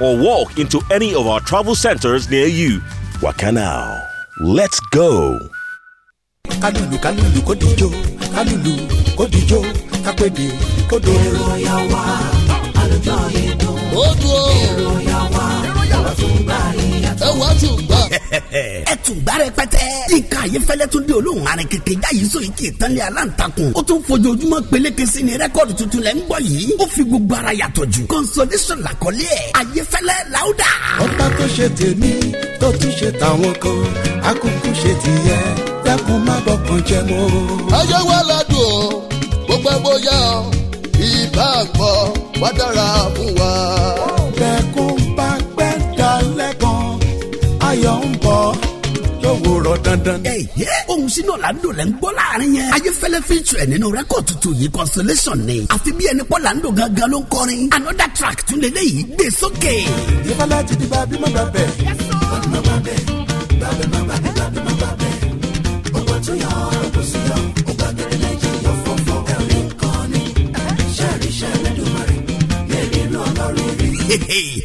or walk into any of our travel centers near you. Wakanao, let's go. dó. èrò ya wá èrò ya wá rẹpẹtẹ. ẹ tún gbá rẹpẹtẹ. yínká ayéfẹ́lẹ́ tún dé olóhùn arin kékeré jáyé so yìí kì í tán ní aláǹtakùn. ó tún fojoojúmọ́ peléke sí ni rẹ́kọ̀dì tuntun lẹ́ ń bọ̀ yìí. ó fi gbogbo ara yàtọ̀ jù. consolation làkọlé ẹ̀ ayéfẹ́lẹ́ làwùdà. ọba tó ṣe tèmi tó tún ṣe tàwọn kan akókó ṣe tìyẹ dákun má bọkàn jẹ mọ́. ayé wa ládùn ó gbogbo ẹgbó yá ìbá àgbọ̀ wá dára fún ayọ̀ ń bọ̀ yóò rọ dandan. ẹ yé ohun sínú ọ̀làǹdò lẹ́ ń gbọ́ láàrin yẹn. ayé fẹ́lẹ́ fi jù ẹ̀ nínú rẹ́kọ̀d tuntun yìí consolation ni. àfi bí ẹni pọ́ làǹdò gangan ló ń kọrin. another track tún lè léyìí gbé sókè. ìfọlá ti di bá bímọ bàbẹ. bàbẹ bàbẹ bàbẹ bàbẹ bàbẹ.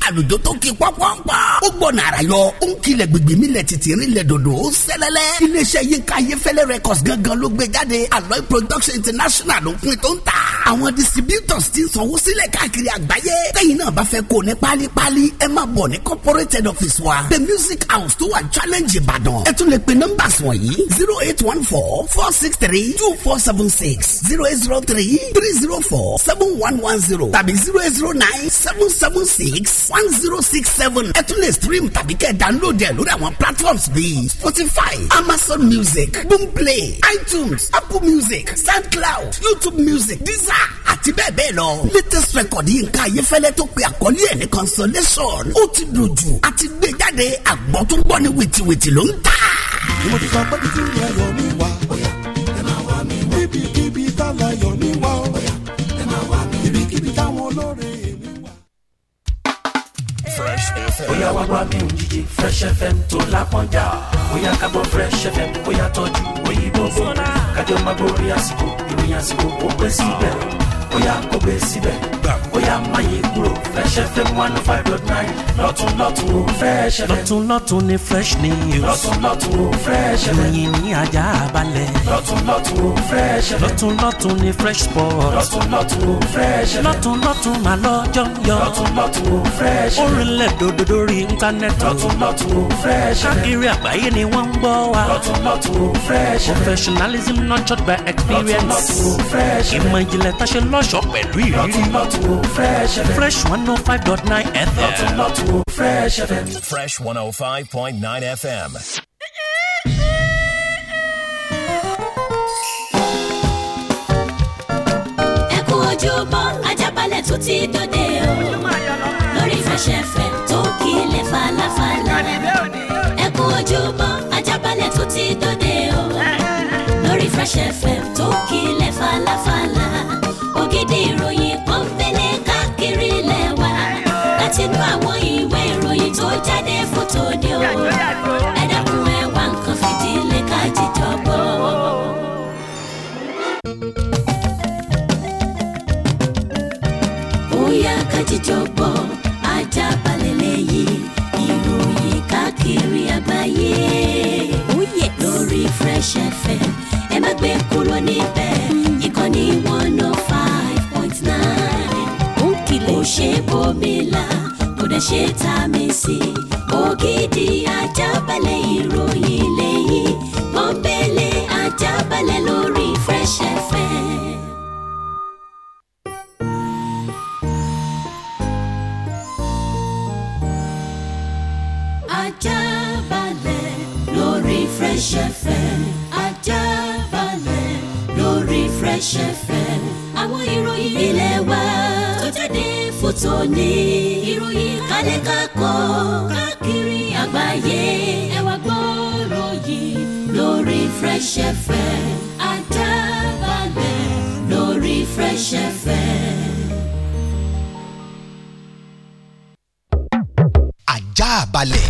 àlùjọ tó kí pọ́npọ́npọ́. ó gbọ́ nàrà yọ ó ń kilẹ̀ gbègbè mi lẹ̀ títí rí lẹ̀ dòdò ó sẹ́lẹ̀lẹ̀. iléeṣẹ́ yínká ayéfẹ́lẹ́ records gangan ló gbé jáde aloe production international ló pin tó ń ta. àwọn distributors ti sanwó sílẹ̀ káàkiri àgbáyé. tẹ́yìn náà bá fẹ́ kó ní pálípálí ẹ máa bọ̀ ní corporate office wa the music house tó wà challenge ìbàdàn. ẹ tún lè pe numbers wọ̀nyí zero eight one four four six three two four seven six zero eight zero three three zero four seven one one zero tàbí zero eight zero nine seven seven Oh six one zero six seven ẹ lè stream tàbí kẹ́ download ẹ lórí àwọn platforms bíi spotify amazon music boomplay itunes apple music soundcloud youtube music deezer àti bẹ́ẹ̀ bẹ́ẹ̀ lọ. latest record yìí nǹkan ayéfẹ́lẹ́ tó pe àkọlé ẹ̀ ní consolation ó ti dojú àti gbé jáde àgbọ̀ tó gbọ́ ní wìtìwìtì ló ń tà. mo ti sọ pé kí n yẹ yọ mi wá. fresh fm. bóyá wá wá mi ò yíye fresh fm tó lápọ́njà bóyá ká gbọ́ fresh fm bóyá tọ́jú òyìnbó gbogbo kájọ máa borí àsìkò ìròyìn àsìkò ó pẹ́ síbẹ̀ bóyá kò gbé síbẹ̀ bóyá máyé kúrò Fresh FM one oh five dot nine lọ́tún lọ́tún ó Fresh FM. lọ́tún ni fresh news. lọ́tún ó Fresh FM. ròyìn ní ajá balẹ̀. lọ́tún lọ́tún ó Fresh FM. lọ́tún lọ́tún ni fresh sport. lọ́tún lọ́tún ó Fresh FM. lọ́tún lọ́tún mà lọ́jọ́ ń yọ. lọ́tún ó Fresh FM. orinlẹ̀ dòdò lórí íńtánẹ́ẹ̀tì. lọ́tún lọ́tún ó Fresh professionalism nurtured by experience. lọ́tún Fresh FM. ìmọ̀ ìjìnlẹ̀ lọ́ṣọ̀ọ́ pẹ̀lú ìrírí. lọ́tùnlọ́tùn ó fresh fm. fresh one oh five dot nine fm. lọ́tùnlọ́tùn ó fresh fm. fresh one oh five point nine fm. Oh ẹ ojúbọ ajábalẹ̀ tó ti dòde o lórí fresh fm tó kílẹ̀ falafala ẹ ojúbọ ajábalẹ̀ tó ti dòde o lórí fresh fm tó kílẹ̀ falafala ògidì ìròyìn kan fẹlẹ̀ káàkiri ilẹ̀ wa láti inú àwọn ìwé ìròyìn tó jáde fótó ni o ẹ dákun ẹ wá nǹkan fìdílé ká jíjọ gbọ́. bóyá ká jíjọ gbọ́ ajá balẹ̀ lẹ́yìn ìròyìn káàkiri àgbáyé oh, lórí Fresh FM ẹ má gbé kúrò níbẹ̀ ìkànnì one oh ṣe bòmílà kò dẹ̀ ṣe tá a mi sí. ògidì ajábalẹ̀ ìròyìn lẹ́yìn pọ́npẹ́lẹ́ ajábalẹ̀ lórí Fresh FM. Ajábalẹ̀ lórí Fresh FM. Ajábalẹ̀ lórí Fresh FM. àwọn ìròyìn ilé wa jáde fótó ní ìròyìn kálẹ̀ kákọ́ káàkiri àgbáyé ẹ wá gbọ́rọ̀ yìí lórí Fresh FM Àjààbálẹ̀ lórí Fresh FM. Àjààbálẹ̀.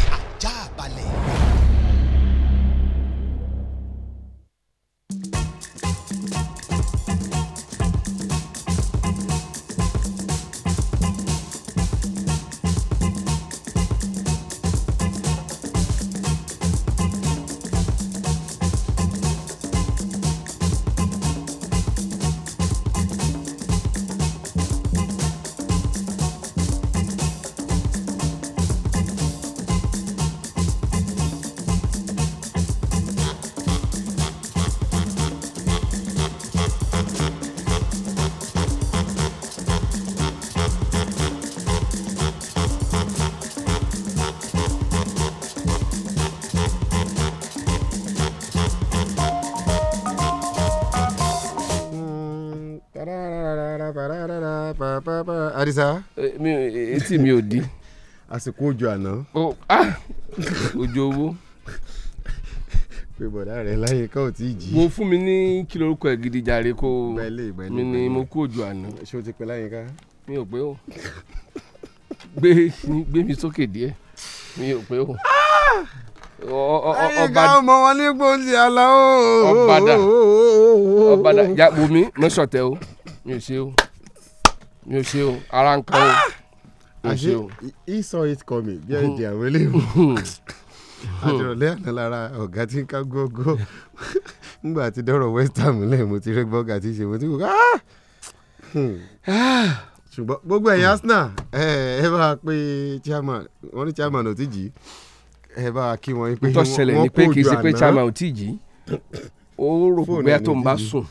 Àdìsá. Eh, mi etí mi ò di. àsìkò òjò àná. òjò owó. pé bọ̀dá rẹ̀ láyé ká ò tí ì jí. wo fún mi ní kí lorúkọ ẹ̀ gidi jàre kó mi ni mo kú òjò àná. ṣé o ti pẹ́ láyé ká. mi ò pé o gbé gbé mi sókè díẹ̀ mi ò pé o ọba ọmọ wọn ní gbòǹdì aláwọ ọbàdà ọbàdà ya wùmí mọ́sọ̀tẹ́ o. mi mi ara nkawo. Ah! he saw it coming bí ẹ jẹ àwọn eléyìí àtìrọ̀lẹ́ àná ọ̀gá tí ń ká gógó west ham lẹ́yìn mo ti rẹ́ tí ṣe mo ti ah! Hmm. Ah! ṣùgbọ́n gbogbo Arsenal a pe chairman wọ́n ní chairman ò tí jì ẹ bá a kí wọ́n pé wọ́n kó ojú àná.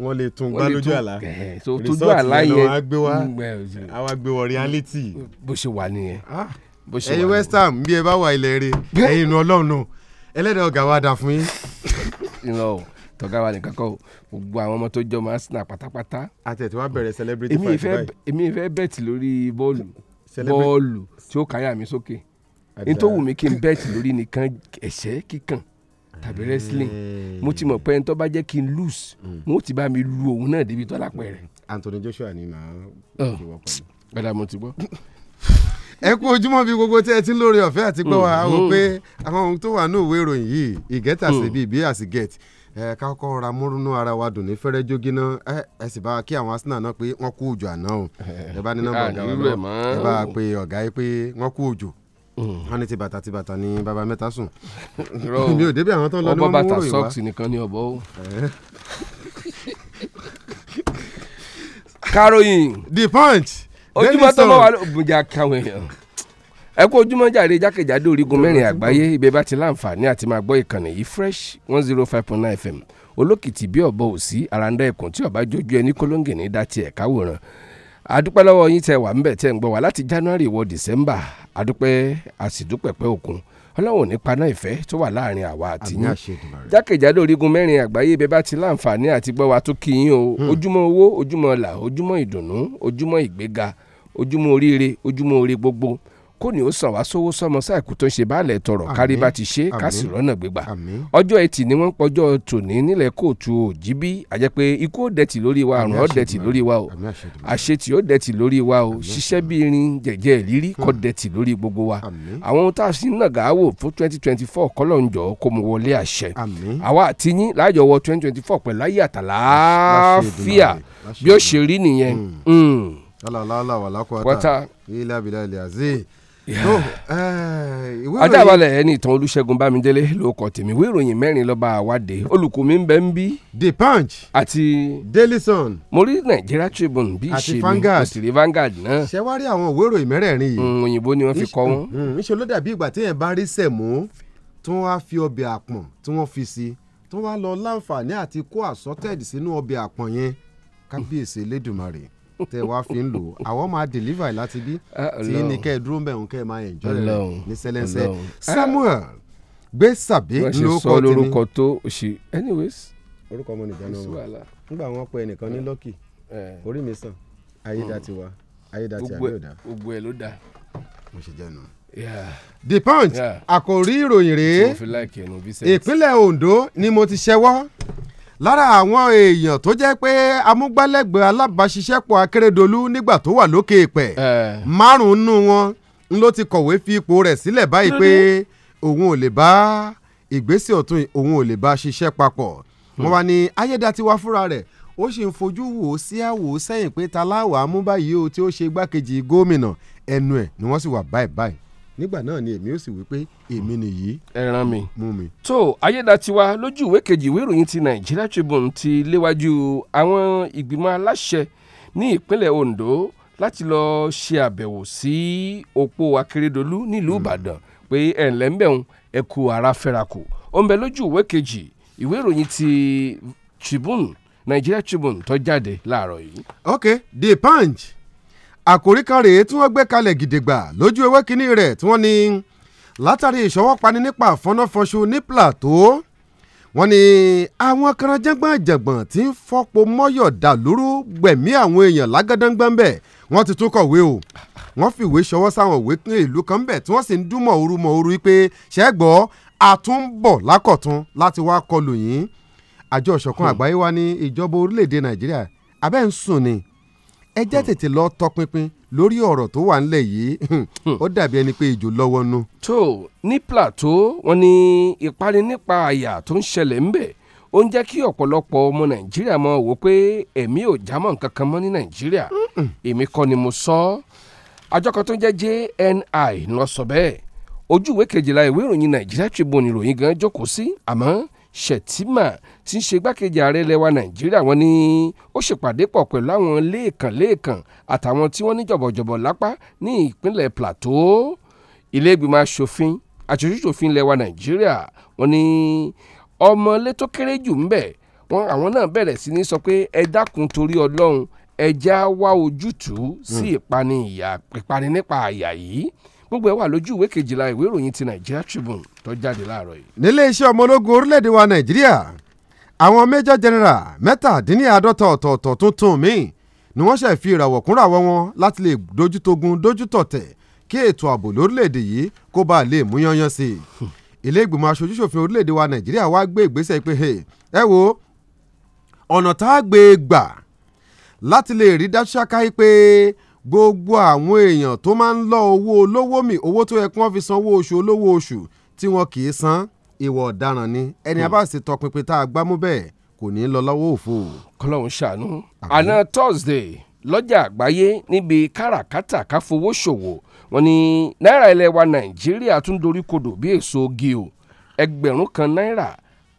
wọ́n lè tún gbá lójú àlá tójú àlá yẹn mm, uh, àwa gbé wọ reality. bó ṣe wà nìyẹn. Ah, ẹ̀yin west ham bí ẹ bá wà ilẹ̀ rẹ ẹ̀yin inú ọlọ́run náà ẹlẹ́dàá ọ̀gá wa dà fún yín. ìrọ̀ o tọ́gá wa nìkan kọ́ gbogbo àwọn ọmọ tó jọ máa ń sinà pátápátá. àtẹ̀tẹ̀ wa bẹ̀rẹ̀ celebrity fight báyìí. èmi ìfẹ́ bẹ́ẹ̀tì lórí bọ́ọ̀lù bọ́ọ̀lù tí ó káyà mi sókè ní tó wù mí kí n bẹ́ẹ̀tì lórí nìkan ẹ̀ṣẹ́ kíkàn tàbí wrestling hmm. mo ti mọ̀ pé ẹni tó bá jẹ́ kí n lose hmm. wọn ó ti bá mi lu òun náà débi tọ́lá pẹ̀ rẹ̀. Hmm. Anthony Joshua ni màá ṣe wọ́pọ̀ mi. padà mo ti gbọ́. ẹ kú ojúmọ́ bí gbogbo tí ẹ ti ń lórí ọ̀fẹ́ àti gbọ́ wa o pé àwọn ohun tó wà ní òwe ìròyìn yìí ìgẹ́tà sí bíi bí àsìgẹ́tì ẹ ká ra múrúnú ara wa dùn ní fẹ́rẹ́ jógi ẹ ẹ sì bá wa kí àwọn Arsenal náà pé wọ́n kú òjò àná o ẹ bá ní nọ́mbà ọ̀gá wa náà ẹ bá wa ọ̀gá yìí pé wọ́n kú òjò Mm. wọ́n ní ti bàtà ti bàtà ni bàbá mẹ́ta sùn mi ò débi àwọn tó ń lọ ní wọ́n mú wọ́n yìí wá ọbọ̀ bàtà sọ́ọ̀sì nìkan ni ọ̀bọ̀ o. Eh. káròyìn the punch ojúmọ́ tó mọ́ wa ló bùjà káwọn èèyàn ẹ kú ojúmọ́ jàre jákèjádò orígun mẹ́rin àgbáyé ibẹ̀ bá ti láǹfààní àti máa gbọ́ ìkànnì yìí fresh one zero oh five point nine fm olókìtì bí ọ̀bọ òsì àràǹdà ẹ̀kùn tí ọ̀bá jójú ẹni kólóńgè ní dátì ẹ̀káwòrán àdúpẹ́ lọ́wọ́ yín tẹ wà ń bẹ̀ tẹ́ ń gbọ́ wá láti january wọ december àdúpẹ́ àsìdúpẹ́pẹ́ òkun ọlọ́run ní paná ìfẹ́ tó wà láàrin àwa àti yín jákèjádò orígun mẹ́rin àgbáyé bẹ́ẹ̀ bá ti láǹfààní àti gbọ́ wa tó kí yín o hmm. ojúmọ́ owó ojúmọ́ ọlà ojúmọ́ ìdùnnú ojúmọ́ ìgbéga ojúmọ́ oríire ojúmọ́ oore gbogbo kò ní ó sàn wá sówó sọmọ sáìkú tó ń ṣe baálẹ̀ tọrọ kárí bá ti ṣe ká rọ́nà gbégbà ọjọ́ ẹtì ni wọ́n ń pọ́jọ́ tòní nílẹ̀ kóòtù òjìbí àjẹpẹ́ ikú ó dẹ̀tì lórí wa àrùn ó dẹ̀tì lórí wa o àṣetì ó dẹ̀tì lórí wa o ṣiṣẹ́ bí irin jẹ̀jẹ̀ ìrírí kọ́ hmm. dẹ̀tì lórí gbogbo wa àwọn tá a sì ń nàgà wò fún twenty twenty four kọ́lọ́njọ́ kó mu wọlé àṣẹ àwa àti yín láàjọ wọ twenty twenty four pẹ̀lú ayé àtàlàáfíà bí hmm. hmm. azee Eh, Ajábalẹ̀ ẹni ìtàn Olúṣẹ́gun Bámidélé ló kọ tèmi ìwé ìròyìn mẹ́rin lọ́ba àwádé olùkùnmí ń bẹ ń bí. The Punch àti Daily Sun. mo rí Nigeria Tribune bí ìṣe mi mo sì Vanguard náà. ṣé wàá rí àwọn ìwé ìròyìn mẹ́rẹ̀ẹ̀rin yìí. Mm, òyìnbó ni wọ́n fi kọ wọn. Mm, mm, níṣẹ́ ló dàbí ìgbà téèyàn bá rí sẹ̀mó tí wọ́n á fi ọbẹ̀ àpọ̀n tí wọ́n fi sí tí wọ́n á lọ láǹfààní àti kó àsọtẹ́ẹ̀dì sínú ọbẹ̀ àpọ̀n yẹn kábíyèsí Elédùmarè tẹ wá fi ń lò ó àwọn máa deliver láti bí ah, tí ní kẹ́ dúró mẹ́rin kẹ́ ẹ máa enjoy rẹ̀ ní sẹ́lẹ̀nsẹ́ ah. Samuel gbé sàbí lórúkọ tèmi. lórúkọ tó ṣe anyways. orúkọ ọmọ nìkan náà wà nígbà wọn pe ẹnìkan ní lọ́kì eh. orí mi sàn ayédatiwa ayédati àbíọ̀dá. gbogbo ẹ ló dáa. mo ṣe jẹ́ The Punch àkòrí ìròyìn rèé ìpínlẹ̀ Ondo ni mo ti ṣẹ́wọ́ lára àwọn èèyàn tó jẹ́ pé amúgbálẹ́gbẹ̀ẹ́ alábàáṣiṣẹ́pọ̀ akérèdọ́lù nígbà tó wà lókè èèpẹ̀ márùn-ún nù wọn n ló ti kọ̀wé fi ipò rẹ̀ sílẹ̀ báyìí pé òun ò lè bá ìgbésẹ̀ ọ̀tún òun ò lè bá ṣiṣẹ́ papọ̀ wọn wá ní ayédatiwa fúnra rẹ̀ ó sì ń fojú wò ó sí àwò sẹ́yìn pé ta láwàá o tí ó ṣe igbákejì gómìnà ẹnu ẹ̀ ni wọ́n sì wà báyìí báyìí nígbà náà ni èmi ó sì wípé èmi nìyí. ẹran mi mú mi. tó ayédatiwa lójú ìwé kejì ìwé ìròyìn ti Nigeria Tribune ti léwájú àwọn ìgbìmọ̀ aláṣẹ ní ìpínlẹ̀ Ondo láti lọ ṣe àbẹ̀wò sí òpó Akérédolú nílùú hmm. Ìbàdàn pé ẹ̀ ǹlẹ́ ń bẹ̀rùn ẹ kú ara fẹ́ra kù. ó ń bẹ lójú ìwé kejì ìwé ìròyìn ti Tribune Nigeria Tribune tó jáde láàárọ̀ yìí. ok The Punch àkòrí kan rèé tí wọ́n gbé kalẹ̀ gìdìgbà lójú ewé kínní rẹ̀ tí wọ́n ní látàrí ìṣọwọ́pani nípa àfọ́náfọ́ṣu ní plateau wọ́n ní àwọn karanjẹ́gbọ̀n-jẹ̀gbọ̀n tí ń fọ́po mọ́yọ̀ dàlúrú gbẹ̀mí àwọn èèyàn lágádángbọ́n bẹ̀ wọ́n ti tún kọ̀wé o wọ́n fìwé ṣọwọ́ sáwọn òwe ní ìlú kan bẹ̀ tí wọ́n sì ń dúnmọ̀ ooru mọ̀ ooru pé ṣẹ́gbọ́ àtúnbọ̀ lákọ̀tún láti wá kọlù yín àjọ ìṣọ̀kan àgbáyé wa ní ìjọba orílẹ̀-èdè nàìjíríà abẹ́ ń sùn ni ẹ jẹ́ hmm. tètè lọ tọpinpin lórí ọ̀rọ̀ tó wà ńlẹ̀ yìí hmm. ó dàbí ẹni pé ìjò lọ́wọ́ nú. tó ní plateau wọn ni ìparí nípa àyà tó ń ṣẹlẹ̀ ń bẹ̀ ó ń jẹ́ kí ọ̀pọ̀lọpọ̀ ọmọ nàìjíríà mọ̀ wò pé èmi ò já mọ́ nǹkan kan mọ́ ní nàìjíríà hmm. èmi kọ́ ni mo sọ ọ́ àjọ kan tó ń jẹ́ JNI ló sọ bẹ́ẹ̀ ojú ìwé kejìlá ìwé ìròyìn nàìjíríà Tribune ìròyìn gan jókòó sí àmọ́ Shettima tí ń ṣe igbákejì ààrẹ ilẹ̀ wa Nàìjíríà wọ́n ní ó ṣèpàdé pọ̀ pẹ̀lú àwọn lẹ́ẹ̀kan-lẹ́ẹ̀kan àtàwọn tí wọ́n ní jọ̀bọ̀jọ̀bọ̀ lápá ní ìpínlẹ̀ Plateau. Ilé ìgbìmọ̀ asòfin àṣojúṣòfin ilẹ̀ wa Nàìjíríà wọ́n ní ọmọlé tó kéré jù ń bẹ̀ wọn àwọn náà bẹ̀rẹ̀ sí ní sọ pé ẹ dákun torí Ọlọ́run ẹja wá ojútùú sí hmm. ìpani nípa àyà yìí gbogbo ẹ̀ wà lójú ìwé kejìlá ìwé ìròyìn ti Nigeria Tribune tó jáde láàárọ̀ yìí. nílé iṣẹ́ ọmọ ológun orílẹ̀-èdè wa nàìjíríà àwọn major general mẹ́tàdínníàádọ́ta ọ̀tọ̀ọ̀tọ̀ tuntun míì ni wọ́n ṣe fi ìràwọ̀ kúnràwọ̀ wọn láti lè dojútogun dojútọ̀tẹ̀ kí ètò ààbò lórílẹ̀‐èdè yìí kó bá lè mú yányán sí i. ilé ìgbìmọ̀ aṣojúṣòfin orílẹ̀‐èdè wa nàìjíríà wá gbé ìgbésẹ̀ pé ẹ wo ọ̀nà tá a gbé gbà láti lè rí dájú yìí pé gbogbo àwọn èèyàn tó máa ń lọ owó olówó mi owó tó yẹ kí wọ́n fi sanwó oṣù olówó oṣù tí wọn kì í san ìwà ọ̀daràn ni ẹni a hmm. bá sì tọpinpin tá a gbámú bẹ́ẹ̀ kò ní í lọ lọ́wọ́ òfo. kọlọ́hún ṣàánú àná Thursday lọ́jà àgbáyé níbi káràkátà káfowó ṣòwò wọn ni náírà ilẹ̀ wa Nàìjíríà tún dorí kodò bí èso ogi o ẹgbẹ̀rún kan náírà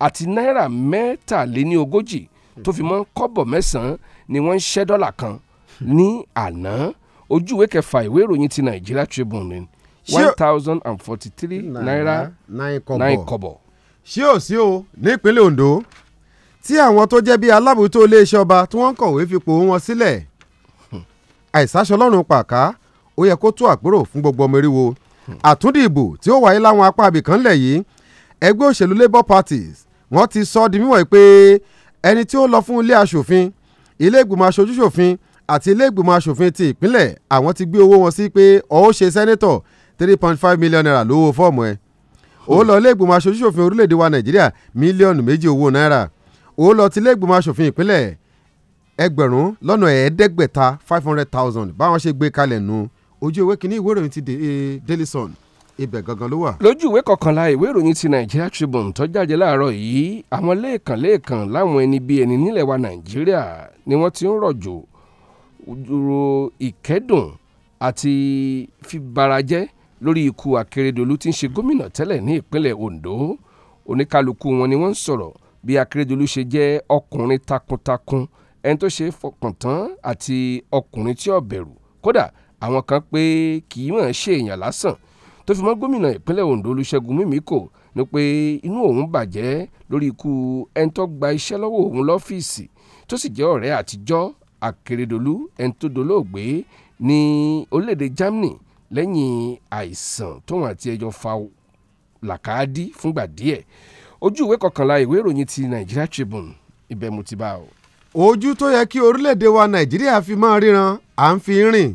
àti náírà mẹ́tàléní ogójì tó fi mọ́ kọ́bọ̀ mẹ́sàn-án ni wọ́n ń ṣẹ́ dọ́là kan ní àná ojú ìwé kẹfà ìwé ìròyìn ti Nigeria Tribune one thousand and forty three naira nine kọ́bọ̀. ṣé ò sí o nípínlẹ̀ Ondo tí àwọn tó jẹ́ bí alábòótó iléeṣẹ́ ọba tí wọ́n ń kọ̀wé fipò wọn sílẹ̀ àìsàṣọlọ́run pàká ó yẹ kó tó àpérò fún gbogbo ọmọ eriwo àtúndì ìbò tí ó wáyé láwọn apá abìkan lẹ̀ yìí ẹgbẹ́ òṣèlú labour parties wọ́n ti sọ ọ́ di mímọ̀ pé ẹni tí ó lọ fún ilé aṣòfin ilé ìgbìmọ̀ aṣojú àti ilé ìgbìmọ̀ asòfin ti ìpínlẹ̀ àwọn ti gbé owó wọn sí pé ọ̀ ó ṣe sẹ́nẹ́tọ̀ three point five million naira lówó fọ́ọ̀mù ẹ̀ ó lọ ilé ìgbìmọ̀ aṣojúṣòfin orílẹ̀-èdè wa nàìjíríà mílíọ̀nù méjì owó náírà ó lọ ti ilé ìgbìmọ̀ aṣòfin ìpínlẹ̀ ẹgbẹ̀rún lọ́nà ẹ̀ẹ́dẹ́gbẹ̀ta five hundred thousand báwọn ṣe gbé kalẹ̀ nu ojú ìwé kínní ìwé ìròyìn ti Daily Sun ibẹ̀ gangan ló wà. lójú ìwé kọkànlá Nigeria Tribune tó jáde láàárọ̀ yìí àwọn lẹ́ẹ̀kan lẹ́ẹ̀kan láwọn ẹni bíi ẹni nílẹ̀ wa nàìjíríà ni wọ́n ti ro ìkẹ́dùn àti fíbarajẹ́ lórí ikú Akérédolú tí ń ṣe gómìnà tẹ́lẹ̀ ní ìpínlẹ̀ Ondo oníkálukú wọn ni wọ́n ń sọ̀rọ̀ bí Akérédolú ṣe jẹ́ ọkùnrin takuntakun ẹni tó ṣe fọkàn tán àti ọkùnrin tí ó bẹ̀rù kódà àwọn kan pé kì í mọ̀ ṣe èèyàn lásán tó fi mọ́ gómìnà ìpínlẹ̀ Ondo Olúṣẹ́gun Mímíkò ni pé inú òun bàjẹ́ lórí ikú ẹni tó gba iṣẹ́ lọ́wọ́ òun lọ́fíìsì tó sì jẹ́ ọ̀rẹ́ àtijọ́ akérèdọ́lù ẹni tó dolóògbé ní orílẹ̀-èdè germany lẹ́yìn àìsàn tóun àti ẹjọ́ fa làkàdí fúngbà díẹ̀ ojú ìwé kọkànlá ìwé ìròyìn ti Nigeria Tribune ibẹ̀ mo ti bá o. ojú tó yẹ kí orílẹ̀-èdè wa nàìjíríà fi máa ríran à ń fi rìn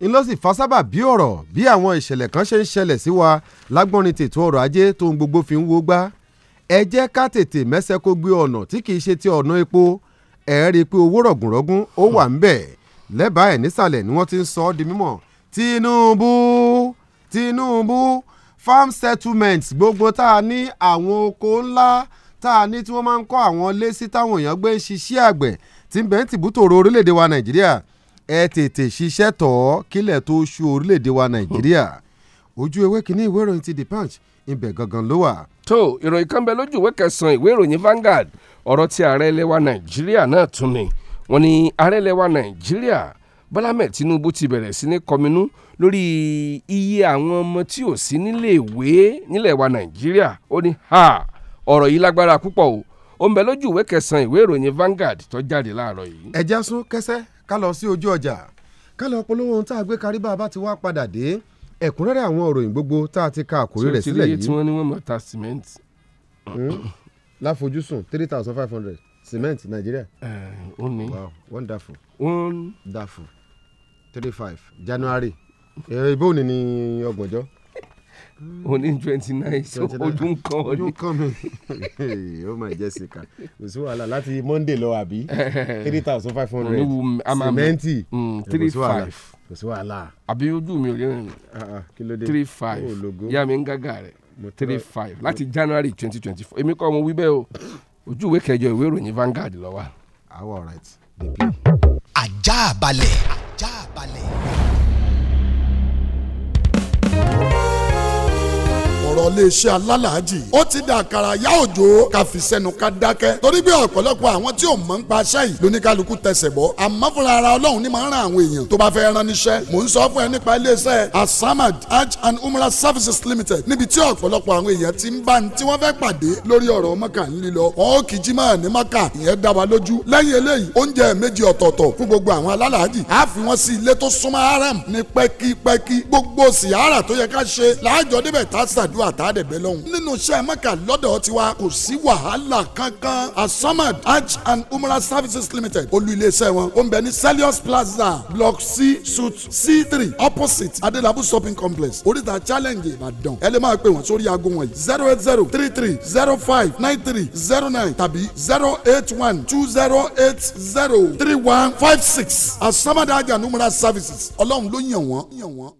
n ló sì fa sábà bí ọ̀rọ̀ bí àwọn ìṣẹ̀lẹ̀ kan ṣe ń ṣẹlẹ̀ sí wa lágbọ́nrin tètò ọrọ̀ ajé tó ń gbogbo fi ń wó gbá ẹ jẹ́ ká tètè mẹ́sẹ̀ kó gbé ọ̀nà tí kì ṣe ti ọ̀nà epo ẹ̀ rí i pé owó rọ̀gùnrọ̀gùn ó wà ń bẹ̀ lẹ́bàá ẹ̀ nísàlẹ̀ ni wọ́n ti ń sọ ọ́ di mímọ̀ Tinubu Tinubu farm settlements, gbogbo tá a ní àwọn oko ńlá tá a ní tí wọ́n máa ń kọ́ àwọn ilé sí táwọn èèyàn gbé ń ṣiṣẹ́ àgbẹ̀ tí ń bẹ́ẹ̀ tìbútòrò orílẹ̀-èdè wa Nàìjíríà ẹ tètè ṣiṣẹ́ tọ̀ ọ́ kílẹ̀ tó ṣú orílẹ̀-èdè wa Nàìjíríà ojú ewé kínní ìwé ìròyìn ti The Punch ibẹ̀ gangan ló wà. tó ìròyìn kan bẹ lójú ìwé kẹsàn-án ìwé ìròyìn Vanguard ọ̀rọ̀ ti ààrẹ ẹlẹ́wà Nàìjíríà náà tún ni wọ́n ní ààrẹ ẹlẹ́wà Nàìjíríà Bọ́lá Ahmed Tinubu ti bẹ̀rẹ̀ sí ní kọminú lórí iye àwọn ọmọ tí ò sí nílé ìwé nílẹ̀ wa Nàìjíríà ó ní ha ọ̀rọ̀ yìí lágbára púpọ̀ o ó ń bẹ lójú ìwé kẹsàn-án ìwé ìròyìn Vanguard tó jáde láàárọ̀ yìí. ẹja sún kẹsẹ ká lọ sí ojú ọjà ká lọ polówó ohun tá a gbé karí bá ti wá padà dé ẹ̀kúnrẹ́rẹ́ àwọn òròyìn gbogbo tá a ti ka àkórí rẹ̀ sílẹ̀ yìí. tí wọ́n ní wọ́n máa ta cement. Hmm. láfojúsùn three thousand five hundred cement nàìjíríà. ó ní. wow wonderful. wonderful three five january ìbò ni ní ọgbọ̀njọ́. òní twenty nine so ojú ń kàn ọ́ ni. ojú ń kàn mi ó máa jẹ́ kò sí wàhálà láti monday lọ àbí three thousand five hundred cement hmm, three five kò sí wàhálà. àbí ojú mi ò rí rìn ah, ah, three five yá mi ń gágà rẹ three five láti january twenty twenty four èmi kọ́ mo wí o ojú ìwé kẹjọ ìwé ìròyìn Vanguard ló wà. àwa alright. ajá balẹ̀. ajá balẹ̀. ọ̀rọ̀ iléeṣẹ́ alálàájì ó ti dà àkàrà yá òjò ká ká dákẹ́ torí pé ọ̀pọ̀lọpọ̀ àwọn tí ò mọ̀ ń pa aṣẹ́ yìí lóníkálukú tẹsẹ̀ bọ́ àmọ́ fúnra ara ọlọ́run ní máa ń ran àwọn èèyàn tó bá fẹ́ rán níṣẹ́ mò ń sọ fún ẹ nípa iléeṣẹ́ asamad hajj and umrah services limited níbi tí ọ̀pọ̀lọpọ̀ àwọn èèyàn ti ń bá ní tí wọ́n fẹ́ pàdé lórí ọ̀rọ̀ mọ́kà ń lílọ wọn ó kì í jí máa ní mọ́kà ìyẹn dá wa lójú lẹ́yìn eléyìí oúnjẹ méjì ọ̀tọ̀ọ̀tọ̀ fún gbogbo àwọn alálàájì á fi wọ́n sí ilé tó súnmọ́ haram ní pẹ́kípẹ́kí gbogbo sìyára tó yẹ ká ṣe láàjọ débẹ̀ tá a ṣàdúrà àtàdẹ̀bẹ̀ lọ́hùn. nínú iṣẹ́ mẹ́ka lọ́dọ̀ tiwa kò sí wàhálà kankan asamad hajj and umrah services limited olú iléeṣẹ́ wọn ó ń bẹ ní salius plaza block c suite c three opposite adelabu shopping complex oríta challenge ìbàdàn ẹ lè máa pè wọ́n sórí aago wọ̀nyí zero eight zero three three zero five nine three zero nine tàbí zero eight one two zero eight zero three one five six asamad hajj and umrah services ọlọ́run ló yàn wọ́n.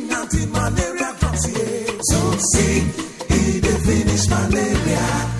So see, he definis malaria.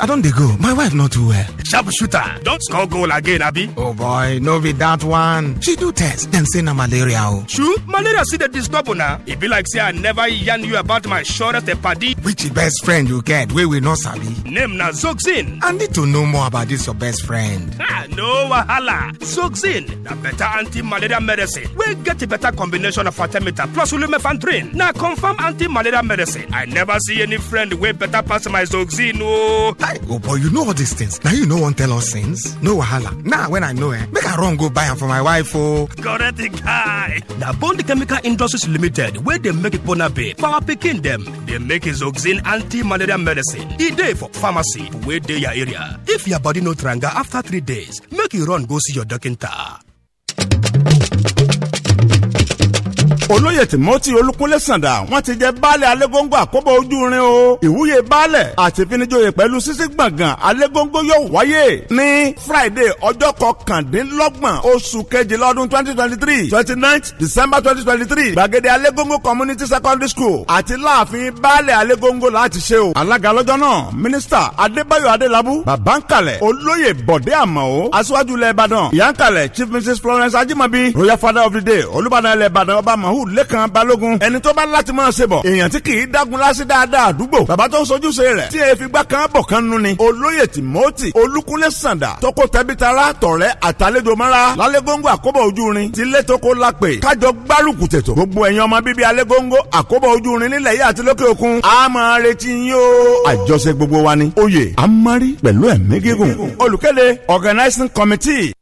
i don't dey go my wife not too well sharp shooter don score goal again Abby. oh boy no be that one she do test then say na malaria o oh. true malaria see the disturb una e be like say i never yarn you about my surest padi which best friend you get wey we no sabi name na zoxin i need to know more about this your best friend ah no wahala zoxin The better anti-malaria medicine We get a better combination of artemether plus lumefantrine Now confirm anti-malaria medicine i never see any friend way better pass my zoxin Oh. Hey, oh boy, you know all these things. Now you know one tell us things. No wahala. Now when I know it, eh, make a run go buy him for my wife, oh. Correct guy. Now Bond Chemical Industries Limited, where they make Ipona Bay, power picking them. They make Zoxin anti-malaria medicine. E day for pharmacy, where they your area. If your body no tranga after three days, make you run go see your doctor. olóyè timothy olúkúnlé sàǹdà wọ́n ti jẹ baálẹ̀ alégóńgó àkóbọ̀ ojúrin o ìwúyè baálẹ̀ àti ìfinijoyè pẹ̀lú sísí gbọ̀ngàn alégóńgó yóò wáyé ní friday ọjọ́ kọkàndínlọ́gbọ̀n oṣù kejì lọ́dún twenty twenty three twenty nine december twenty twenty three gbàgede alégóńgó community secondary school àti láàfin baálẹ̀ alégóńgó láti ṣe o alága lọ́jọ́ náà mínísítà adébáyọ̀ adélábù babankalẹ̀ olóyè bọ̀dé àmọ́ aṣíwájú ilẹ̀ ìbàdàn ìyànkalẹ̀ chief mrs florence ajimabi royal father of the day olùbàdàn ilẹ̀ ìbàdàn ọba mahu Abdulrahul Lẹ́kan Balógun ẹni tó bá láti máa ṣe bọ̀ èèyàn tí kì í dágun lásì dáadáa àdúgbò bàbá tó ń sojúṣe rẹ̀ tí èèfì gbà kan bọ̀ kan nu ni olóyè Timothy Olúkúnlé Sàǹdà tọkọ tẹbitara tọ̀rẹ́ àtàlejò mọ́ra lálégóńgó àkóbọ̀ ojúrin ti létoko lápè kájọ gbárùkù tètò gbogbo ẹ̀yin ọmọ bíbí alégóńgó àkóbọ̀ ojúrin nílẹ̀ yìí àti lókè òkun a máa retí yín o. àjọṣe gbogbo wa ni oyè amari pẹ̀lú ẹ̀mí gígùn olùkéde organizing committee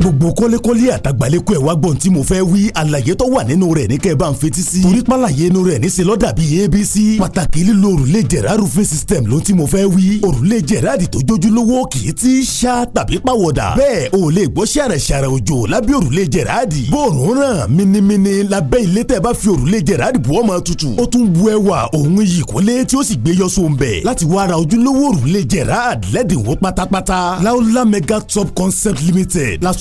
gbogbo kọ́lékọ́lé àtàgbàlékò ẹ̀ wá gbọ́n tí mo fẹ́ wí àlàyé tó wà nínú rẹ̀ ní kẹ́ ẹ bá ń fetí sí. torí pàlàyé inú rẹ̀ níṣẹ́ lọ́dà bíi abc. pàtàkì lílo òrùlé jẹ̀rá roofing system ló tí mo fẹ́ wí. òrùlé jẹ̀rá àdì tó jójúlówó kì í ti ṣá tàbí pàwọ̀dà. bẹ́ẹ̀ o lè gbọ́ ṣàrẹ̀ ṣàrẹ̀ òjò lábẹ́ òrùlé jẹ̀rá di. bóòrùn ràn minimini lábẹ́ ilé tẹ́ bá fi òrùlé jẹ̀rá àdì bu ọmọ tutù. ó tún bu ẹwà òun iyì kólé tí ó sì gbé yọ sóńbẹ̀. láti wá ra ojúlówó òrùlé jẹ̀rá àdì mega top concept limited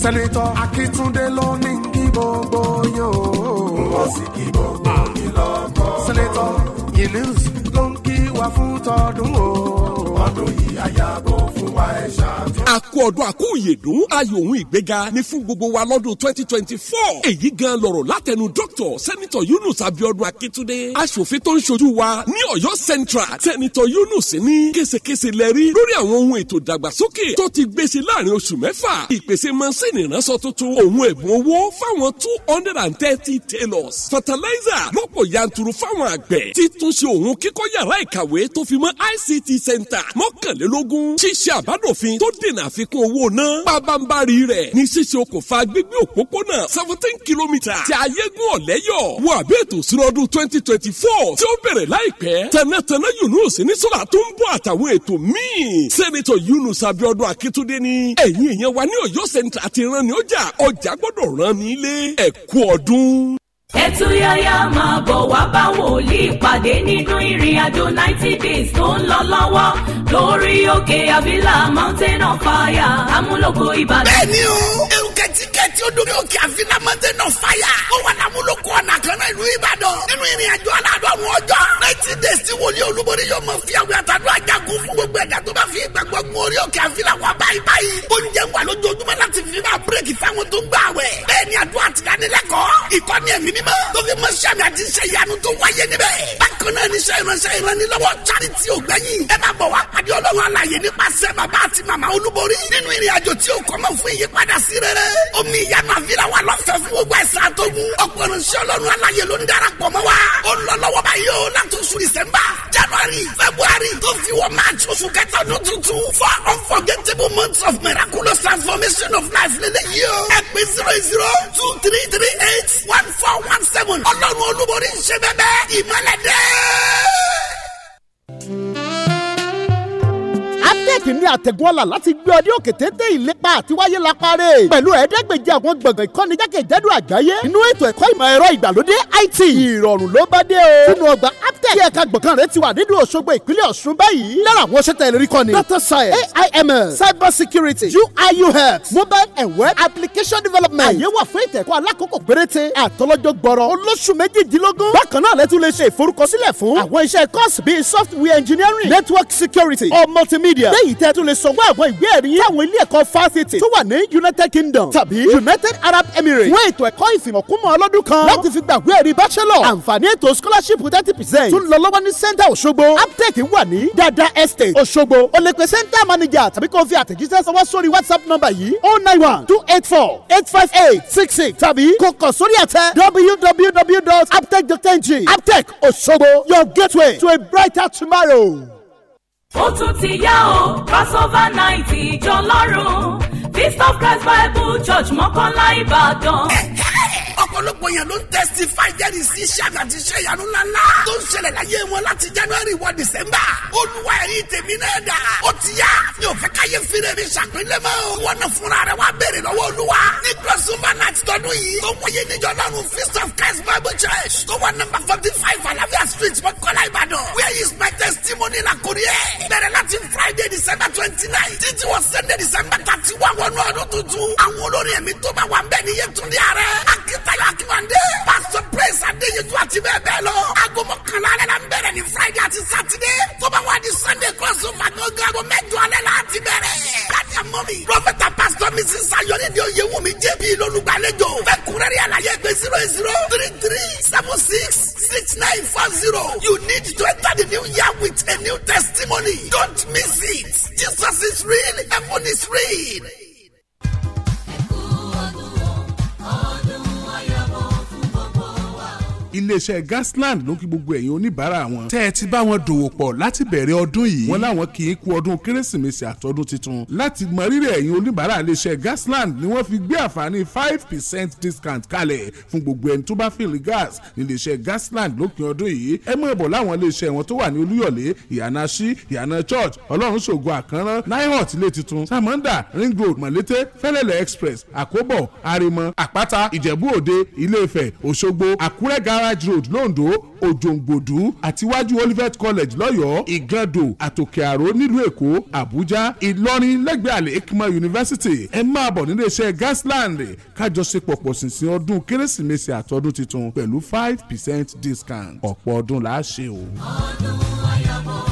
sẹ́nitọ́ akíntúndé ló ní kí gbogbo yóò. wọ́n sì kí gbogbo yìí lọ́kọ́. sẹ́nitọ́ Yunus ló ń kí wa fún tọdún o. ọdún yìí àyàbò fún wa ẹ̀ ṣáà àkó ọdún àkó òyèdún ayò òun ìgbéga ni fún gbogbo wa lọ́dún twenty twenty four èyí gan lọ̀rọ̀ látẹnu dr sẹ́nitọ̀ yunus abiodun akitunde aṣòfin tó ń ṣojú wa ní ọ̀yọ́ central sẹ́nitọ̀ yunus ní késekése lẹ́rí lórí àwọn ohun ètò ìdàgbàsókè tó ti gbèsè láàrin oṣù mẹ́fà ìpèsè mọ́sìnì ìránṣọ tuntun òun ẹ̀bùn owó fáwọn two hundred and thirty tailors fertilizer lọ́pọ̀ yanturu fáwọn àgbẹ̀ títúnṣe òun kíkọ́ yàrá ìkàwé tó fi mọ́ ict center mọ́kànlélógún ṣíṣe àbádòfin tó dènà ìlànà àfikún owó náà pábánbárì rẹ̀ ní ṣíṣe okòfà gbígbé òpópónà seventeen kilometre ti ayégún ọ̀lẹ́yọ̀ wọ àbí ètò ìṣúná ọdún twenty twenty four tí ó bẹ̀rẹ̀ láìpẹ́ tẹ̀nẹ́tẹ̀nẹ́ Yunus ní sọ́la tó ń bọ̀ àtàwọn ètò míì sẹ́nitọ̀ Yunus Abiodun Akitunde ni ẹ̀yin èèyàn wa ní Ọ̀yọ́ Central àti ìran ni ó jà ọjà gbọ́dọ̀ rán ní ilé ẹ̀kú ọdún ẹtúyáyá máa bọ̀ wá bá wòlíì pàdé nínú ìrìn àjò ninety days tó ń lọ lọ́wọ́ lórí òkè àbílà mountain of fire amúlòkọ ìbàdàn. bẹ́ẹ̀ni o ẹrù kẹtíkẹtí ó dórí òkè àbílà mountain of fire ó wà lámúlòkọ ọ̀nà kan náà ìlú ìbàdàn nínú ìrìn àjò aládọ́run ọjọ́ ninety days tí wòlíì olúborí yóò mọ̀ fi àwọn àtàdúrà jagun fún gbogbo ẹ̀dá tó bá yìí gbàgbọ́ gun orí òkè àfihàn wa báyìí báyìí. oúnjẹ ń wà lójoojúmọ́ láti fi máa bírèkì fáwọn tó ń gbà wẹ̀. bẹ́ẹ̀ ni àdúrà ti dání lẹ́kọ̀ọ́. ìkọ́ni ẹ̀mí mímọ́ tó fi mọ sẹ́mi àti iṣẹ́ ìyanu tó wáyé níbẹ̀. bákan náà ni iṣẹ́ ìránṣẹ́ ìrànlọ́wọ́ charity ògbẹ́yìn. ẹ máa bọ̀ wá pàdé ọlọ́run alàyè nípasẹ̀ bàbá àti màmá olúborí nínú ìrìn tí ó kọ́mọ fún ìyípadà sí rere. omi ìyanu àfihàn wa lọ́fẹ̀ẹ́ fún gbogbo ẹ̀sìn àtọ́gùn. ọ̀pọ̀ ìránṣẹ́ ọlọ́run alàyè ló ń darapọ̀ mọ́ wa. ó lọ lọ́wọ́ báyìí o látòṣù December January February tó fi wọ́n March oṣù kẹta two four unforgettable months of miraculous transformation of life lè lè yí o. zero zero two three three eight one four one seven ọlọ́run olúborí ń ṣe bẹ́ẹ̀ ìmọ̀lẹ́dẹ́ ọjọ́ ìkíní àtẹ̀gùn ọ̀la láti gbé ọdí òkè téńté ìlépa àti wáyé la parẹ́ pẹ̀lú ẹ̀ẹ́dẹ́gbẹ̀jẹ àwọn gbọ̀ngàn ìkọ́ni jákèjádò àgbáyé inú ètò ẹ̀kọ́ ìmọ̀ ẹ̀rọ ìgbàlódé IT ìrọ̀rùn ló bá dé o sínú ọgbà aptec yẹ ká gbọ̀ngàn rẹ ti wà nínú Òṣogbo ìpínlẹ̀ Ọ̀ṣun báyìí lára àwọn mobile and web application development àyè wà fún ìtẹ̀kọ́ alákòókò péréte àtọlọ́jọ́ iṣẹ́ kọ́ọ̀sì báyìí tẹ́ tún lè sọ̀gbọ́n àwọn ìwé ẹ̀rí táwọn ilé ẹ̀kọ́ fásitì tó wà ní United Kingdom tàbí United Arab Emirates fún ètò ẹ̀kọ́ ìfìmọ̀kúmọ̀ ọlọ́dún kan láti fi gbàgbé ẹ̀rí bachelor àǹfààní ètò scholarship thirty percent tún lọ lọ́wọ́ ní center Òṣogbo aptech wà ní Dada Estate Òṣogbo o lè pe center manager tàbí kó fi àtẹ̀jíṣẹ́ sọwọ́ sórí WhatsApp number yìí oh nine one two eight four eight five eight six six tàbí kó kàn sórí àtẹ www.aptech.ng aptech Òṣogbo your gateway to a brighter tomorrow ó tún ti yá o crossover ninety, ìjọ lọ́rùn feast of christ bible church mọ́kànlá ìbàdàn ọ̀pọ̀lọpọ̀ yẹn ló ń testify jẹ́rìí sí iṣẹ́ àmì àti iṣẹ́ ìyanu ńláńlá tó ń ṣẹlẹ̀ láyé wọn láti january one december olúwa ẹ̀rí tèmi náà dà ó ti yá mi ò fẹ́ káyé fire mi ṣàpínlẹ̀ mọ́ o wọn náà fúnra rẹ̀ wá béèrè lọ́wọ́ olúwa ní gbọ́sùnmá láti tọdún yìí tó wọ́n yé níjọ lọ́run feast of christ bible church tó wà nọ́mbà forty five alafia street mọ́kànlá ìbàdàn where is my testimony na kori ẹ̀ bẹ̀rẹ̀ láti friday december twenty nine títí wọ sunday december thirty one wọnú ọdún tuntun àwọn olórin ẹ̀mí tó bá wà ń bẹ̀ níyẹn tún ní ààrẹ akíntayọ akíwándé pásítọ̀ praise adéyẹjú àti bẹ́ẹ̀ bẹ́ẹ̀ lọ. aago mọ́kànlá alẹ́ la ń bẹ̀rẹ̀ ní friday àti saturday tó bá wà ní sunday crossover go make do alẹ́ la ti bẹ̀rẹ̀. láti àmọ́ mi prọfẹ̀tà Pastor, mrs sayọ̀ni ni oyè wù mí jẹ́bi lọ́lùgbàlejò. fẹ́kúrẹ́rì àlàyé pé zero zero three three seven six six nine four zero you need to enter the new year with a new testimony don't miss it jesus is real heaven is real. iléeṣẹ́ Gasland ló kí gbogbo ẹ̀yin oníbàárà wọn tẹ́ ẹ ti bá wọn dòwò pọ̀ láti bẹ̀rẹ̀ ọdún yìí wọn láwọn kì í kú ọdún kérésìmesì àtọdún tuntun láti mọ rírì ẹ̀yin oníbàárà iléeṣẹ́ Gasland ni wọ́n fi gbé àǹfààní five percent discount kalẹ̀ fún gbogbo ẹni tó bá fìlì gas níléeṣẹ́ Gasland lópin ọdún yìí ẹ mọ̀ ẹ̀bọ̀ láwọn iléeṣẹ́ wọn tó wà ní Olúyọ̀lé ìyànàṣí ìyànà garage road londo òjòǹgbòdú àtiwájú olivet college lọ́yọ̀ọ́ ìgàndò àtòkèàró nílùú èkó àbújá ìlọrin lẹ́gbẹ̀ẹ́ àlè ekima university ẹ máa bọ̀ nílé iṣẹ́ gasland kájọṣepọ̀ pọ̀ sísìn ọdún kérésìmesì àtọdún tuntun pẹ̀lú five percent discount ọ̀pọ̀ ọdún la ṣe o. ọdún ayọ̀bọ̀.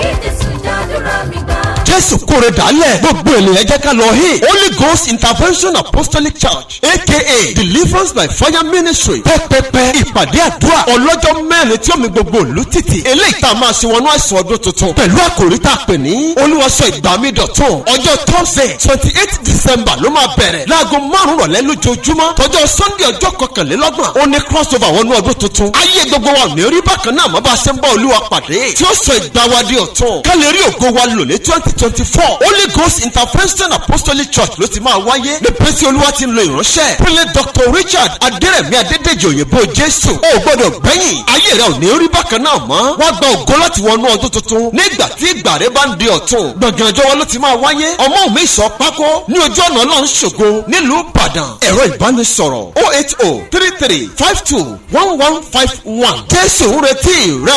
ayé jésù jáde rà Jésù kórè dálẹ̀ gbogbo ènìyàn jẹ́ ká lọ hí. Holy Ghost Intervention Apostolic Church aka Deliverance by Fire Ministry pẹ́pẹ́pẹ́ ìpàdé àdúrà ọlọ́jọ́ mẹ́rin tí ó mi gbogbo òlú títì. Eléyìí tá a máa ṣe wọnú àìsàn ọdún tuntun pẹ̀lú àkòrí tá a pè ní Olúwa sọ ìgbà Ọjọ́ Thursday twenty eight December ló máa bẹ̀rẹ̀ láago márùn-ún rọ̀lẹ́ lójoojúmọ́ tọjọ́ Sunday ọjọ́ kọkànlélọ́gbọ̀n ó ní crossover wọnú ọdún tuntun. Ayé gbogbo wa ò ní rí bákan náà mọ́ bá a ṣe ń bá Olúwa pàdé tí ó sọ ìgbà wa di ọ̀tun. Ká rí ògo wa lò ní twenty twenty twenty-four Holy Ghost Intervention Apostolic Church ló ti máa wáyé níbi tí olúwa ti ń lo ìránṣẹ́ pínlẹ̀ Dr. Richard Adérẹ̀mí Adédèjì òyìnbó Jésù ó gbọ́dọ̀ gbẹ̀yìn ayé rẹ̀ ò ní rí bákan náà mọ́ wá gba ògo láti wọnú ọdún tuntun nígbà tí ìgbà rẹ bá ń di ọ̀tun gbọ̀ngàn ọjọ́ wa ló ti máa wáyé ọmọ mi sọ pákó ní ojú ọ̀nà Ọlọ́run ṣògo nílùú Ìbàdàn ẹ̀rọ ìbánisọ̀rọ̀ oh eight oh three three five two one one five one Jésù ń retí rẹ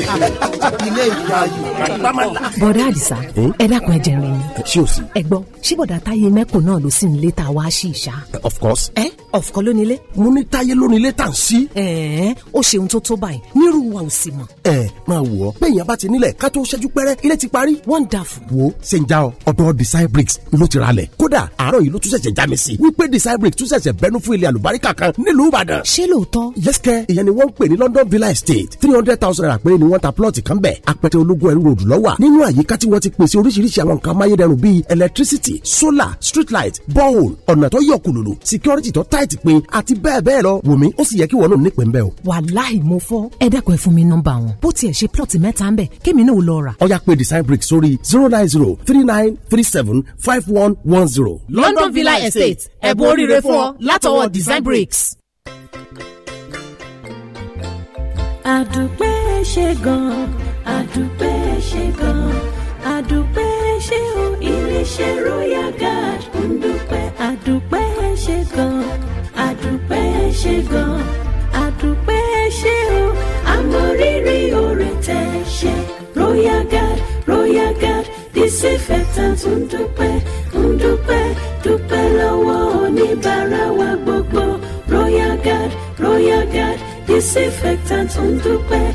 ilé ìwà yìí. bọ̀dá àdìsá ẹ dákun ẹ jẹun ẹni. ṣé o sì. ẹ gbọ́ ṣé bọ̀dá táyé mẹ́kùn náà ló sì ń lé ta wá sí ìṣá. of course. ẹ of course lónìí lé. mo ní táyé lónìí lé tà ń sí. ẹ ẹ ó ṣe ohun tó tó báyìí nírú wa ò sì mọ. ẹ máa wọ bẹ́ẹ̀yàn bá ti nílẹ̀ ká tó ṣẹ́jú pẹ́rẹ́ ilé ti parí. wonderful. wo ṣe ń já ọ ọ̀dọ̀ design bricks ló ti ralẹ̀ kódà àárọ̀ yìí ló tún ṣẹ̀ṣẹ̀ já mi sí wípé design bricks tún ṣẹ̀ṣẹ̀ bẹnu fún ilé àlùbáríkà kan nílùú ìbàdàn. ṣé lóòótọ́. yẹ́sìkẹ́ ìyẹn ni wọ́n ń pè ní London Villa Estate three hundred thousand naira péré ni wọ́n ta plọ́ọ̀tì kan bẹ̀ apẹtẹ ológun ẹ̀rú ròdù lọ́wà nínú àyíká tí wọ́n ti pèsè oríṣiríṣi àwọn nǹkan amáyédẹrùn bíi electricity solar street light borehole ọ̀nà tó yọ kùlùlù security tó tight pin àti bẹ́ẹ̀ bẹ́ẹ̀ lọ wùmí ó sì yẹ kí wọ́n lòun nípìn bẹ́ẹ̀ o. wàláì mo fọ ẹ dẹ́kun ẹ fún mi nọ́mbà wọn bó tiẹ̀ ṣe plọ́ọ̀tì mẹ́ta ń bẹ̀ kémi náà lọ rà. ọ̀yá pé design brick sórí zero nine zero three nine three seven five one one zero. London Villa Estate ẹ̀bùn oríire fún ọ látọwọ́ design bricks. àdùpẹ́ ṣe gan àdùpẹ́ ṣe gan àdùpẹ́ ṣe o iléeṣẹ́ royal guard ń dúpẹ́ àdùpẹ́ ṣe gan àdùpẹ́ ṣe gan àdùpẹ́ ṣe o àmọ̀rírì oore tẹ̀ ṣe royal guard royal guard disinfectant ń dúpẹ́ ń dúpẹ́ dúpẹ́ lọ́wọ́ oníbàárà wa gbogbo royal guard royal guard disinfectant on the way.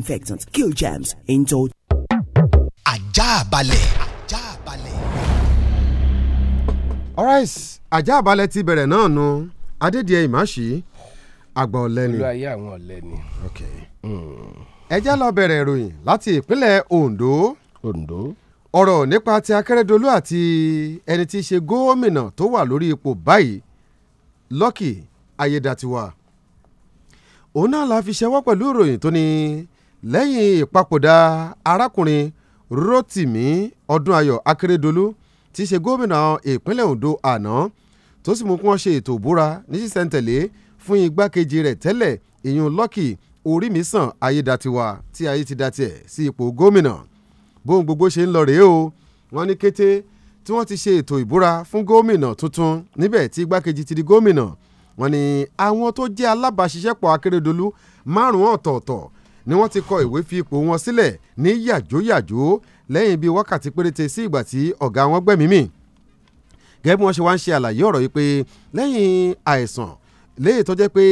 disinfectants, kill germs, ain't all. Àjààbalẹ̀. Àjààbalẹ̀. alright Àjààbalẹ̀ ti bẹ̀rẹ̀ náà nu adédìẹ ìmáṣí àgbà ọ̀lẹ́ ni. olùwàyé àwọn ọ̀lẹ́ ni. Hmm. ẹ jẹ́ lọ bẹ̀rẹ̀ ìròyìn láti ìpínlẹ̀ Ondo. Ondo. ọ̀rọ̀ nípa ti Akérèdọ́lù àti ẹni tí í ṣe gómìnà tó wà lórí ipò báyìí Lucky Ayédàtiwa òun náà la fi ṣẹwọ́ pẹ̀lú ìròyìn tó ní lẹ́yìn ìpapòdà arákùnrin rotimi ọdúnayọ̀ akérèdọ́lù tí í ṣe gómìnà ìpínlẹ̀ ondo àná tó sì mú kí wọ́n ṣe ètò ìbúra ní sísẹ̀ntẹ̀lé fún igbákejì rẹ̀ tẹ́lẹ̀ ìyún lọ́kì orímísàn ayédatiwa tí ayé ti datiẹ̀ sí ipò gómìnà bóun gbogbo ṣe ń lọ rèé o wọ́n ní kété tí wọ́n ti ṣe ètò ìbúra fún gómìnà tuntun níbẹ̀ tí igbákejì ti di gómìnà wọ́n ní àwọn tó jẹ́ alábàáṣiṣẹ́pọ̀ akérèdọ́lù márùn-ún ọ̀tọ̀ọ̀tọ̀ ni wọ́n ti kọ ìwé fi ipò wọn sílẹ̀ ní yàjóyàjó lẹ́yìn bíi wákàtí péréte sí ìgbà tí ọ̀gá wọn gbẹ̀mí mì gẹ́gẹ́ bí wọ́n ṣe wá ń ṣe àlàyé ọ̀rọ̀ yìí pé lẹ́yìn àìsàn léyìí tó jẹ́ pé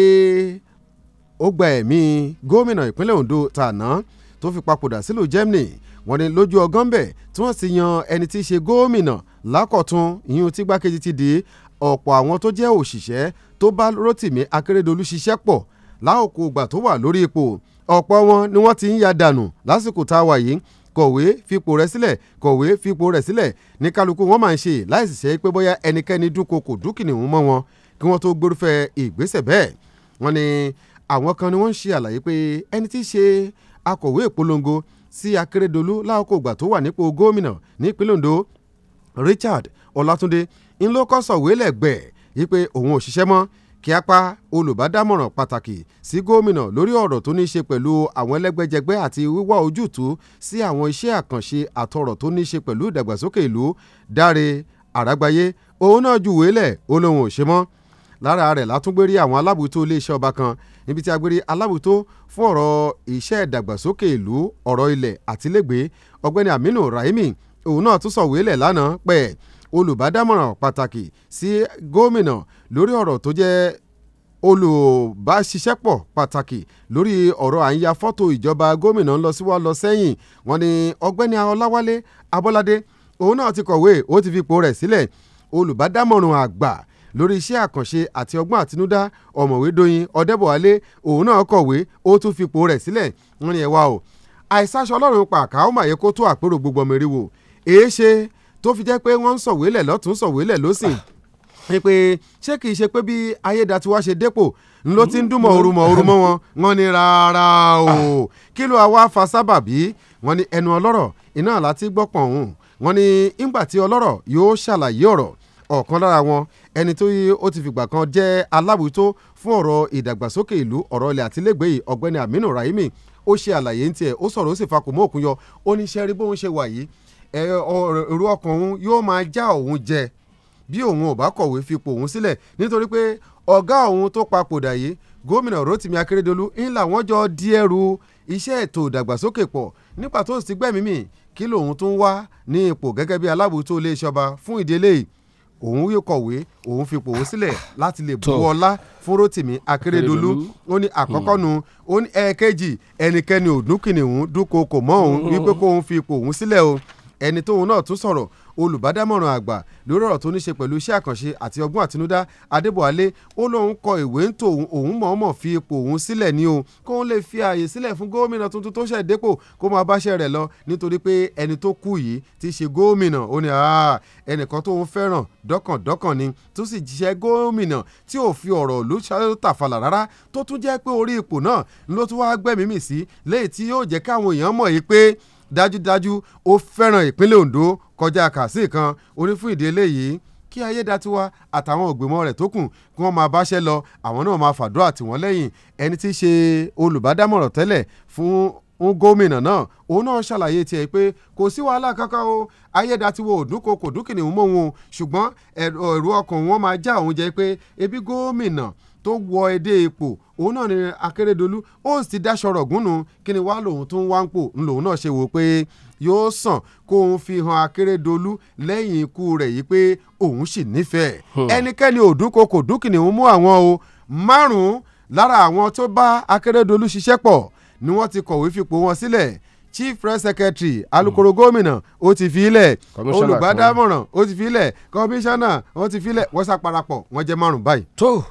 ó gba ẹ̀mí gómìnà ìpínlẹ̀ Ondo tàná tó fi papòdà sílùú Germany wọ́n ní lójú ọgán bẹ̀ tí wọ́n sì yan ẹni tí í ṣe gómìnà lákọ̀tún ìyún tí gbákejì ti di ọ̀pọ̀ àwọn tó jẹ́ òṣìṣẹ́ tó bá Rotimi Akeredolu ṣiṣẹ́ pọ̀ láòkó ìgbà tó wà lórí ipò ọ̀pọ̀ wọn ni wọ́n ti ń ya dànù lásìkò tá a wà yìí kọ̀wé fipò rẹ̀ sílẹ̀ kọ̀wé fipò rẹ̀ sílẹ̀ ní kálukú wọn máa ń ṣe láìsí ṣe pé bóyá ẹnikẹ́ni dúnkokò dúnkìnìún mọ́ wọn kí wọ́n tó gbórúfẹ́ ìgbésẹ̀ bẹ́ẹ̀ wọ́n ní àwọn kan ni wọ́n ń ṣe àlàyé pé ẹni tí í ṣe akọ̀wé ìpolongo sí Akérédolú láòkó ìgbà tó wà nípò gómìnà nípínlẹ̀ Ondo Richard Ọlátúndé ńlọkọ̀sọ̀wé lẹ̀gbẹ̀ẹ́ yí pé òun ò mọ́ Kíápá olùbádámọ̀ràn pàtàkì sí gómìnà lórí ọ̀rọ̀ tó ní ṣe pẹ̀lú àwọn ẹlẹ́gbẹ́jẹgbẹ́ àti wíwá ojútùú sí àwọn iṣẹ́ àkànṣe àtọ̀rọ̀ tó ní ṣe pẹ̀lú ìdàgbàsókè ìlú Dáre Àrágbáyé òun náà júwèé lẹ̀ ó lóun ò ṣe mọ́ lára rẹ̀ látúngbérí àwọn alábòótó iléeṣẹ́ ọba kan níbi tí agbérí alábòótó fún ọ̀rọ̀ iṣẹ́ ìdàgbàsókè ìlú ọ̀rọ̀ Rahimi òun náà tún sọ̀wé lẹ̀ olùbádámọ̀ràn pàtàkì sí gómìnà lórí ọ̀rọ̀ tó jẹ́ olùbáṣiṣẹ́pọ̀ pàtàkì lórí ọ̀rọ̀ à ń ya fọ́tò ìjọba gómìnà ń lọ sí wá lọ sẹ́yìn wọ́n ní ọ̀gbẹ́ni ọláwálé abọ́ládé òun náà ti kọ̀wé ó ti fipò rẹ̀ sílẹ̀ olùbádámọ̀ràn àgbà lórí iṣẹ́ àkànṣe àti ọgbọ́n àtinúdá ọ̀mọ̀wé dóyin ọ̀dẹ́bọ̀wálé òun náà kọ̀wé ó tún fipò rẹ̀ sílẹ̀ wọ́n ní ẹ wá o àìsàṣọ ọlọ́run pàkà ó mà kó tó àpérò gbogbo ọmọ eré wo èé ṣe tó fi jẹ́ pé wọ́n ń sọ̀wélẹ̀ lọ́tún sọ̀wélẹ̀ lọ́sìn ah. pé ṣé kìí ṣe pé bí ayédatiwa ṣe dépò ló ti ń dúnmọ̀ orúmọ̀ orúmọ̀ wọn wọn ni rárá o ah. kí ló wá fa sábàbí wọn ni ẹnu ọlọ́rọ̀ iná láti gbọ́pọ̀ ọ̀hún wọn ni ńgbà tí ọlọ́rọ̀ yóò ṣàlàyé ọ̀rọ̀ ọ̀kan lára wọn ẹni tó yí ó ti fìgbà kan jẹ́ alábòójútó fún ọ̀rọ̀ ìdàgbàsókè ìlú ọ̀rọ̀ ilẹ̀ àtìlẹ́gbẹ̀ẹ́ yìí ọ̀gbẹ́ni Aminu Raimi ó ṣe àlàyé ń tiẹ̀ ó sọ̀rọ̀ ó sì fakò mọ́ òkun yọ ó ní sẹ́rí bóun ṣe wà yìí èrò ọkàn òun yóò máa já òun jẹ bí òun ò bá kọ̀wé fipò òun sílẹ̀ nítorí pé ọ̀gá òun tó papòdà yìí gómìnà rotimi akérèdọ́lù ńlá wọn jọ di ẹrù iṣẹ́ ètò ìdàgbàsókè pọ̀ nípa tó ti gbẹ̀mí mi kí lòun tún wá ní ipò gẹ́gẹ́ bí alábòótó iléeṣẹ́ ọba fún ìdílé yìí òun yóò kọ̀wé òun fipò òun sílẹ̀ láti lè bu ọlá fún rotimi akérèdọ́lù ó ní àkọ́kọ́ nu ó ní ẹ̀ẹ̀kejì ẹnikẹ́ni òdúnkìnìún dúnkokò mọ́ òun wípé kóun fipò òun sílẹ̀ o ẹni tóun náà tún sọ̀rọ̀ olùbádámọ̀ràn àgbà lórí ọ̀rọ̀ tó ní ṣe pẹ̀lú iṣẹ́ àkànṣe àti ọgbọ́n àtinúdá adébọ̀wálé ó lóun kọ ìwé ń tòun òun mọ̀ọ́mọ̀ fi ipò òun sílẹ̀ ní o kóun lè fi ààyè sílẹ̀ fún gómìnà tuntun tó ṣẹ̀ dépò kó máa báṣẹ́ rẹ̀ lọ nítorí pé ẹni tó kú yìí ti ṣe gómìnà ó ní ẹnìkan tóun fẹ́ràn dọ́kàndọ́kàn ni tó sì jẹ́ gómìnà tí ò fi ọ̀rọ̀ ìlú tàfàlà rárá tó tún jẹ́ pé orí ipò náà ló tún wá gbẹ̀mímì sí léyìí tí yóò jẹ́ káwọn èèyàn mọ̀ yìí pé dájúdájú ó fẹ́ràn ìpínlẹ̀ Ondo kọjá kàsí kan orí fún ìdí eléyìí kí ayédatiwa àtàwọn ògbìmọ̀ rẹ̀ tó kù kí wọ́n máa báṣẹ́ lọ àwọn náà máa fàdúrà tì wọ́n lẹ́yìn ẹni tí í ṣe olùbádámọ̀ràn tẹ́lẹ̀ fún ń gómìnà náà òun náà ṣàlàyé tiẹ̀ pé kò sí wàhálà kankan o ayédatiwa òdúnkò kò dúnkìnnìún mọ́ òun ṣùgbọ́n ẹ̀rù ọkàn wọn máa já òun jẹ́ pé ebi gómìnà tó wọ edé ipò òun náà ni Akérédolú ó sì dáṣọ rọ̀gúnnù kí ni wá lòun tó ń wá ń pò ń lòun náà ṣe wò pé yóò sàn kó òun fi hàn Akérédolú lẹ́yìn ikú rẹ̀ yìí pé òun sì nífẹ̀ẹ́ hmm. ẹnikẹ́ni òdúnkokò dúnkìnì ń mú àwọn o márùn lára àwọn tó bá Akérédolú ṣiṣẹ́ pọ̀ ni wọ́n ti kọ̀wé fipò wọn sílẹ̀ chief press secretary alukoro hmm. gómìnà ó ti fi ilẹ̀ olùgbàdámọ̀ràn ó ti fi ilẹ̀ kọmíṣánná ó ti fi ilẹ̀ wọ́n ṣàparapọ̀ wọ́n jẹ́ márùn-ún báyìí. tó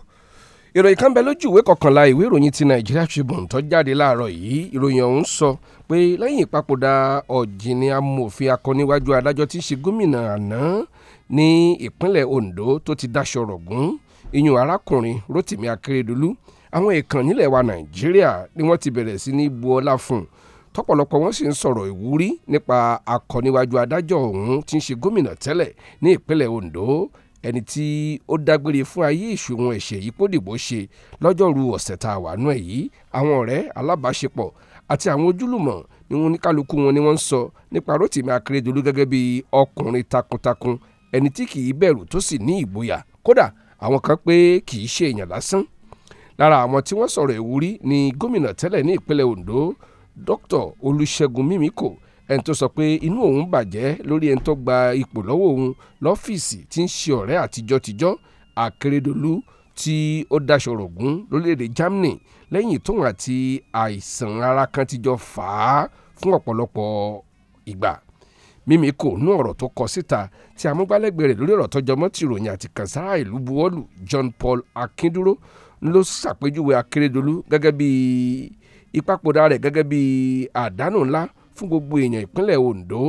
ìròyìn kan bẹ lójú ìwé kọkànlá ìwé ìròyìn ti Nigeria Tribune tó jáde láàárọ̀ yìí ìròyìn ọ̀hún sọ pé lẹ́yìn ìpapòdà ọ̀jìnì amòfin akọniwájú adájọ́ tí í ṣe gómìnà àná ní ìpínlẹ̀ Ondo tó ti daṣọ rọ̀gùn iyùn arákùnrin Rotimi Akeredolu àwọn èèkàn nílẹ̀ wa Nàìjíríà ni wọ́n ti bẹ̀rẹ̀ sí ní bu ọlá fún un tọ́pọ̀lọpọ̀ wọn sì ń sọ̀rọ̀ ìwúrí nípa akọniwájú adájọ́ ọ̀hún tí ń ṣe gómìnà tẹ́lẹ̀ ní ìpínlẹ̀ Ondo ẹni tí ó dágbére fún ayé ìṣòwò ẹ̀ṣẹ̀ yìí pódìbò ṣe lọ́jọ́rú ọ̀sẹ̀ tá a wà nú ẹ̀ yìí àwọn ọ̀rẹ́ alábàáṣepọ̀ àti àwọn ojúlùmọ̀ ni wọn ní kálukú wọn ni wọ́n ń sọ nípa Rotimi Akeredolu gẹ́gẹ́ bí ọkùnrin takuntakun ẹni tí kì í bẹ̀rù tó sì ní ìgboyà kódà àwọn kan pé kì í ṣe èèyàn lásán lára àwọn tí wọ́n sọ̀rọ̀ ìwúrí ni gómìnà tẹ́lẹ̀ ní ìpínlẹ̀ Ondo Dr. Olúṣẹ́gun Mímíkò ẹni tó sọ pé inú òun bàjẹ́ lórí ẹni tó gba ipò lọ́wọ́ òun lọ́fíìsì tí ń ṣe ọ̀rẹ́ àtijọ́tijọ́ Akérédolú tí ó daṣọ rògún lórílẹ̀‐èdè Germany lẹ́yìn tóun àti àìsàn ara kan ti jọ fà á fún ọ̀pọ̀lọpọ̀ ìgbà mímí kò nú ọ̀rọ̀ tó kọ síta tí amúgbálẹ́gbẹ̀ẹ́ rẹ̀ lórí ọ̀rọ̀ tó jọmọ́ ti ròyìn àti kànsára ìlú buwọ́lù John Paul Akíndúró ló ṣàpèjúwe Akérédolú gẹ́gẹ́ bí ìpapòdà rẹ̀ gẹ́gẹ́ bí àdánù ńlá fún gbogbo èèyàn ìpínlẹ̀ Ondo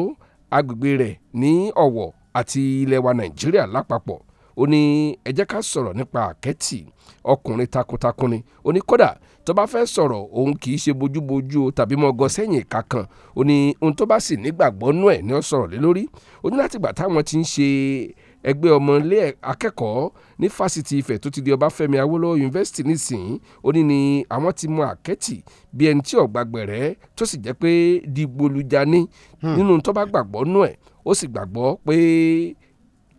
agbègbè rẹ̀ ní Ọ̀wọ̀ àti ilẹ̀ wa Nàìjíríà lápapọ̀ ó ní ẹ ká sọ̀rọ̀ nípa àkẹ́tì ọkùnrin takuntakun ni ó ní kódà tó bá fẹ́ sọ̀rọ̀ òun kì í ṣe bójúbójú tàbí mọ́gọ sẹ́yìn ìka kan ó ní ohun tó bá sì nígbàgbọ́ nú ẹ̀ ni ó sọ̀rọ̀ lé lórí ó ní látìgbà táwọn ti ń ṣe ẹgbẹ́ ọmọ ilé akẹ́kọ̀ọ́ ní fásitì Ifẹ̀ tó ti di Ọbáfẹ́mi Awólọ́wọ̀ yunifásitì nísìnyí ó ní ni àwọn ti mọ àkẹ́tì bí ẹni tí ọ̀gbà gbẹ̀rẹ́ tó sì jẹ́ pé dìgbòlujà ní hmm. nínú tó bá gbàgbọ́ nú ẹ̀ ó sì gbàgbọ́ pé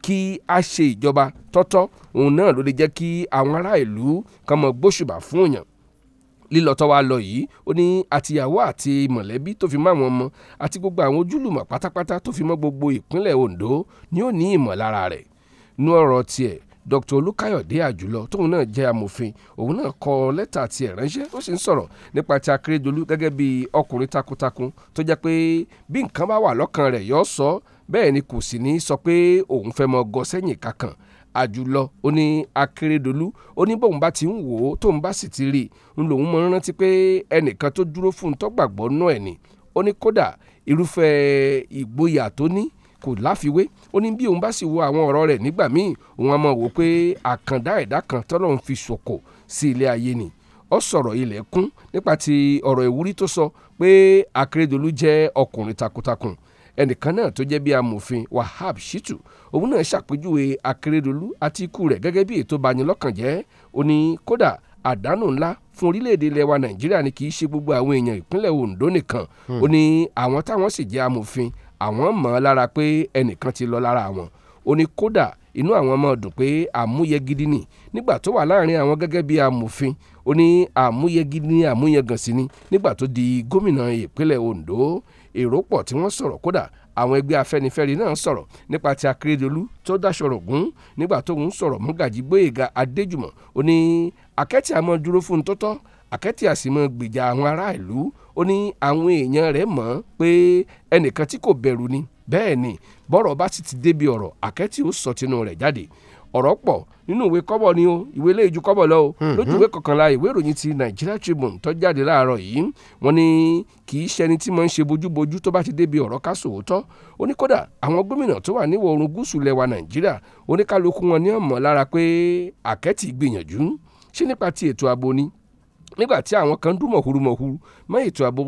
kí a ṣe ìjọba tọ́tọ́ òun náà ló lè jẹ́ kí àwọn ará kan mọ gbóṣùbà fún òyàn lílọ wa wá lọ yìí ó ní àtìyàwó àti mọ̀lẹ́bí tó fi mọ́ àwọn ọmọ àti gbogbo àwọn ojúlùmọ̀ pátápátá tó fi mọ́ gbogbo ìpínlẹ̀ Ondo ni ó ní ìmọ̀lára rẹ̀ nú ọ̀rọ̀ tiẹ̀ Dr Olúkáyọ̀dé Àjùlọ tóun náà jẹ́ amòfin òun náà kọ lẹ́tà tiẹ̀ ránṣẹ́ ó sì ń sọ̀rọ̀ nípa ti Akérédolú gẹ́gẹ́ bí ọkùnrin takuntakun tó jẹ́ pé bí nǹkan bá wà lọ́kàn rẹ̀ yó sọ bẹ́ẹ̀ ni kò sì ní sọ pé òun fẹ́ mọ gọ sẹ́yìn kankan àjùlọ ó ní akérèdọ́lù ó ní bóun bá ti ń wò ó tóun bá sì ti rí i ń lòun mọ rántí pé ẹnìkan tó dúró fún un tó gbàgbọ́ nú ẹ̀ ni ó ní kódà irúfẹ́ ìgboyà tó ní kò láfiwé ó ní bí òun bá sì wo àwọn ọ̀rọ̀ rẹ̀ nígbà míì òun á mọ̀ wò pé àkàndá ẹ̀dá kan tọ́lọ́run fi ṣòkò sí ilé ayé ni ó sọ̀rọ̀ ilẹ̀ nípa ti ọ̀rọ̀ ìwúrí tó sọ pé akérèdọ́lù jẹ́ ọkùnrin takuntakun ẹnìkan náà tó jẹ́ bí amòfin wahab shitu òun náà ṣàpèjúwe akérèdọ́lù àti ikú rẹ̀ gẹ́gẹ́ bí ètò bani lọ́kàn jẹ́ ó ní kódà àdánù ńlá fún orílẹ̀-èdè ilẹ̀ wa nàìjíríà ni kì í ṣe gbogbo àwọn èèyàn ìpínlẹ̀ ondo nìkan hmm. ó ní àwọn táwọn sì jẹ́ amòfin àwọn mọ̀ ọ́n lára pé ẹnìkan ti lọ lára àwọn ó ní kódà inú àwọn ọmọ dùn pé àmúyẹ gidi ni nígbà tó wà láàrin àwọn gẹ́gẹ́ bí amòfin ó àmúyẹ gidi ni àmúyẹ gàn ni nígbà tó di gómìnà ìpínlẹ̀ ondo èrò pọ̀ tí wọ́n sọ̀rọ̀ kódà àwọn ẹgbẹ́ afẹ́nifẹ́re náà sọ̀rọ̀ nípa ti akérèdọ́lù tó dáṣọ̀rọ̀ gún nígbà tóun sọ̀rọ̀ mọ́gàjí gbóyèga adéjùmọ̀ ó ní akẹ́tì àmọ́ dúró fún un tọ́tọ́ akẹ́tì àsìmọ́ gbèjà àwọn ará ìlú ó ní àwọn èèyàn rẹ̀ mọ̀ pé ẹnìkan tí kò bẹ̀rù ni bẹ́ẹ̀ ni bọ́rọ̀ bá sì ti débi ọ̀rọ̀ akẹ́tì ó sọ tinú rẹ̀ jáde ọ̀rọ̀ pọ̀ nínú ìwé kọ́bọ̀ ni o ìwé ilé ìju kọ́bọ̀ lọ o mhm. lójú ìwé kọkànlá ìwé ìròyìn ti Nigeria Tribune tó jáde láàárọ̀ yìí wọ́n ní kì í ṣẹni tí mo ń ṣe bójúbójú tó bá ti débi ọ̀rọ̀ ká sòótọ́ ó ní kódà àwọn gómìnà tó wà níwọ̀ oòrùn gúúsù lẹwa Nàìjíríà oníkálukú wọn ní ọ̀mọ́ lára pé àkẹ́tì gbìyànjú ṣé nípa ti ètò ààbò ni nígbà tí àwọn kan dún mọ̀húrúmọ̀húrú mọ́ ètò ààbò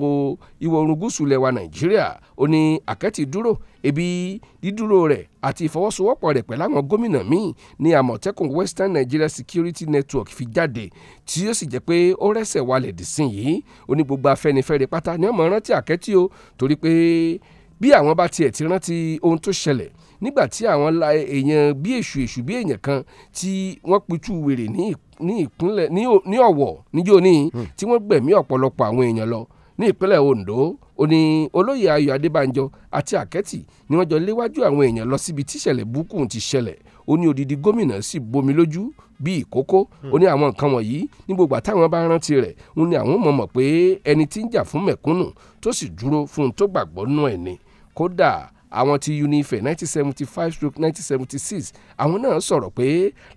ìwọ̀ oòrùn gúúsù lẹwa nàìjíríà ó ní àkẹ́tì dúró ebi dídúró rẹ̀ àti ìfọwọ́sowọ́pọ̀ rẹ̀ pẹ̀lú àwọn gómìnà míì ní àmọ̀tẹ́kùn western nigeria security network fi jáde tí ó sì jẹ́ pé ó rẹ́sẹ̀ walẹ̀ dì yìí ó ní gbogbo afẹ́nifẹ́re pátá ni ọmọ rántí àkẹ́tì o torí pé bí àwọn bá tiẹ̀ ti rántí ohun tó ṣẹlẹ̀ nígbà tí àwọn èèyàn bí èṣù èṣù bí èèyàn kan tí wọ́n pitú wèrè ní ìp ní ìpínlẹ̀ ní ọ̀wọ̀ níjó ní hmm. tí wọ́n gbẹ̀mí ọ̀pọ̀lọpọ̀ àwọn èèyàn lọ ní ìpínlẹ̀ Ondo ó olóyè Ayọ̀ Adébánjọ àti Àkẹ́tì ni wọ́n jọ léwájú àwọn èèyàn lọ síbi tíṣẹ̀lẹ̀ burúkú ti ṣẹlẹ̀ ó ní odidi gómìnà sì bomi lójú bíi ìkókó hmm. ó ní àwọn nǹkan wọ̀nyí ní gbogbo àtàwọn bá rántí rẹ̀ ó ní àwọn mọ̀mọ̀ pé ẹni tí ń jà fún mẹ̀kúnnù tó sì dúró fún un tó gbàgbọ́ nú ẹ̀ ni kódà àwọn ti unife nineteen seventy five stroke nineteen seventy six àwọn náà sọ̀rọ̀ pé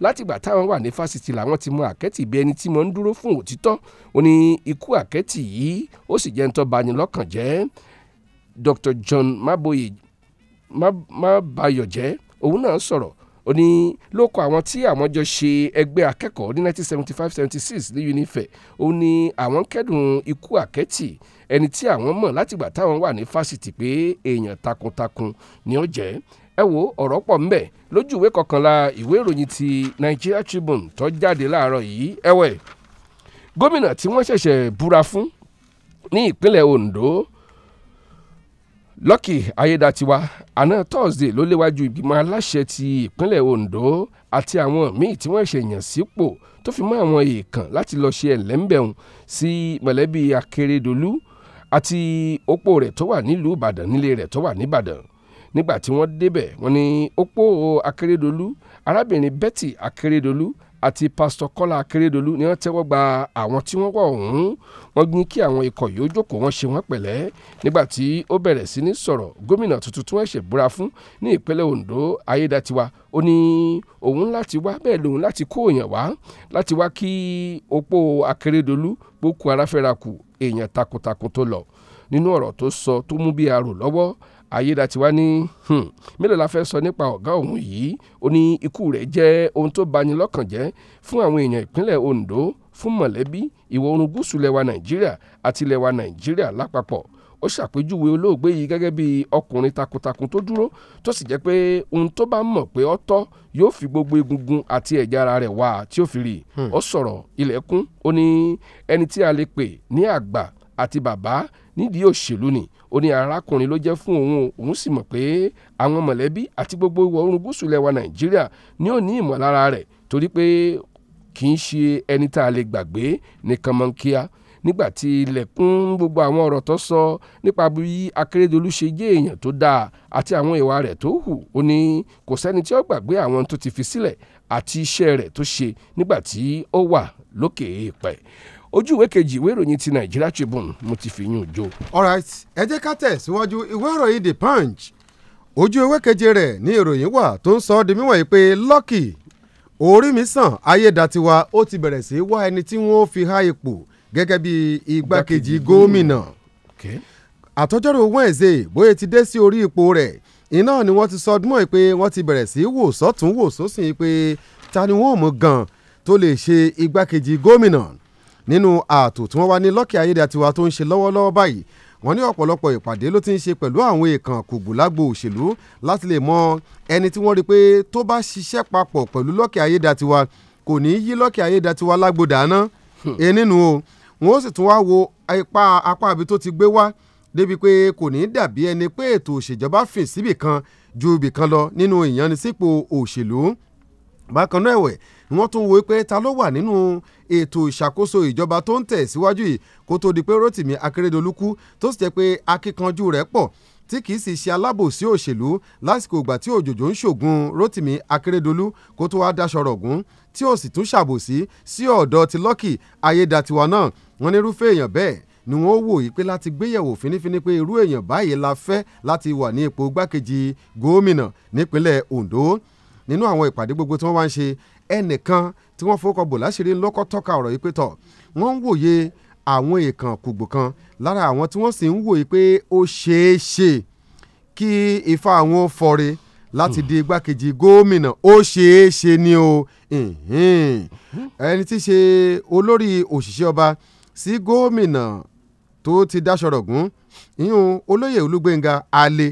látìgbà táwọn wà ní fásitì làwọn ti mọ àkẹ́tì bí ẹni tí mo ń dúró fún òtítọ́ ó ní ikú àkẹ́tì yìí ó sì jẹ́ ń tọ́ bani lọ́kàn jẹ́ Dr. John Maboye Mabayọ̀jẹ́ òun náà sọ̀rọ̀ ó ní ló kọ àwọn tí àwọn jọ ṣe ẹgbẹ́ akẹ́kọ̀ọ́ ní nineteen seventy five seventy six ní unife ó ní àwọn kẹ́dùn ikú àkẹ́tì ẹni tí àwọn mọ̀ látìgbà táwọn wà ní fásitì pé èèyàn takuntakun ni ó jẹ́ ẹ wo ọ̀rọ̀ pọ̀ ńbẹ̀ lójú ìwé kọkànlá ìwé ìròyìn ti Nigeria Tribune tó jáde láàárọ̀ yìí ẹ̀wẹ̀ gómìnà tí wọ́n ṣẹ̀ṣẹ̀ búra fún ní ìpínlẹ̀ Ondo Lucky Ayédatiwa àná Thursday ló léwájú ìgbìmọ̀ aláṣẹ ti ìpínlẹ̀ Ondo àti àwọn míì tí wọ́n ṣe yàn sípò tó fi mọ́ àwọn èèkàn láti lọ́ọ́ ṣe ẹ̀lẹ́ńbẹ̀hún sí mọ̀lẹ́bí Akérédolú àti opó rẹ̀ tó wà nílùú ìbàdàn nílé rẹ̀ tó wà níbàdàn nígbà tí wọ́n débẹ̀ wọ́n ní opó akérèdọ́lù arábìnrin betty akérèdọ́lù àti pastor kọ́lá akérèdọ́lù ni wọ́n tẹ́wọ́ gba àwọn tí wọ́n wọ̀ ọ̀hún wọ́n gbin kí àwọn ikọ̀ yóò jókòó wọ́n ṣe wọ́n pẹ̀lẹ́ nígbà tí ó bẹ̀rẹ̀ sí ní sọ̀rọ̀ gómìnà tuntun tí wọ́n ṣẹ̀ búra fún ní ìpínlẹ̀ ondo ayédatiwa ó ní òun láti wá bẹ́ẹ̀ lòun láti kó èèyàn wá láti wá kí opó akérèdọ́lù gbókù aráfẹ́rakù èèyàn takuntakun tó lọ nínú ọ̀rọ̀ tó sọ tó mú bí arò lọ́wọ́ ayédatiwa ní hmm, mélòó la fẹ́ sọ nípa ọ̀gá òun yìí ó ní ikú rẹ̀ jẹ́ ohun tó bani lọ́kàn jẹ́ fún àwọn èèyàn ìpínlẹ̀ Ondo fún mọ̀lẹ́bí ìwọ̀ oòrùn gúúsù lẹwa Nàìjíríà àti lẹwa Nàìjíríà lápapọ̀ ó ṣàpèjúwe olóògbé yìí gẹ́gẹ́ bí ọkùnrin takuntakun tó dúró tó sì jẹ́ pé ohun tó bá mọ̀ pé ó tọ́ yóò fi gbogbo egungun àti ẹ̀jẹ̀ ara rẹ̀ wá tí ó fi rí hmm. ó sọ̀rọ̀ ilẹ̀kùn ó ní ẹni tí a lè pè ní àgbà àti bàbá nídìí òṣèlú ni ó ní arákùnrin ló jẹ́ fún òun òun sì mọ̀ pé àwọn mọ̀lẹ́bí àti gbogbo ìwọ̀ oòrùn gúúsù lẹwa nàìjíríà ni ó ní ìmọ̀lára rẹ̀ torí pé kì í ṣe ẹni tá a lè gbàgbé nìkan mọ́ kíá nígbà tí ilẹ̀kùn gbogbo àwọn ọ̀rọ̀ tó sọ nípa bí akérèdọ́lù ṣe jẹ́ èèyàn tó dáa àti àwọn ìwà rẹ̀ tó hù ó ní kò sẹ́ni tí ó gbàgbé àwọn tó ti fi sílẹ̀ àti iṣẹ́ rẹ̀ tó ṣe nígbà tí ó wà lókè èèpẹ̀ ojú ìwé kejì ìwé ìròyìn ti Nigeria Tribune mo ti fi yún un jó. alright ẹ jẹ́ ká tẹ̀síwájú ìwé ìròyìn The Punch ojú ìwé keje rẹ̀ ní ìròyìn wà tó ń sọ ọ́ di mímọ̀ yìí pé Lucky orí mi sàn ayédatiwa ó ti bẹ̀rẹ̀ sí wá ẹni tí wọ́n fi há ipò gẹ́gẹ́ bí igbákejì gómìnà àtọ́jọ́rò Wednesday bóyá ti dé sí orí ipò rẹ̀ iná ni wọ́n ti sọ ọdún mọ́ pé wọ́n ti bẹ̀rẹ̀ sí wò sọ́tún wò sósìn pé ta ni wọ́n mú gan tó lè ṣe igbákejì gómìnà nínú ààtò tí wọ́n wá ní Lucky Ayédatiwa tó ń ṣe lọ́wọ́lọ́wọ́ báyìí wọ́n ní ọ̀pọ̀lọpọ̀ ìpàdé ló ti ń ṣe pẹ̀lú àwọn èèkàn kùgbù lágbo òṣèlú láti lè mọ ẹni tí wọ́n rí pé tó bá ṣiṣẹ́ papọ̀ pẹ̀lú Lucky Ayédatiwa kò ní í yí Lucky Ayédatiwa lágbo dáná hmm. ẹ nínú o wọ́n sì tún wá wo ipa apá ibi tó ti gbé wá débi pé kò ní í dàbí ẹni pé ètò òṣèjọba fìn síbì ju ibì lọ nínú ìyannisípò òṣèlú bákan náà ẹ̀wẹ̀ wọ́n tún wo pé ta ló wà nínú ètò ìṣàkóso ìjọba tó ń tẹ̀ síwájú yìí kó tó di pé Rotimi Akeredolu kú tó sì jẹ́ pé akíkanjú rẹ̀ pọ̀ tí kìí sì ṣe alábòsí òṣèlú lásìkò ìgbà tí òjòjò ń ṣògùn Rotimi Akeredolu kó tó wá daṣọ rọ̀gùn tí ó sì tún ṣàbòsí sí ọ̀dọ̀ ti Lucky Ayédatiwa náà wọ́n nírúfẹ́ èèyàn bẹ́ẹ̀ ni wọ́n wò yí pé láti gbéyẹ̀wò fínífíní pé irú èèyàn báyìí la fẹ́ láti wà ní ipò gbákejì gómìnà nípínlẹ̀ Ondo nínú àwọn ìpàdé gbogbo tí wọ́n wá ń ṣe ẹnìkan tí wọ́n fowókọ bò láṣìírí lọ́kọ́ tọ́ka ọ̀rọ̀ yìí pé tọ̀ wọ́n ń wòye àwọn èèkàn kùgbò kan lára àwọn tí wọ́n sì ń wòye pé ó ṣeé ṣe kí ifá àwọn fọre láti di igbákejì gómìnà ó ṣeé ṣe ni o ẹni tí í ṣe olórí òṣìṣẹ́ ọba sí gómìnà tó ti dáṣọrọ̀gùn ìyún olóyè olúgbénga alẹ́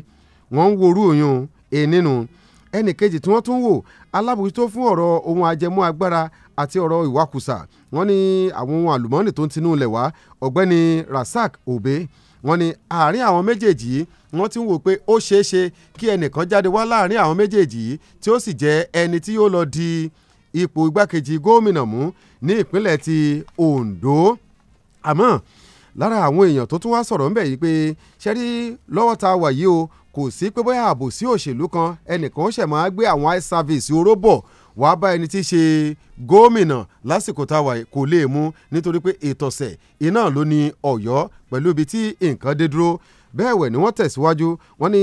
wọ́n ń worú òyún ẹ̀ nínú ẹnì kejì tí wọ́n tún wò alábòjútó fún ọ̀rọ̀ ohun ajẹmọ́ agbára àti ọ̀rọ̀ ìwakùsà wọ́n ní àwọn ohun àlùmọ́ọ́nì tó ń tinú ilẹ̀ wá ọ̀gbẹ́ni Rasak Obe wọ́n ní àárín àwọn méjèèjì yìí wọ́n ti ń wò pé ó ṣeé ṣe kí ẹnìkan jáde wá láàárín àwọn méjèèjì yìí tí ó sì jẹ́ ẹni tí yóò lọ di ipò igbákejì gómìnà mú ní ìpínlẹ̀ ti Ondo àmọ́ lára àwọn èèyàn tó tún wá sọ̀rọ̀ ńbẹ̀ yìí pé ṣẹ́rí lọ́wọ́ ta wà yìí o kò sí pé bóyá àbòsí òṣèlú kan ẹnìkan ó ṣẹ̀ máa gbé àwọn eye service oróbọ̀ wá bá ẹni tí í ṣe gómìnà lásìkò táwa kò lè mú nítorí pé ìtọ̀sẹ̀ iná ló ní ọ̀yọ́ pẹ̀lú ibi tí nǹkan dé dúró bẹ́ẹ̀ wẹ̀ ni wọ́n tẹ̀síwájú wọ́n ní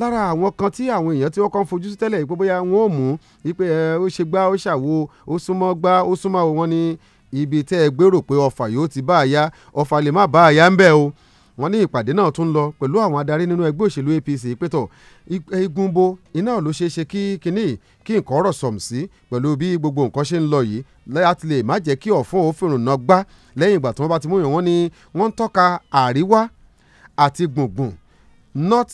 lára àwọn kan tí àwọn èèyàn tí wọ́n kàn fojú sí tẹ́lẹ̀ pé bóyá wọ́n ò mú wípé ẹ ó ṣe gbá ó ṣàwo ó súnmọ́ gbá ó súnmọ́ wọn ní ibi tẹ́ ẹ gbérò pé ọfà yóò ti bá a yá ọfà lè má bá a yá ń bẹ́ẹ̀ o wọ́n ní ìpàdé náà tún lọ pẹ̀lú àwọn adarí nínú ẹgbẹ́ òṣèlú APC pétọ̀ igunbo iná ló ṣeé ṣe kí kinní kí nǹkan ọ̀rọ̀ sọ̀m sí pẹ̀lú bí gbogbo nǹkan ṣe ń lọ yìí láti lè má jẹ́ kí ọ̀fun òfin náà gbá lẹ́yìn ìgbà tí wọ́n bá ti mú yàn wọ́n ní wọ́n ń tọ́ka àríwá àti gbùngbùn north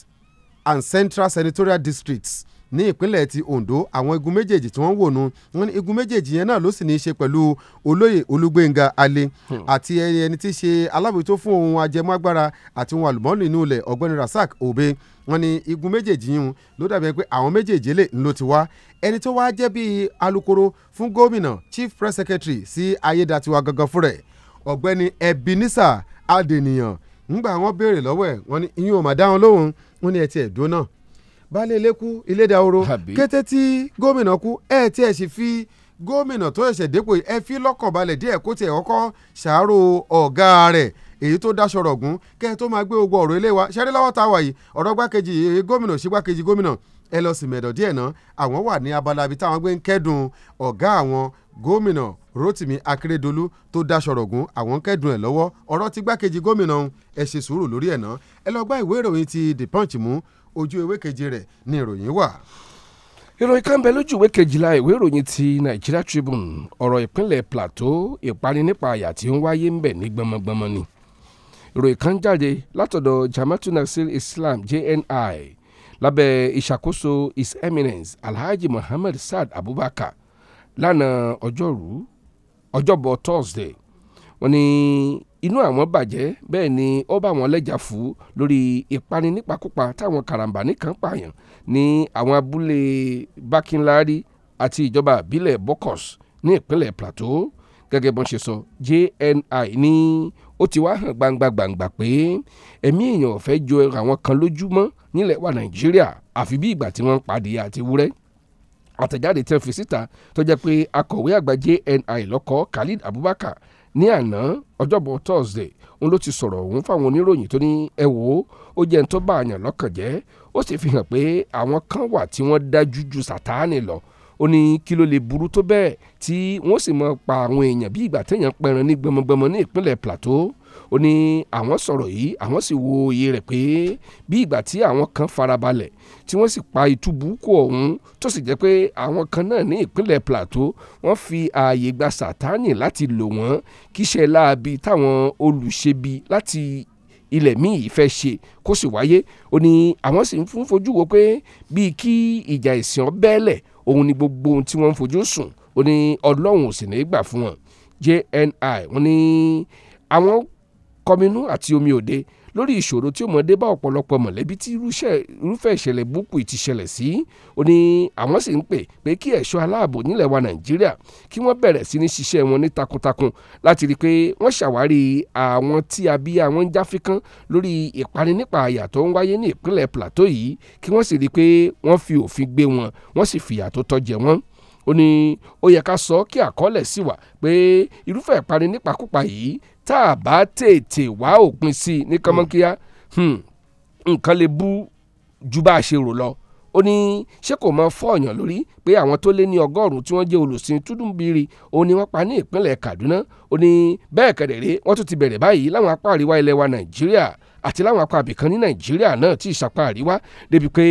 and central senatorial districts ní ìpínlẹ̀ ti Ondo àwọn igun méjèèjì tí wọ́n wò nu wọ́n ní igun méjèèjì yẹn náà ló sì ní í ṣe pẹ̀lú olóyè Olúgbénga Alé hmm. àti ẹni tí í ṣe alábòójútó fún ohun ajẹmágbára àti ohun àlùmọ́ọ́nì inú ilẹ̀ ọ̀gbẹ́ni Rasak Obe wọ́n ní igun méjèèjì yìí ló dàbí pé àwọn méjèèjì lè ń lò ti wá ẹni tó wá jẹ́ bíi alukoro fún gómìnà chief press secretary sí si ayédatiwa gangan fúnra ẹ̀ ọ̀gbẹ́ni Ebenezer Adeniyan ńgbà wọ́n béèrè lọ́wọ́ ẹ̀ wọ́n ní iyún ò mà dá lóhùn wọ́n ní ẹ tiẹ̀ dúró náà baálé ilé kú ilé dahoro kété tí gómìnà kú ẹ tiẹ̀ sì fi gómìnà tó ṣẹ̀ṣẹ̀ dépò ẹ fi lọ́kàn balẹ̀ díẹ̀ kó tiẹ̀ kọ́kọ́ ṣàárò ọ̀gá rẹ̀ èyí tó dá sọ̀rọ̀ gún kẹ́ ẹ tó máa gbé ogun ọ̀rọ̀ ilé wa ṣẹ́rí lọ́wọ́ ta wà yìí ọ̀rọ̀ gbákejì gómìnà sí gbákejì gómìnà ẹ lọ sí mẹ̀dọ̀ díẹ̀ náà àwọn wà ní abala ibi táwọn gbé ń kẹ́dùn ọ̀gá àwọn gómìnà Rotimi Akeredolu tó dá sọ̀rọ̀ gún àwọn kẹ́dùn ẹ̀ lọ́wọ́ ọ̀rọ̀ ti gbákejì gómìnà ẹ ṣe sùúrù lórí ẹ̀ náà ẹ lọ gbá ìwé ìròyìn ti The Punch mú ojú ewé keje rẹ̀ ni ìròyìn wà ìròyìn kan bẹ lójú ìwé kejìlá ìwé ìròyìn ti Nigeria Tribune ọ̀rọ̀ ìpínlẹ̀ Plateau ìparí nípa àyà tí ó ń wáyé ń bẹ̀ ní gbọmọgbọmọ ni ìròyìn kan jáde látọ̀dọ̀ Jama'atu Nasir Islam JNI lábẹ́ ìṣàkóso His Eminence Alhaji Muhammad Saad Abubakar lánàá ọjọ́rú ọjọ́bọ̀ Thursday wọ́n ní inú àwọn bàjẹ́ bẹ́ẹ̀ ni ó bá wọn lẹ́jà fú lórí ìpani nípakúpa táwọn karambani kan pààyàn ní àwọn abúlé Bakinlari àti ìjọba àbílẹ̀ Bokos ní ìpínlẹ̀ Plateau gẹ́gẹ́ bọ́n ṣe sọ JNI ní ó ti wá hàn gbangba gbangba pé ẹ̀mí èèyàn fẹ́ jọ àwọn kan lójúmọ́ nílẹ̀ wa Nàìjíríà àfi bí ìgbà tí wọ́n ń padì àti wúrẹ́ àtẹ̀jáde tẹ́ fi síta tó jẹ́ pé akọ̀wé àgbà JNI lọ́kọ̀ Khalid Abubakar ní àná ọjọ́bọ̀ Thursday òun ló ti sọ̀rọ̀ òun fáwọn oníròyìn tó ní ẹ wò ó ó jẹ́ ń tó bá àyàn lọ́kàn jẹ́ ó sì fi hàn pé àwọn kan wà tí wọ́n dájú ju Sátánì lọ ó ní kí ló lè burú tó bẹ́ẹ̀ tí wọ́n sì mọ̀ pa àwọn èèyàn bí ìgbà téèyàn pẹran ní gbọmọgbọmọ ní ìpínlẹ̀ Plateau ó ní àwọn sọ̀rọ̀ yìí àwọn sì wo iye rẹ̀ pé bí ìgbà tí àwọn kan farabalẹ̀ tí wọ́n sì pa ìtúbùkù ọ̀hún tó sì jẹ́ pé àwọn kan náà ní ìpínlẹ̀ Plateau wọ́n fi ààyè gba Sátánì láti lò wọ́n kíṣẹ́ láabi táwọn olùṣebi láti ilẹ̀ míì fẹ́ ṣe kó sì wáyé ó ní àwọn sì ń fojú wo pé bíi kí ìjà ìsìn bẹ́ẹ̀lẹ̀ òun ni gbogbo ohun tí wọ́n ń fojú sùn ó ní ọlọ́run ò sì ní í gbà fún wọn jni wọ́n ní àwọn kọminú àti omi òde lórí ìṣòro tí ó mọ̀ dé bá ọ̀pọ̀lọpọ̀ mọ̀lẹ́bí tí irúfẹ́ ìṣẹ̀lẹ̀ burúkú ti ṣẹlẹ̀ sí ó ní àwọn sì ń pè pé kí ẹ̀ṣọ́ aláàbò nílẹ̀ wa nàìjíríà kí wọ́n bẹ̀rẹ̀ sí ní ṣiṣẹ́ wọn ní takuntakun láti rí i pé wọ́n ṣàwárí àwọn tí abíyá wọn ń jáfikán lórí ìparí nípa àyà tó ń wáyé ní ìpínlẹ̀ plateau yìí kí wọ́n sì rí i pé wọ́n fi òfin gbé wọn wọ́n sì fìyà tó tọ́ jẹ ó ní ó yẹ ká sọ kí àkọọ́lẹ̀ sì wà pé irúfẹ́ ìparí nípakúpa yìí tá a bá tètè wá òpin sí i ní kánmọ́kíá hmm, nǹkan lè bú ju bá a ṣe rò lọ ó ní ṣé kò mọ fọyàn lórí pé àwọn tó lé ní ọgọ́rùn-ún tí wọ́n jẹ́ olùsìn túdúnbiri òun ni wọ́n pa ní ìpínlẹ̀ Kaduna ó ní bẹ́ẹ̀ kẹ̀dẹ̀rẹ́ wọ́n tún ti bẹ̀rẹ̀ báyìí láwọn apá àríwá ilẹ̀ wa Nàìjíríà àti láwọn apá àbìkan ní Nàìjíríà náà tí ìsapá àríwá débi pé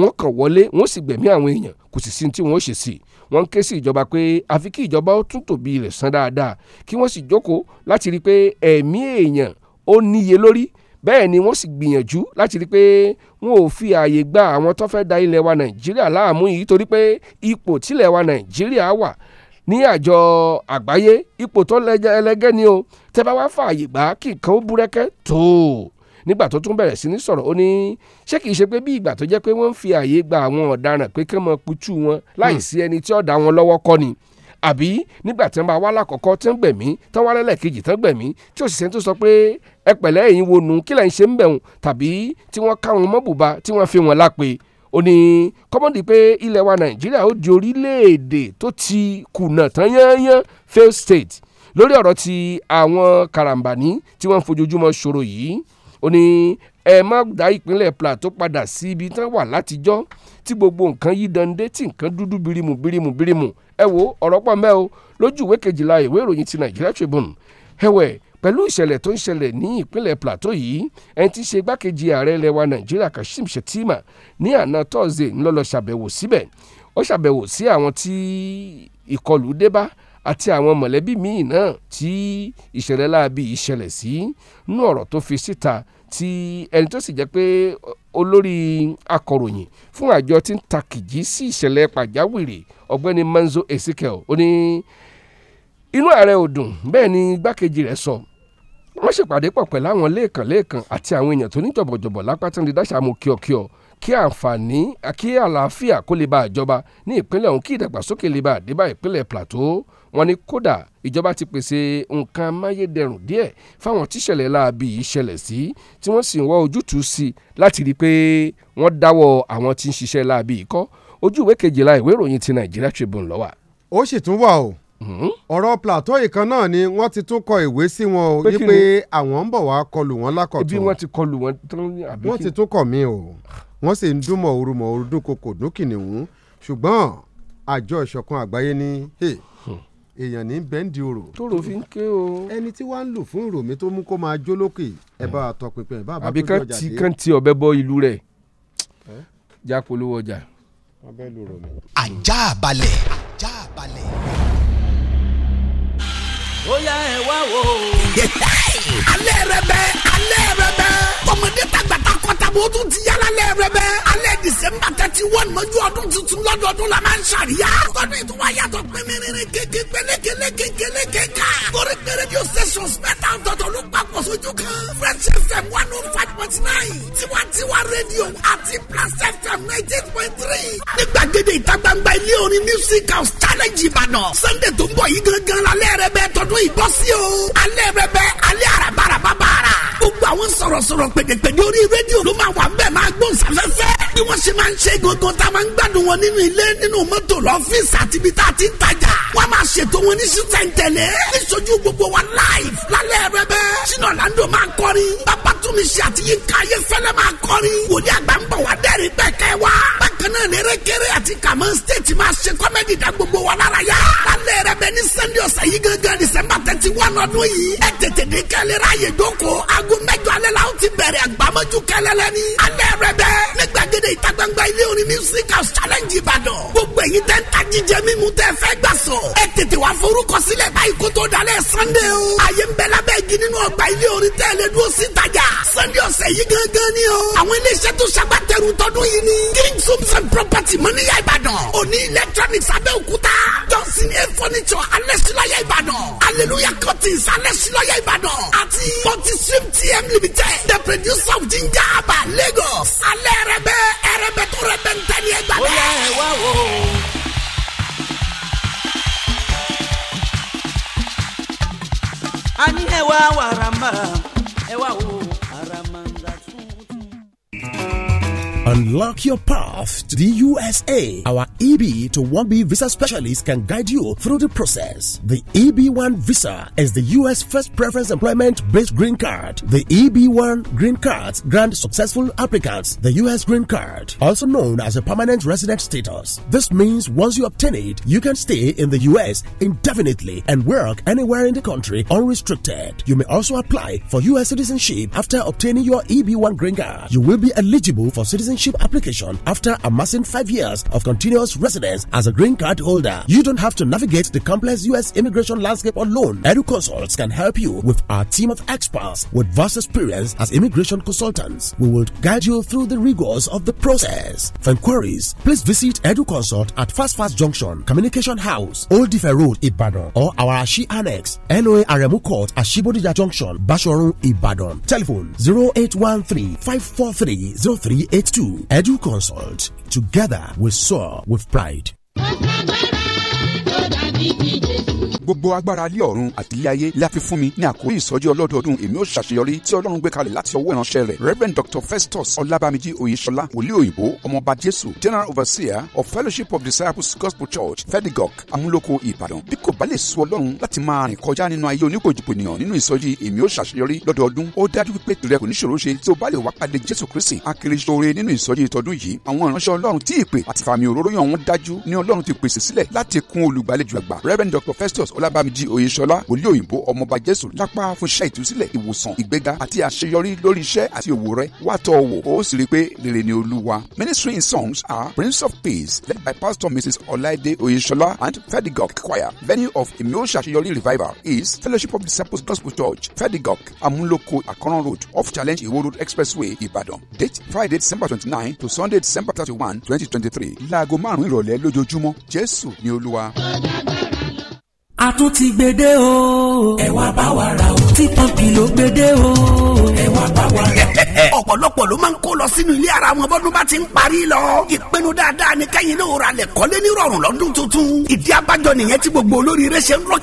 wọ́n kàn wọlé wọ́n sì gbẹ̀mí àwọn èèyàn kò sì sí tí wọ́n ṣe sí i wọ́n ń ké sí ìjọba pé àfi kí ìjọba ó tún tòbí rẹ̀ san dáadáa kí wọ́n sì jókòó láti rí i pé ẹ̀mí èèyàn ó níye lórí bẹ́ẹ̀ ni wọ́n sì gbìyànjú láti rí i pé wọn ò fi ààyè gba àwọn tó fẹ́ da ilẹ̀ wa nàìjíríà láàmú yìí torí pé ipò tílẹ̀ wa nàìjíríà wà ní àjọ àgbáyé ipò tó ẹlẹgẹ́ ni o tẹ́ bá wá fààyè gbà kí nǹkan ó búrẹ́kẹ́ tóo nígbà tó tún bẹ̀rẹ̀ sí ní sọ̀rọ̀ ó ní ṣé kìí ṣe pé bí ìgbà tó jẹ́ pé wọ́n ń fi àyè gba àwọn ọ̀daràn pé kí wọ́n kutu wọn láì sí hmm. ẹni tí ọ̀dà wọn lọ́wọ́ kọ́ ni àbí nígbà tí wọ́n bá wá lákọ̀ọ́kọ́ tí wọ́n gbẹ̀mí tí wọ́n wá lẹ́lẹ́kejì tí wọ́n gbẹ̀mí tí òṣìṣẹ́ tó sọ pé ẹ pẹ̀lẹ́ ẹ̀yin wo nù kí lẹ̀ ṣe ń bẹ̀rùn tàbí tí wọ́n ká wọn mọ́bùbá tí wọ́n fi wọn lápè ó ní kọ́mọ́dì pé ilẹ̀ wa nàìjíríà ó di orílẹ̀-èdè tó ti kùnà tán yányán fail state lórí ọ̀rọ̀ ti àwọn karambani tí wọ́n fojoojúmọ́ ṣòro yìí ó ní ẹ má dá ìpínlẹ̀ plateau padà sí ibi tán wà látijọ́ tí gbogbo nǹkan yí dande tí nǹkan dúdú birimu birimu birimu ẹ wo ọ̀rọ̀ pọ̀ mẹ́ o lójú ìwé kejìlá ìwé ìròyìn ti Nigeria Tribune ẹ̀wẹ̀ pẹ̀lú ìṣẹ̀lẹ̀ tó ń ṣẹlẹ̀ ní ìpínlẹ̀ plateau yìí ẹni tí í ṣe igbákejì ààrẹ ilẹ̀ wa nàìjíríà kashim shettima ní àná tọ́sídẹ̀ẹ́ ńlọ́lọ́ ṣàbẹ̀wò síbẹ̀ ó ṣàbẹ̀wò sí àwọn tí ìkọlù dé bá àti àwọn mọ̀lẹ́bí míì náà tí ìṣẹ̀lẹ̀ láabi yìí ṣẹlẹ̀ sí nú ọ̀rọ̀ tó fi síta tí ẹni tó sì jẹ́ pé olórí akọ̀ròyìn fún àjọ tí ń ta kìjì sí ìṣẹ̀lẹ̀ pàjáwìrì ọ̀gbẹ́ni Manzo Ezekiel ó ní inú ààrẹ ò dùn bẹ́ẹ̀ ni igbákejì rẹ̀ sọ wọ́n ṣèpàdé pọ̀ pẹ̀lú àwọn lẹ́ẹ̀kan lẹ́ẹ̀kan àti àwọn èèyàn tó ní jọ̀bọ̀jọ̀bọ̀ lápá tí wọ́n ti dáṣà mu kíọ̀kíọ̀ kí àǹfààní kí àlàáfíà kó lè bá àjọba ní ìpínlẹ̀ ọ̀hún kí ìdàgbàsókè lè bá àdébá ìpínlẹ̀ Plateau wọ́n ní kódà ìjọba ti pèsè nǹkan amáyédẹrùn díẹ̀ fáwọn tíṣẹ̀lẹ̀ láabi yìí ṣẹlẹ̀ sí tí wọ́n sì ń wá ojútùú sí láti rí i pé wọ́n dáwọ́ àwọn tí ń ṣiṣẹ́ láabi yìí kọ́ kejìlá ìwé ìròyìn ti Nigeria Tribune ló wà. ó sì tún wà o hmm? ọ̀rọ̀ plateau ìkan náà ni wọ́n ti tún kọ ìwé sí wọn o yí pé àwọn ń bọ̀ wá kọlù wọn lákọ̀tún. ibi wọ́n ti kọlù wọn tán àbí. wọ́n ti tún kọ̀ mí o wọ́n sì ń dúnmọ̀ orúmọ̀ orúdún kòkò dún kìnìún ṣùgbọ́n àjọ ìṣọ̀kan àgbáyé ní èèyàn ní bẹ́ńdì òrò. tóró fi ń ké o. ẹni tí wàá ń lò fún ìròmí tó mú kó máa jó ẹ bá a tọpinpin ẹ bá bá tó jọjà dé. àbí kán ti ọ̀bẹ bọ ìlú rẹ̀ já polówó ọjà. ajá balẹ̀. ajá balẹ̀. ó yá ẹ wá wò. alẹ́ rẹ bẹ́ alẹ́ rẹ bẹ́ ọmọdé tàgbà ìyàwó tún ti yára lẹ́ rẹ bẹ́ alẹ́ dísẹ́mbà tẹ́tí wọ́n mọ́jú ọdún tuntun lọ́dọọdún la máa ń ṣàríyá. tọ́dún ìtura yàtọ̀ pínpín kéke pélékele kékeré kéka. torí pé rédíò stations mẹ́ta ọ̀tọ̀ọ̀tọ̀ ló papọ̀ sójú kan. Fresh FM one oh five point nine tiwantiwa rédíò àti Plus FM nineteen point three. ní gbàgede ìta gbangba ilé orin music house challenge Ìbàdàn Sunday tó ń bọ̀ yìí gangan alẹ́ rẹ bẹ́ tọdún ìbọ́sí o alẹ́ rẹ bẹ́ alẹ́ àràbàràbà gbogbo àwọn sọ̀rọ̀sọ̀rọ̀ pèdèpèdè orí rédíò ló máa wà nbẹ̀ máa gbóhùn sáfẹ́fẹ́ bí wọ́n ṣe máa ń ṣe gangan tá a máa ń gbádùn wọn nínú ilé nínú mọ́tò lọ́fíìsì àti ibi tá a ti ń tajà wọ́n máa ṣètò wọn ní sísẹ̀ntẹ̀lé níṣojú gbogbo wa live lálẹ́ rẹ bẹ́ẹ̀ sínú ọ̀làǹdó máa kọrin babatunmi ṣe àti yínká ayéfẹ́lẹ́ máa kọrin wòlíì àgbà ń bọ̀ wá dẹ́rì bẹ́ẹ̀ kẹ́ wa bákan náà ní erékeré àti kàmọ́ stéètì máa ṣe kọ́mẹ́dì dá gbogbo wa lára yá lálẹ́ rẹ bẹ́ẹ̀ ní sunday ọ̀sẹ̀ yìí gángan december thirty one ọdún yìí ẹ tètè dé kẹ́lẹ́ ráàyè jókòó ag aago mẹ́jọ alẹ́ la ó ti bẹ̀rẹ̀ àgbámọ́jú kẹlẹ́lẹ́ ní. alẹ́ rẹ bẹ́ẹ̀ ní gbàgede ìta ilé orin music house challenge ìbàdàn. gbogbo èyí tẹ́ ń ta jíjẹ mímu tẹ́ fẹ́ gbà sọ. ẹ tètè wá forúkọ báyìí kó tó dalẹ̀ sunday o. àyè ń bẹ lábẹ́ igi nínú ọgbà ilé orin tẹ́ lè dúró sí ìtajà. sunday ọ̀sẹ̀ yìí gangan ni o. àwọn iléeṣẹ́ tó ṣagbátẹrù tọdún yìí ni. kí homes homes and property mọ́níyà ìbàdàn òní electronics abẹ́òkúta johnson a furniture alẹ́sílọ́yà ìbàdàn hallelujah curtains alẹ́sílọ́yà ìbàdàn àti multiswim tm limited the producer of ginger aba lagos alẹ́ rẹ bẹ́ẹ̀ ẹrẹ bẹ́ẹ̀ tó rẹ bẹ́ẹ̀ ń tẹ̀lé ẹgbàá bẹ́ẹ̀. ó yẹ ẹ wá wò ó. ani ẹwà wàràmà ẹwà wò. Unlock your path to the USA. Our EB to 1B visa specialist can guide you through the process. The EB1 visa is the US first preference employment based green card. The EB1 green cards grant successful applicants the US green card, also known as a permanent resident status. This means once you obtain it, you can stay in the US indefinitely and work anywhere in the country unrestricted. You may also apply for US citizenship after obtaining your EB1 green card. You will be eligible for citizenship citizenship application after amassing five years of continuous residence as a green card holder. You don't have to navigate the complex U.S. immigration landscape alone. EduConsults can help you with our team of experts with vast experience as immigration consultants. We will guide you through the rigors of the process. For inquiries, please visit EduConsult at Fast Fast Junction, Communication House, Old Differ Road, Ibadan, or our Ashi Annex, NOA Aremu Court, Ashibodija Junction, Bashorun, Ibadan. Telephone 0813 543 0382. Edu, Edu Consult. Together we soar with pride. gbogbo agbára lé ọ̀run àti ilé ayé la fi fún mi ní àkórí ìsọjí ọlọ́dọọdún èmi ó ṣàṣeyọrí tí ọlọ́run gbé kalẹ̀ láti ọwọ́ ìránṣẹ́ rẹ̀ reverend dr festus ọlábàmíjì oyèṣọlá wòlíì òyìnbó ọmọọba jésù general overseer of fellowship of disciples gospel church fedigok amúlòkó ìbàdàn bí kò bá lè sọ ọlọ́run láti máa rìn kọjá nínú ayé oníkojúpènìyàn nínú ìsọjí èmi ó ṣàṣeyọrí lọ́dọọdún ó dájú pé tìrẹ kò ní ṣòro ṣe tí o bá lè wá pàdé jésù kristi akérésóore nínú ìsọjí ìtọ́dún yìí àwọn ìránṣẹ́ ọlọ́run tí ìpè reverend dr festus prophet ọlábàmíjì wòlíì òyìnbó ọmọọba jésù lápá fún iṣẹ́ ìtúsílẹ̀ ìwòsàn ìgbéga àti àṣeyọrí lórí iṣẹ́ àti òwò rẹ wá tọ́ wò ó sì rí i pé rere ni olúwa. ministry in songs are prince of peace led by pastor mrs ọláìdé oyèṣọlá and fedigok choir venue of ìmúṣàṣeyọrí revival is fellowship of disciples gospel church fedigok amúlòkó àkọ́rán road off challenge ìwó road expressway ìbàdàn date friday december twenty nine to sunday december thirty one twenty twenty three láago márùn-ún ìrọ̀lẹ́ lójoojúmọ́ jésù ni olúwa a tún ti gbede o. ẹ wá bá wa ra o tí pọ́ǹpì ló gbé o. ẹ wá bá wa rẹ. ọ̀pọ̀lọpọ̀ ló máa ń kó lọ sínú ilé ara wọn bọ́dún bá ti ń parí lọ. ìpinnu dáadáa ni kẹ́yìn náà ra lẹ̀ kọ́lé ní rọ̀rùn lọ́dún tuntun. ìdí abájọ nìyẹn tí gbogbo olóríire ṣe ń rọ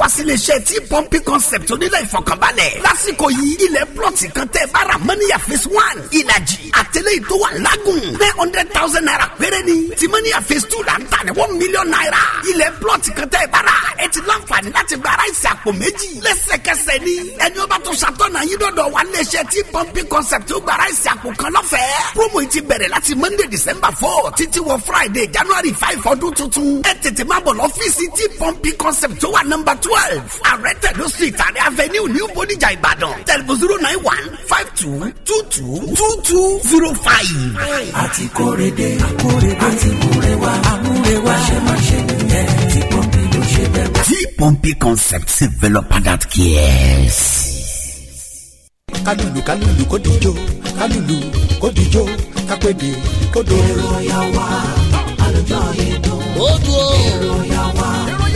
wá sílé iṣẹ́ tí pọ́ǹpì concept onílẹ̀ ìfọ̀kànbalẹ̀. lásìkò yìí ilẹ̀ plọ̀tì kan tẹ́ bára mọ́níyà phase one ìlàjì àtẹlẹ́ ìtò wà lágùn nine hundred thousand naira péré ni ti mọ́níyà phase two lẹ́sẹ̀kẹsẹ̀ ni. ẹni o bá tó ṣàtọ̀nà yín dọ̀dọ̀ wa léṣe tí pọ́ǹpì concept ó gbàrà ìsìn àpò kan lọ́fẹ̀ẹ́. promo yìí ti bẹ̀rẹ̀ láti monday december four títí wọ friday january five ọdún tuntun. ẹ tètè máa bọ̀ lọ́fíìsì tí pọ́ǹpì concept tó wà nọ́mbà twelve àrẹ tẹ̀lé street àrẹ avenue new bodijà ìbàdàn tẹlifu zero nine one five two two two two two zero five. àti kórede àkórede àti múrewa àmúrewa ṣe máa ṣe T-Pompey Concepts developer that cares. kálùlù kálùlù kò dijó kálùlù kò dijó kápẹ́dé kò dó. èrò ya wá àlùjọ yìí dùn. ó dùn èrò ya wá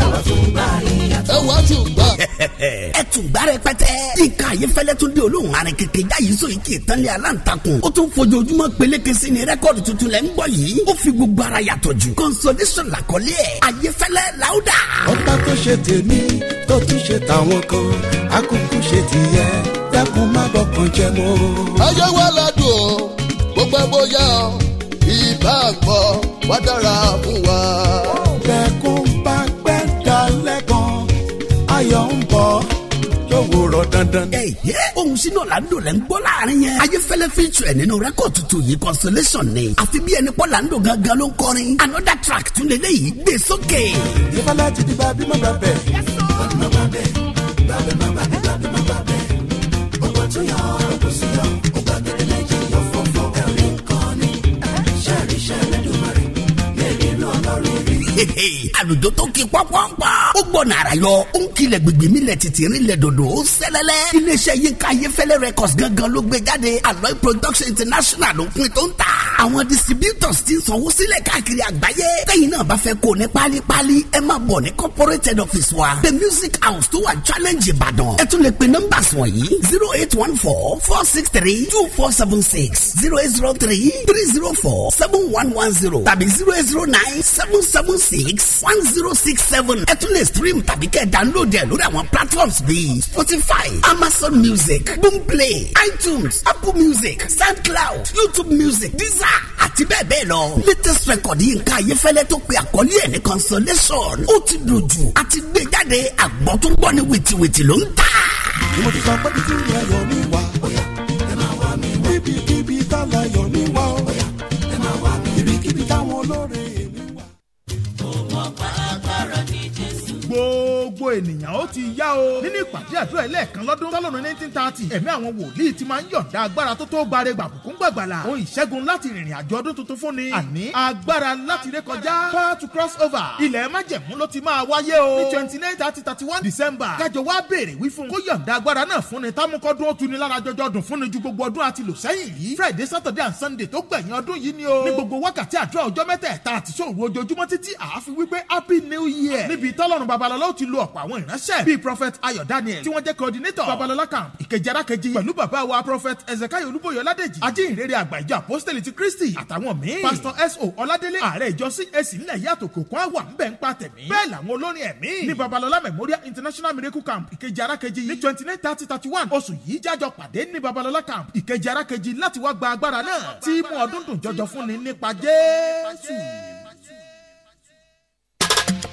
àwa tún gbà yíyàtọ̀. ẹ wá tún gbà. ẹ tún gbàrẹ pẹtẹ. yíká ayéfẹ́lẹ́ tún dé olóhùn arin kékeré jáyé sóyè kí ìtàn ní aláǹtakùn. ó tún fojoojúmọ́ peléke sí ni rẹ́kọ̀dì tuntun lẹ́ ń gbọ́ yìí. ó fi gbogbo ara yàtọ̀ jù. consolation làkọlé ẹ̀ ayéfẹ́lẹ́ làwùdà. ọba tó ṣe tèmi tó tún ṣe tàwọn kan akókó ṣe tìyẹ dákun má bọkàn jẹ mọ́. ayé wa ládùn o gbogbo ẹ bóyá o ìbá àgbọ̀ wá dára fún wa. ayọ̀ ń bọ̀ yóò rọ dandan. ẹ yẹ ohun sínú ọ̀làǹdò lẹ́ ń gbọ́ láàrin yẹn. ayéfẹ́lẹ́ fíjù ẹ̀ nínú rẹ́kọ̀dì tuntun yìí consolation ni. àfi bí ẹni pọ́ làǹdò gangan ló ń kọrin. another track tún lè léyìí gbé sókè. ìfọlá ti di bàbí màmá bẹ̀. bàbí màmá bẹ̀ bàbí màmá bẹ̀ bàbí màmá bẹ̀ ọgbọ́n tún yà ọ́ ọ̀rọ̀ kò sí yà ọ́. àlùjọ tó kí pọ́npọ́npọ́ ó gbọ́ nàrà yọ ó ń kilẹ̀ gbègbè mi lẹ̀ títí rí lẹ̀ dòdò ó sẹ́lẹ̀lẹ̀ iléeṣẹ́ yínká ayéfẹ́lẹ́ records gangan ló gbé jáde aloe production international ló pin tó ń ta àwọn distributors ti sanwó sílẹ̀ káàkiri àgbáyé tẹ́yìn náà bá fẹ́ kó ní pálípálí ẹ máa bọ̀ ní corporate head office wa the music house tó wà challenge ìbàdàn ẹ tún lè pe numbers wọ̀nyí zero eight one four four six three two four seven six zero eight zero three three zero four seven one one zero tàbí zero eight zero nine seven seven six one zero six seven ẹ tún lè stream tàbí kẹ́ download ẹ lórí àwọn platforms bíi spotify amazon music boomplay itunes apple music soundcloud youtube music deezer àti bẹ́ẹ̀ bẹ́ẹ̀ lọ. latest record Yínká Ayéfẹ́lẹ́ tó pe àkọlé ẹ̀ ní consolation ó ti dojú àti gbé jáde àgbọ̀ tó ń gbọ́ ní wìtìwìtì ló ń tà. ìmọ̀ ti sọ pé kí n yọ yọ mi wá. àwọn ènìyàn ó ti yá o. nínú ìpàdé àdúrà ẹlẹ́ẹ̀kan lọ́dún tọ́lọ́run nineteen thirty ẹ̀mí àwọn wòlíì ti máa ń yọ̀ǹda agbára tó tó gbare gbàbùkún gbàgbàlà ohun ìṣẹ́gun láti rìnrìn àjò ọdún tuntun fún ni àní agbára láti rékọjá power to cross over ilẹ̀ májẹ̀mú ló ti máa wáyé o ní twenty nine thirty thirty one december kájọ wá béèrè wí fún kó yọ̀ǹda agbára náà fún ni támúkọ́dún ó tuni lára jọjọ dùn fún ni ju gbogbo ọdún àti lò sẹ́yìn yìí friday saturday and sunday tó gbẹ̀yìn ọdún yìí ni o ní gbogbo wákàtí àdúrà ọjọ́ mẹ́tẹ̀ẹ̀ta àti sóòrù ojoojúmọ́ títí àáfi wípé happy new year níbi tọ́lọ́run babalọ́lá ó ti lo ọ̀pá àwọn ìránṣẹ́ bíi prophet ayọ̀ daniel tí wọ́n jẹ́ coordinator babalọlá camp ìkejì arákejì pẹ̀lú bàbá wa prophet ezekiel olúbọyọ ọládèjì ajínrere àgbà ìjọ àpọ́sítẹ́lì ti kristi àtàwọn míì pastor so ọládélé ààrẹ ìjọ cac nílẹ̀ yàtọ̀ kòkó àwà ń bẹ̀ ń pa tẹ̀mí bẹ́ẹ̀ làwọn olórin ẹ̀mí ní babalọlá memorial international miracle camp ìkejì arákejì ní twenty nine thirty thirty one oṣù yìí jájọ pàdé ní babalọlá camp ìkejì arákejì láti wá gba agbára náà tí mú ọdún dùn jọjọ fún ni nípa jésù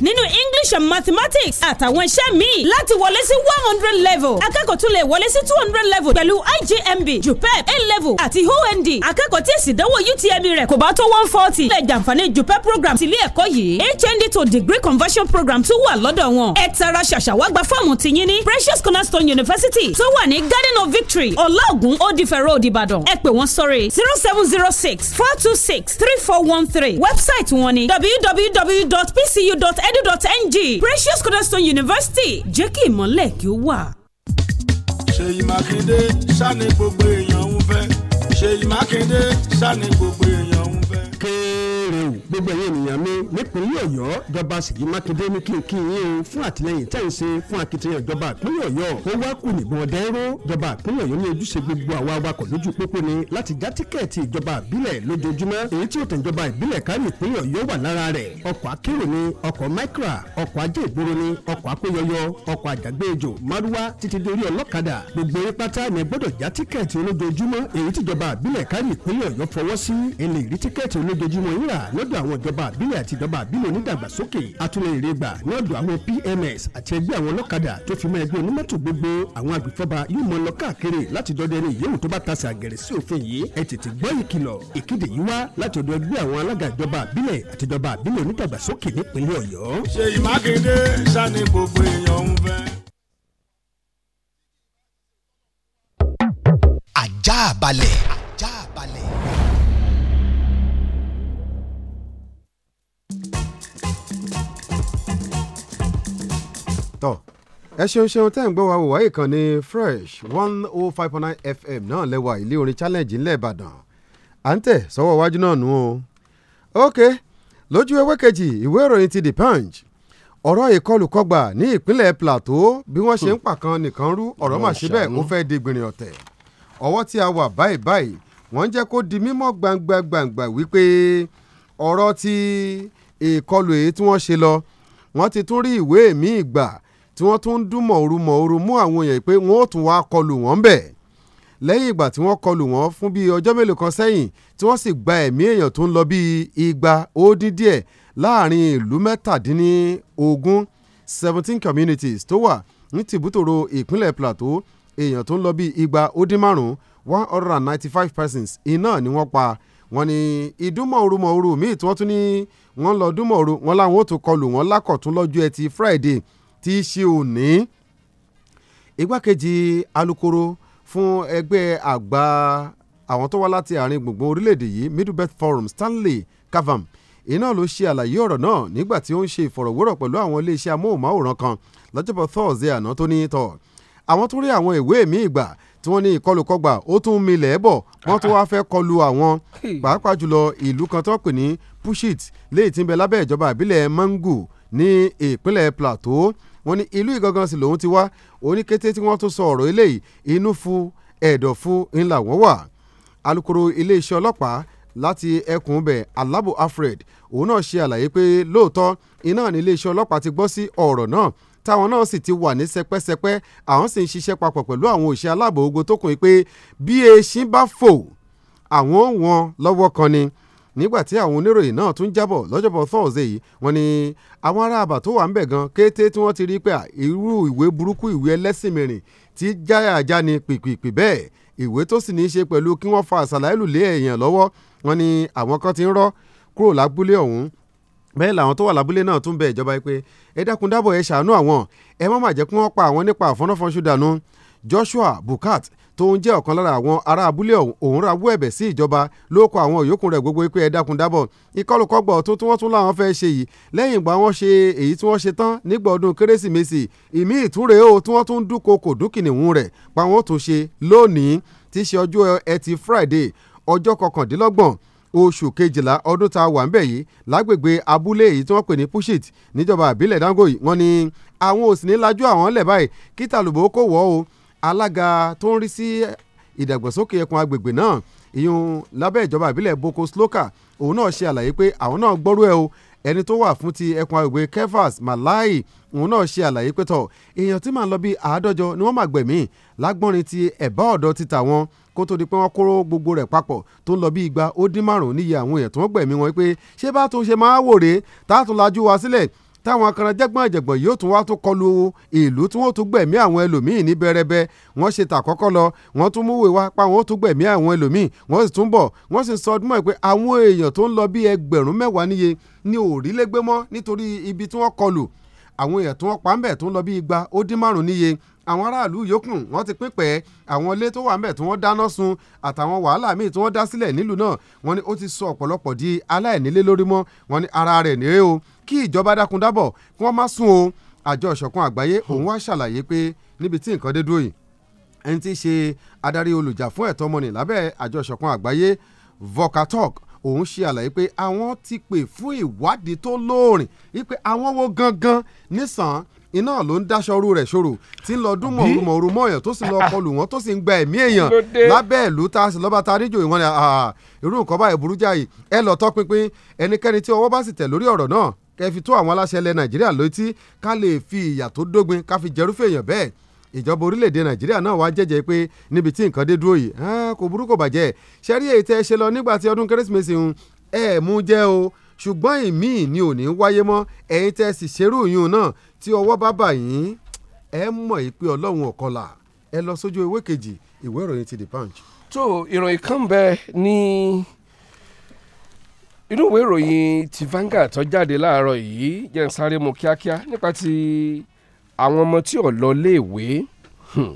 nínú English and mathematics àtàwọn iṣẹ́ míì láti wọlé sí one hundred level akẹ́kọ̀ọ́ tún lè wọlé sí two hundred level pẹ̀lú IJMB Jupep, A level àti OND akẹ́kọ̀ọ́ tí èsì ìdánwò UTME rẹ̀ kò bá tó one forty lè jàǹfààní JUPEB program tìlé ẹ̀kọ́ yìí HND to degree conversion program tún wà lọ́dọ̀ wọn ẹ tara ṣàṣàwá gba fọ́ọ̀mù tìyín ní Precious Cornerstone University tó wà ní Garden of Victory ọlọ́ọ̀gùn òdìfẹ̀rọ̀ òdìbàdàn ẹ pè wọ́n sórí zero seven zero six four two six three four one three website wọn ni www.pcu.nl edu.ng Precious Cornerstone University jẹ́ kí ìmọ̀lẹ̀ kí ó wà. Ṣèyí Mákindé ṣáni gbogbo èèyàn ń fẹ́ Ṣèyí Mákindé ṣáni gbogbo èèyàn gbogbo ẹ̀yin ènìyàn mi nípínlẹ̀ ọ̀yọ́ jọba ṣèyí mákindé ní kí n kí yín o fún àtìlẹyìn tẹ́ ń ṣe fún akitiyan ìjọba ìpínlẹ̀ ọ̀yọ́ ó wá kù nìbọn ọ̀dẹ́rọ́ jọba ìpínlẹ̀ ọ̀yọ́ ní ojúṣe gbogbo àwa awakọ̀ lójú pópó ni láti já tíkẹ́ẹ̀tì ìjọba ìbílẹ̀ lójoojúmọ́ èyí tí òtẹ̀ ìjọba ìbílẹ̀ kárí ìpínlẹ̀ ọ̀yọ́ wà lára rẹ̀ ọkọ̀ akérò ni ọkọ̀ micra ọkọ̀ ajé ìgboro ni ọkọ̀ akóyọyọ ọkọ̀ àjàgbéjò márúwá títí ni gbọ́dọ̀ já tíkẹ́ẹ̀tì olójoojúmọ́ èyí tíjọba ìbílẹ̀ kárí ìpínlẹ̀ ọ̀yọ́ fọwọ́ sí èlè rí tíkẹ́ẹ̀tì olójoojúmọ́ yíra lọ́d lọ́dọ̀ àwọn ìjọba àbílẹ̀ àti ìjọba àbílẹ̀ onídàgbàsókè atúnlẹ̀rẹ̀ gbà ní ọ̀dọ̀ àwọn PMS àti ẹgbẹ́ àwọn ọlọ́kadà tó fi mọ́ ẹgbẹ́ onímọ́tò gbogbo àwọn agbèfọ́ba yóò mọ lọ káàkiri láti dọdẹ ẹni yòówù tó bá tasẹ̀ àgẹ̀rẹ̀ sí òfin yìí ẹ tètè gbọ́ ìkìlọ̀ ìkéde yìí wá láti ọ̀dọ̀ ẹgbẹ́ àwọn alága ìjọba àbílẹ̀ àti ìjọba àbílẹ̀ onídàgbàsókè nípínlẹ̀ Ọ̀yọ́. Ṣèyí Mákindé sani gbogbo èèyàn ń fẹ́. Àjààbalẹ̀. tọ́ ẹ ṣeun ṣeun tẹ́ ń gbọ́ wa wò wá ìkànnì fresh one oh five point nine fm náà lẹ́wà ilé orin challenge ńlẹ̀ ìbàdàn à ń tẹ̀ sọ́wọ́ iwájú náà nù o. ok lójú ewé kejì ìwé ìròyìn ti the punch ọ̀rọ̀ ìkọlùkọgbà ní ìpínlẹ̀ plateau bí wọ́n ṣe ń pàkan nìkan rú ọ̀rọ̀ mà ṣe bẹ́ẹ̀ ó fẹ́ di gbìnrín ọ̀tẹ̀ ọwọ́ tí a wà báyìí báyìí wọ́n ń jẹ́ kó di mímọ̀ gbangba gbangba wípé ọ̀rọ̀ ti ìkọlù èyí tí wọ́n ṣe lọ wọ́n ti tún rí ìwé míì gbà tí wọ́n tún ń dún mọ̀ọ́rú mọ̀ọ́rú mú àwọn èèyàn pé wọ́n ó tún wá kọlù wọ́n bẹ̀ lẹ́yìn ìgbà tí wọ́n kọlù wọ́n fún bíi ọjọ́ mélòó kan sẹ́yìn tí wọ́n sì gba ẹ̀mí èèyàn tó ń lọ bíi igba ó dín díẹ̀ láàrin ìlú mẹ́tàdínlógún seventeen communities tó wà ní tìbútòrò ìpínlẹ̀ plateau èèyàn tó ń lọ bíi igba ó dín márùn-ún one hundred and ninety five persons iná ni wọ́n pa wọ́n ní ìdúnmọ̀ọ́rùmọ̀ọ́rù míì tí wọ́n tún ní wọ́n lọ dúnmọ̀ọ́rù wọn láwọn ó tún kọlù wọn lákọ̀tún lọ́jọ́ ẹtì friday tí í ṣe òní igbákejì alukoro fún ẹgbẹ́ àgbà àwọn tó wá láti àárín gbùngbùn orílẹ̀-èdè yìí Middle Forum Stanley Kavam iná ló ṣe àlàyé ọ̀rọ̀ náà nígbà tí ó ń ṣe ìfọ̀rọ̀wérọ̀ pẹ̀lú àwọn iléeṣẹ́ amóhùnmáwòrán kan lọ́jọ́bọ̀ Thursday àná tó ní tọ̀ àwọn tó rí àwọn ìwé mi ìgbà tí wọ́n ní ìkọlùkọgbà ó tún ń milẹ̀ bọ̀ wọ́n tó wá fẹ́ kọlu àwọn pàápàá jùlọ ìlú kan tó pè ní Pushit léyìí tí ń bẹ lábẹ́ ìjọba ìbílẹ̀ Mangu ní ìpínlẹ̀ Plateau wọ́n ní ìlú Ìgangan sì lòun ti wá oníkété tí wọ́n tún sọ ọ̀rọ̀ eléyìí inú fu ẹ̀dọ̀ fu ńlá wọ́n wà alukoro iléeṣẹ́ ọlọ́pàá láti ẹkùn bẹ̀ Alabo Alfred òun náà ṣe àlàyé pé lóòótọ́ iná ní iléeṣẹ́ ọlọ́pàá ti gbọ́ sí ọ̀rọ̀ náà táwọn náà sì ti wà ní sẹpẹ́sẹpẹ́ àwọn sì ń ṣiṣẹ́ papọ̀ pẹ̀lú àwọn òṣìṣẹ́ aláàbò ogo tó kùn pé bí eṣin bá fò àwọn wọn lọ́wọ́ kan ni nígbà tí àwọn oníròyìn náà tún jábọ̀ lọ́jọ́bọ̀ thursday yìí wọ́n ní àwọn ará àbà tó wà ń bẹ̀ gan kété tí wọ́n ti rí pé irú ìwé burúkú ìwé ẹlẹ́sìn mìíràn tí jáyàjá ni pìpìpì bẹ́ẹ̀ ìwé tó sì ní í ṣe pẹ̀lú kí wọ́n fa àṣàláìlù lé èèyàn lọ́wọ́ wọ́n ní àwọn kan ti ń rọ́ kúrò lábúlé ọ̀hún bẹ́ẹ̀ làwọn tó wà lábúlé náà tún bẹ ìjọba pé ẹ dákun dábọ̀ ẹ ṣàánú àwọn ẹ má má jẹ́ kí wọ́n pa àwọn nípa àfọ́nàfọ́nṣú Joshua Bukat tó ń jẹ́ ọ̀kan lára àwọn ará abúlé ọ̀hún rawọ́ ẹ̀bẹ̀ sí ìjọba ló kọ àwọn yòókù rẹ̀ gbogbo pé ẹ dákun dábọ̀ ìkọlùkọgbà ọ̀tún tí wọ́n tún láwọn fẹ́ ṣe yìí lẹ́yìn ìgbà wọ́n ṣe èyí tí wọ́n ṣe tán nígbà ọdún kérésìmesì ìmí ìtúre o tí wọ́n tún dúnkokò dúnkìnìún rẹ̀ pa wọ́n tó ṣe lónìí tí ṣe ọjọ́ ẹtì Friday ọjọ́ kọkàndínlọ́gbọ̀n oṣù kejìlá ọdún tá a wà ń bẹ̀ yìí lágbègbè abúlé èyí tí wọ́n pè ní pushit níjọba ìbílẹ̀ Dangoy wọ́n ní àwọn òsì ní lajú àwọn lẹ̀ báyìí kí tàlùbọ̀ kò wọ́ o alága tó ń rí sí ìdàgbàsókè ẹkùn agbègbè náà ìyún lábẹ́ ìjọba ìbílẹ̀ boko sloka òun náà ṣe àlàyé pé àwọn náà gbọ́rú ẹ o ẹni tó wà fún ti ẹkùn agbègbè kefas malai òun náà ṣe àlàyé pé tọ èèyàn tí màá lọ bíi àádọ́jọ ni wọ́n máa gbẹ̀mí lágbọ́nrin ti ẹ̀bá ọ̀dọ́ ti tà wọn kó tó di pé wọ́n kóró gbogbo rẹ̀ papọ̀ tó ń lọ bí igba ó dín márùn-ún níye àwọn èèyàn tó ń gbẹ̀mí wọn pé ṣé bá tún ṣe máa wòrè tá a tún lajú wa sílẹ̀ táwọn kan jẹ́gbọ́n ẹ̀jẹ̀gbọ́n yóò tún wá tún kọlu ìlú tí wọ́n tún gbẹ̀mí àwọn ẹlòmíín ní bẹ́rẹ́bẹ́ wọ́n ṣe tàkọ́kọ́ lọ wọ́n tún múwèé wá pa wọ́n tún gbẹ̀mí àwọn ẹlòmíín wọ́n sì tún bọ̀ wọ́n sì sọ ọdún mọ́ pé àwọn èèyàn tó ń lọ bí ẹgbẹ̀rún mẹ́wàá níye ni ò rí nítorí ibi tí wọ́n kọlù àwọn èèyàn tí wọ́n pa ń bẹ̀ tó ń lọ bí igba ó dín márùn níye àwọn aráàlú yòókù wọ́n ti pín pẹ́ àwọn ilé tó wà ń bẹ̀ tí wọ́n dáná sun àtàwọn wàhálà míì tí wọ́n dá sílẹ̀ nílùú náà wọ́n ní ó ti sọ ọ̀pọ̀lọpọ̀ di aláìnílé lórí mọ́ wọ́n ní ara rẹ̀ nìyẹn o kí ìjọba dákun dábọ̀ kí wọ́n má sùn o àjọ ìṣọ̀kan àgbáyé òun wá ṣàlàyé pé níbi tí nǹkan dé dúró yìí ẹni tí í ṣe adarí olùjà fún ẹ̀tọ́ ọmọnì lábẹ́ àjọ ìṣọ̀kan àgbáyé vocatok òun ṣe àlàyé pé àwọn ti pè fún ìwádìí tó lóòrìn wípé àwọn wo gangan nísàn iná ló ń dáṣọ ru rẹ̀ ṣòro tí ń lọ dún mọ̀ọ́rù mọ̀ọ́rù mọ̀ọ́yàn tó sì lọ ah. kọlù wọ́n tó sì ń gba ẹ̀mí èèyàn lábẹ́ ìlú tá a sì lọ́ba ta níjò ìwọ̀n irú nǹkan báyìí burú jáì ẹ lọ tọpinpin ẹnikẹ́ni tí ọwọ́ bá sì tẹ̀ lórí ọ̀rọ̀ náà kẹ́ fi tó àwọn aláṣẹ ilẹ̀ nàìjíríà létí ká lè fi ìyà tó dógbin ká fi jẹrúfẹ́ èèyàn bẹ́ẹ̀ ìjọba orílẹ̀-èdè nàìjíríà náà wá jẹ́jẹ́ pé níbi tí nǹkan dé dúró yìí kò burú kò bàjẹ́ ṣẹ́rí èyí tẹ́ ẹ ṣe lọ nígbà tí ọdún kérésìmesì ń ẹ̀ mú jẹ́ o ṣùgbọ́n ìmíì ni ò ní wáyé mọ́ ẹ̀yin tẹ́ ẹ sì ṣerú yìí náà tí ọwọ́ bá bà yín ẹ mọ̀ yìí pé ọlọ́run ọ̀kọlà ẹ lọ sójú ewé kejì ìwé ìròyìn ti the punch. tó ìròyìn kan bẹ ní inú ìwé ìròyìn ti Vanguard tó jáde láàárọ̀ yìí jẹ́ ń sáré mu kíákíá nípa ti àwọn ọmọ tí ò lọ léèwé hmm,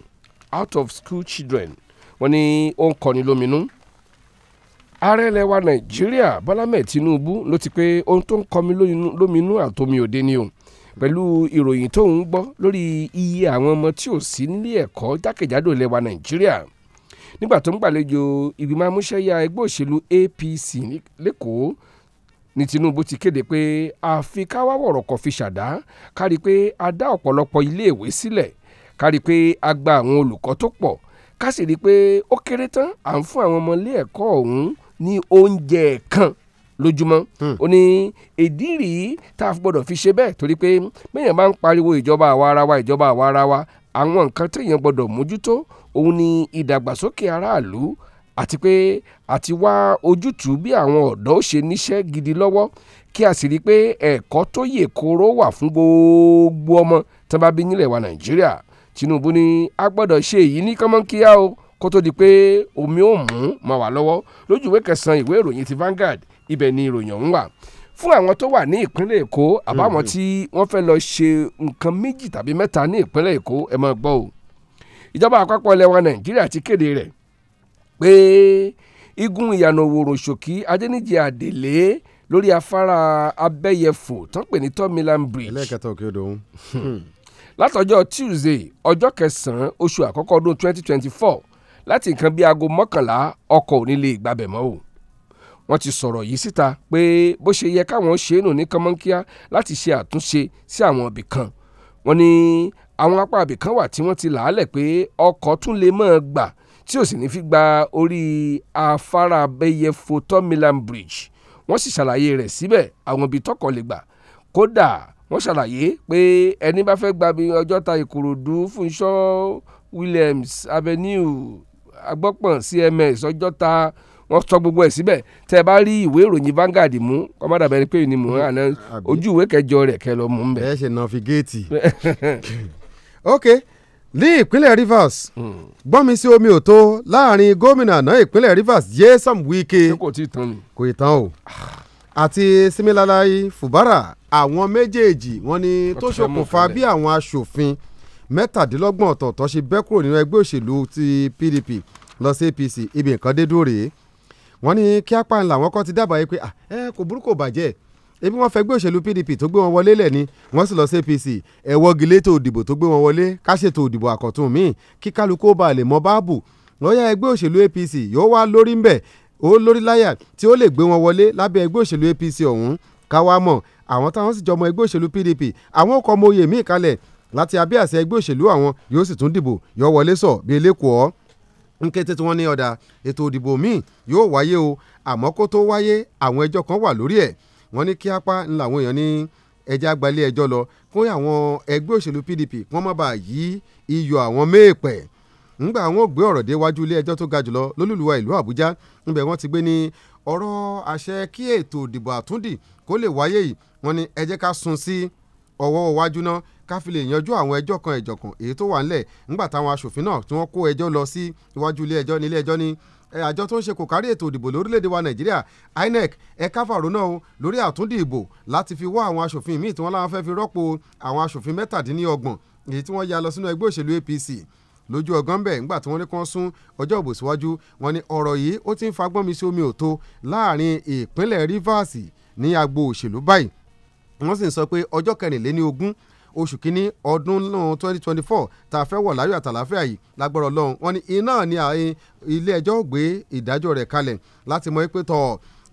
out of school children wọ́n ní ó ń kọni lóminú ààrẹ ilẹ̀ nàìjíríà bọ́lá mẹ́ẹ̀ tinubu ló ti pé ohun tó ń kọmi lóminú àtomi òde ni o pẹ̀lú ìròyìn tó ń gbọ́ lórí iye àwọn ọmọ tí ò sí nílé ẹ̀kọ́ jákèjádò ilẹ̀ wa nàìjíríà nígbà tó ń gbàlejò ìgbìmọ̀ amúṣẹ́yà ẹgbẹ́ òṣèlú apc lẹ́kọ̀ọ́ ní tinubu ti kéde pé àfi káwá wọ̀rọ̀kọ̀ fi ṣàdá kárí pé a dá ọ̀pọ̀lọpọ̀ iléèwé sílẹ̀ kárí pé a gba àwọn olùkọ́ tó pọ̀ ká sì rí i pé ó kéré tán à ń fún àwọn ọmọ ilé ẹ̀kọ́ ọ̀hún ní oúnjẹ kan lójúmọ́ hmm. ó ní ìdí rèé tá a gbọ́dọ̀ fi ṣe bẹ́ẹ̀ torí pé bẹ́ẹ̀yàn bá ń pariwo ìjọba àwa ara wa ìjọba àwa ara wa àwọn nǹkan téèyàn gbọ́dọ̀ mójútó òun ni ìdàgbàsókè aráàlú àti pé àti wá ojútùú bí àwọn ọ̀dọ́ ṣe níṣẹ́ gidi lọ́wọ́ kí a sì rí i pé ẹ̀kọ́ tó yè kóró wà fún gbogbo ọmọ tí wọ́n bá bí nílẹ̀ wa nàìjíríà tinubu ni a gbọ́dọ̀ ṣe èyí ní kánmọ́nkíyá o kó tó di pé omi ò mú mọ́ wa lọ́wọ́ lójú kẹsàn-án ìwé ìròyìn ti Vanguard ibẹ̀ ni ìròyìn ọ̀hún wà fún àwọn tó wà ní ìpínlẹ̀ èkó àbáwọn mm-hmm. tí wọ́n fẹ́ lọ ṣe nǹkan méjì tàbí mẹ́ta ní ìpínlẹ̀ èkó ẹ máa gbọ́ o ìjọba àpapọ̀ ilẹ̀ wa nàìjíríà ti kéde rẹ̀ pé igun ìyànà òwòrò ṣòkí adẹ́nìjì àdèlé lórí afárá abẹ́yẹfò tán pè ní tọ́milan bridge. ẹlẹ́kẹta òkè odò ọ̀hún. Hmm. látọjọ́ tuesday ọjọ́ kẹsàn-án oṣù àkọ́kọ́ ọdún twenty twenty four láti nǹkan bíi aago mọ́kànlá ọkọ̀ ò wọ́n ti sọ̀rọ̀ yìí síta pé bó ṣe yẹ káwọn ṣe é nù ní kánmọ́nkíá láti ṣe àtúnṣe sí àwọn ibì kan wọ́n ní àwọn apá ibì kan wà tí wọ́n ti làálẹ̀ pé ọkọ̀ tún lè máa gbà tí ò sì ní fi gba orí afárá abẹ́yẹfò tọ́milan bridge wọ́n sì ṣàlàyé rẹ̀ síbẹ̀ àwọn ibi tọkọ̀ lè gbà kódà wọ́n ṣàlàyé pé ẹni bá fẹ́ gba bí ọjọ́ta ìkòròdú fúnṣọ́ williams avenue agbọ́pọ̀n cms ọjọ́ta wọ́n sọ gbogbo ẹ̀ síbẹ̀ tẹ́ ẹ bá rí ìwé ìròyìn Vanguard mú kọ́mọ́dà bẹ́ẹ̀ ni pé ni mò ń àná ojú ìwé kẹjọ rẹ̀ kẹ lọ mú un bẹ̀. ẹ ṣe nà fi géètì. ok ní ìpínlẹ̀ Rivers hmm. gbọ́nmi sí omi òtó láàrin gómìnà àná ìpínlẹ̀ Rivers Nyesom Wike kò tí ì tán ni kò ì tán o àti Similalayi Fubara àwọn méjèèjì wọn ni tó ṣokùnfà bí àwọn aṣòfin mẹ́tàdínlọ́gbọ̀n ọ̀tọ̀ọ̀tọ̀ ṣe bẹ́ kúrò nínú ẹgbẹ́ òṣèlú ti PDP lọ sí APC ibi nǹkan dé dúró rèé wọ́n ní kí apá ńlá wọn kọ́ ti dábàá yìí pé ẹ kò burúkú ò bàjẹ́ ebi wọn fẹgbẹ́ òṣèlú PDP tó gbé wọn wọlé lẹ̀ ni wọ́n sì lọ sí APC ẹ wọ́gi létò òdìbò tó gbé wọn wọlé káṣètò òdìbò àkọ́tún míì kí kálukú ó ba lè mọ báàbù wọ́n yá ẹgbẹ́ òṣèlú APC yóò wá lórí ńbẹ̀ ó lórí láyà tí ó lè gbé wọn wọlé lábẹ́ ẹgbẹ́ òṣèlú APC ọ̀hún káwá mọ̀ àwọn táwọn sì jọmọ ẹgbẹ́ òṣèlú PDP àwọn ọkọ̀ ọmọ oyè míì kalẹ̀ láti abẹ́ àṣẹ ẹgbẹ́ òṣèlú àwọn yóò sì tún dìbò yọ wọlé sọ bíi elékòó ní kété tí wọ́n ní ọ̀dà ètò òdìbò míì yóò wáyé o àmọ́ kó tó wáyé àwọn ẹjọ́ kan wà lórí ẹ̀ wọ́n ní kí apá ńlá àwọn èèyàn ní ẹjẹ́ àgbálẹ̀ ẹjọ́ lọ kó àwọn ẹgbẹ́ òṣèlú PDP wọ́n má bàa yí iyọ̀ àwọn méèpẹ̀ ńgbà wọn ò gbé ọ̀rọ̀ dé wájú ilé ẹjọ́ tó ga jùlọ lólùlùwà ìlú Àbújá ńbẹ̀ wọ́n ti gbé ní ọ̀rọ̀ àṣẹ kí ètò ìdìbò àtúndì kó lè wáyé yìí wọ́n ní ẹ ká sún sí ọwọ́ iwájú náà káfí lè yanjú àwọn ẹjọ́ kan ẹ̀jọ̀kan èyí tó wà ńlẹ̀ ńgbà táwọn aṣòfin náà tí wọ́n kó ẹjọ́ lọ sí iwájú ilé ẹjọ́ ní ilé ẹjọ́ ní àjọ tó ń ṣe kò kárí ètò ìdìbò lórílẹ̀‐èdè wa nàìjíríà inec ẹ̀ka fàrónà o lórí àtúndì ìbò láti fi wá àwọn aṣòfin míì tí wọ́n láwọn fẹ́ fi rọ́pò àwọn aṣòfin mẹ́tàdínlọ́gbọ̀n èyí tí wọ́n ya lọ sínú ẹgbẹ́ òṣèlú apc lójú ọgán bẹ́ẹ̀ ńgbà tí wọ́n ní kí wọ́n sún ọjọ́ òbò síwájú wọ́n ní ọ̀rọ̀ yìí ó ti ń fagbọ́n mi sí omi òtó láàrin ìpínlẹ̀ rivers ní agbo òṣèlú báyìí wọ́n sì ń sọ pé ọjọ́ kẹrìnléní ogún oṣù kínní ọdún náà twenty twenty four tá a fẹ́ wọ̀ láyọ̀ àtàláfíà yìí lágbọ́rọ̀ lọ́hùn wọn ni iná ni ilé ẹjọ́ gbé ìdájọ́ rẹ̀ kalẹ̀ láti mọ pé tọ̀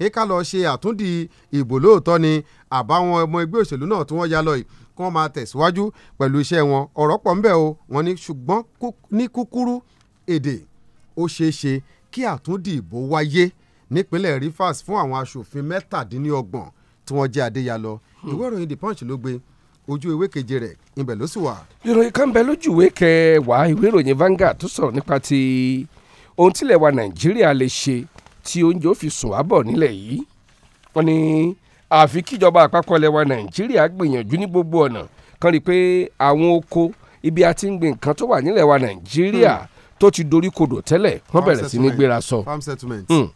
èka lọ ṣe àtúndì ìbò lóòótọ́ ni àbáwọn ọmọ ẹgbẹ́ òṣèlú náà tí wọ́n ya lọ yìí kí wọ́n máa tẹ̀síwájú pẹ̀lú iṣẹ́ wọn ọ̀rọ̀ pọ̀ ńbẹ̀ o wọn ni ṣùgbọ́n ní kúkúrú èdè ó ṣeé ṣe kí àtúndì ìbò wáyé nípínlẹ̀ Rivers fún àwọn aṣòfin mẹ́tàdínlọ́gbọ̀n tí wọ́n jẹ́ adéyalọ hmm. ìwé ìròyìn The Punch ló gbé ojú ewé keje rẹ̀ ibẹ̀ ló sì wà. ìròyìn kan bẹ lójú ìwé kẹwàá ìwé ìròyìn Vanguard tó sọ̀rọ̀ nípa ti ohun tílẹ̀ wa Nàìjíríà lè ṣe tí oúnjẹ ó fi sùn wá bọ̀ nílẹ̀ yìí wọ́n ní àfi kíjọba àpapọ̀ ilẹ̀ wa Nàìjíríà gbìyànjú ní gbogbo ọ̀nà kan rí i pé àwọn oko ibi a ti ń tó wà nílẹ̀ wa Nàìjíríà hmm. tó ti dorí kodò tẹ́lẹ̀ wọ́n bẹ̀rẹ̀ sí ní gbéra sọ hmm.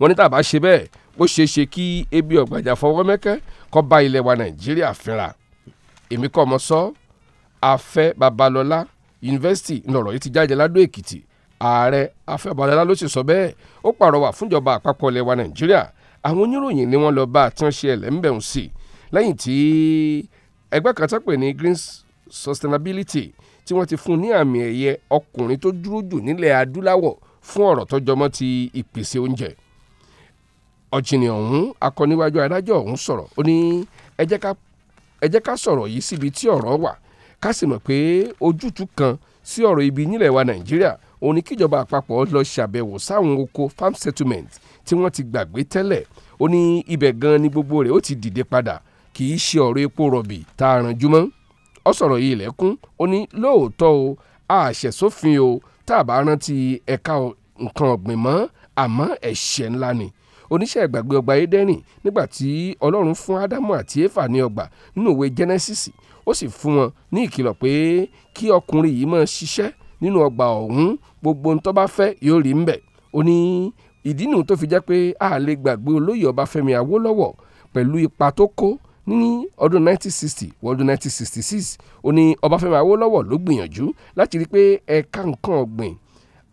wọ́n ní tàbá ṣe bẹ́ẹ̀ ó ṣeé ṣe kí ebi ọ̀gbàjà fọwọ́ mẹ́kẹ́ kó bá ilẹ̀ wa Nàìjíríà fínra èmi kọ́ ọmọ sọ afẹ́ babalọ́lá yunifásitì ńlọrọ̀ yìí ti jáde ládó èkìtì ààrẹ afẹ́ babalọ́lá ló sì sọ bẹ́ẹ̀ ó pàrọwà fúnjọba àpapọ̀ ilẹ̀ wa nàìjíríà àwọn oníròyìn ni wọ́n lọ bá àti wọ́n ṣe ẹlẹ́mbẹ̀hún sí lẹ́yìn tí ẹgbẹ́ kan tó pè ní green sustainability tí wọ́n ti fún ní àmì ẹ̀yẹ ọkùnrin tó dúró jù nílẹ̀ adúláwọ̀ fún ọ̀rọ̀ tó jọmọ́ ti ìpèsè oúnjẹ ọ̀jìnì ọ̀hún akọniwájú adájọ́ ọ̀hún sọ̀rọ̀ ó ní ẹ jẹ́ ká ẹ jẹ́ ká sọ̀rọ̀ yìí síbi tí ọ̀rọ̀ wà ká sì mọ̀ pé ojútùú kan sí ọ̀rọ̀ ibi nílẹ̀ wa nàìjíríà òun ni kíjọba àpapọ̀ lọ ṣàbẹ̀wò sáwọn oko farm settlement tí wọ́n ti gbàgbé tẹ́lẹ̀ ó ní ibẹ̀ gan ni gbogbo rẹ̀ ó ti dìde padà kì í ṣe ọ̀rọ̀ epo rọ̀bì tá a rànjú mọ́ ọ sọ̀rọ̀ yìí lẹ́kún ó ní lóòótọ́ o àṣẹ̀sófin o tá a bá rántí ẹ̀ka nǹkan ọ̀gbìn mọ́ àmọ́ ẹ̀ṣẹ̀ ńlá ni oníṣẹ́ ìgbàgbé ọgbà édẹ́nì nígbà tí ọlọ́run fún ádámù àti éfà ní ọgbà nínú ìwé jẹ́nẹ́sìsì ó sì fún wọn ní ìkìlọ̀ pé kí ọkùnrin yìí máa ṣiṣẹ́ nínú ọgbà ọ̀hún gbogbo ń tó bá fẹ́ yóò rí ńbẹ̀ ó ní ìdí nù tó fi jẹ́ pé a lè gbàgbé olóyè ọbáfẹ́mi awólọ́wọ̀ pẹ̀lú ipa tó kó ní ọdún 1960 wọ ọdún 1966 ó ní ọbáfẹ́mi awólọ́wọ̀ ló gbìyànjú láti rí i pé ẹ̀ka nǹkan ọ̀gbìn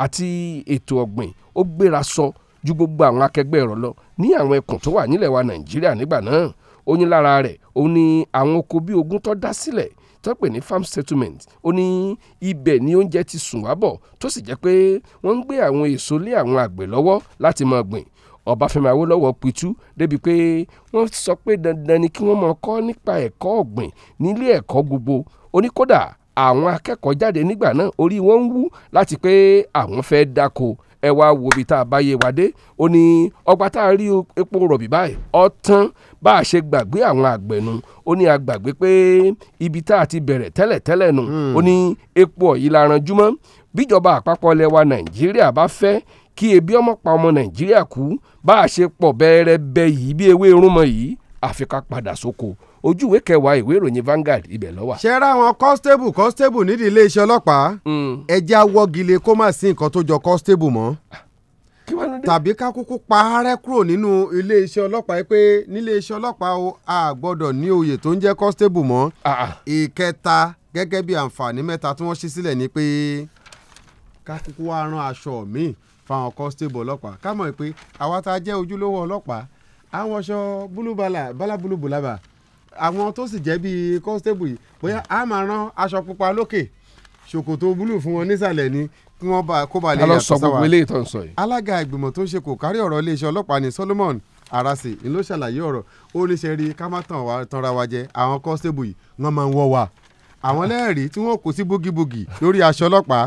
àti ètò ọ̀gbìn ó gbéra sọ ju gbogbo àwọn akẹgbẹ́ rẹ̀ lọ ní àwọn ẹkùn tó wà nílẹ̀ wa nàìjíríà nígbà náà ó ní lára rẹ̀ ó ní àwọn oko bíi ogún tó dá sílẹ̀ tó pè ní farm settlement ó ní ibẹ̀ ni oúnjẹ ti sùn wá bọ̀ tó sì jẹ́ pé wọ́n ń gbé àwọn èso lé àwọn àgbẹ̀ lọ́wọ́ láti máa gbìn Ọbáfẹ́mi Awólọ́wọ̀ pitú débi pé wọ́n sọ pé dandan ni kí wọ́n máa kọ́ nípa ẹ̀kọ́ ọ̀gbìn nílé ẹ̀kọ́ gbogbo ó ní kódà àwọn akẹ́kọ̀ọ́ jáde nígbà náà orí wọn ń wú láti pé àwọn fẹ́ dáko ẹ wá wo ibi tá a bá yé wa dé ó ní ọgbà tá a rí epo rọ̀bì báyìí ọ̀tán bá a ṣe gbàgbé àwọn àgbẹ̀nu ó ní a gbàgbé pé ibi tá a ti bẹ̀rẹ̀ tẹ́lẹ̀ tẹ́lẹ̀ nù ó ní epo ọ̀yí la ranjú mọ́ bíjọba àpapọ̀ ilẹ̀ wa nàìjíríà bá fẹ́ kí ebi ọmọ pa ọmọ nàìjíríà kú bá a ṣe pọ̀ bẹ́ẹ̀rẹ̀ bẹ́ yìí bí ewé irúnmọ yìí àfi padà sóko ojú ìwé kẹwàá ìwé ìròyìn Vanguard ibẹ̀ ló wà. ṣe ra àwọn constable constable nídìí iléeṣẹ́ ọlọ́pàá hmm. ẹjẹ́ awọ́gilé kó má sí nǹkan tó jọ constable mọ́ ah, tàbí ká kúkú pa ààrẹ kúrò nínú iléeṣẹ́ ọlọ́pàá pé níléeṣẹ́ ọlọ́pàá o a gbọ́dọ̀ ní oyè tó ń jẹ́ constable mọ́ ah, ah. ìkẹta gẹ́gẹ́ bí àǹfààní mẹ́ta tí wọ́n ṣí sílẹ̀ ni pé ká kúkú wá rán aṣọ míì fáwọn constable ọlọ́pàá ká mọ̀ pé àwa tá a jẹ́ ojúlówó ọlọ́pàá àwọn aṣọ búlúbalà bálá búlúbùlábà àwọn tó sì jẹ́ bíi constable yìí bóyá a máa rán aṣọ pupa lókè ṣòkòtò búlù fún wọn nísàlẹ̀ ni kí wọ́n bá kó balẹ̀ yàtọ̀ sáwà alọ́sọ gbogbo eléyìí tó ń sọ yìí. alága ìgbìmọ̀ tó ń ṣe kò kárí ọ̀rọ̀ iléeṣẹ́ ọlọ́pàá ní Solomon Arase ni ló ṣàlàyé ọ̀rọ̀ ó ní ṣe rí ká má tanra wa jẹ àwọn constable yìí wọ́n máa ń wọ́ wa àwọn lẹ́ẹ̀rí tí wọ́n kó sí búgibúgi lórí aṣọ ọlọ́pàá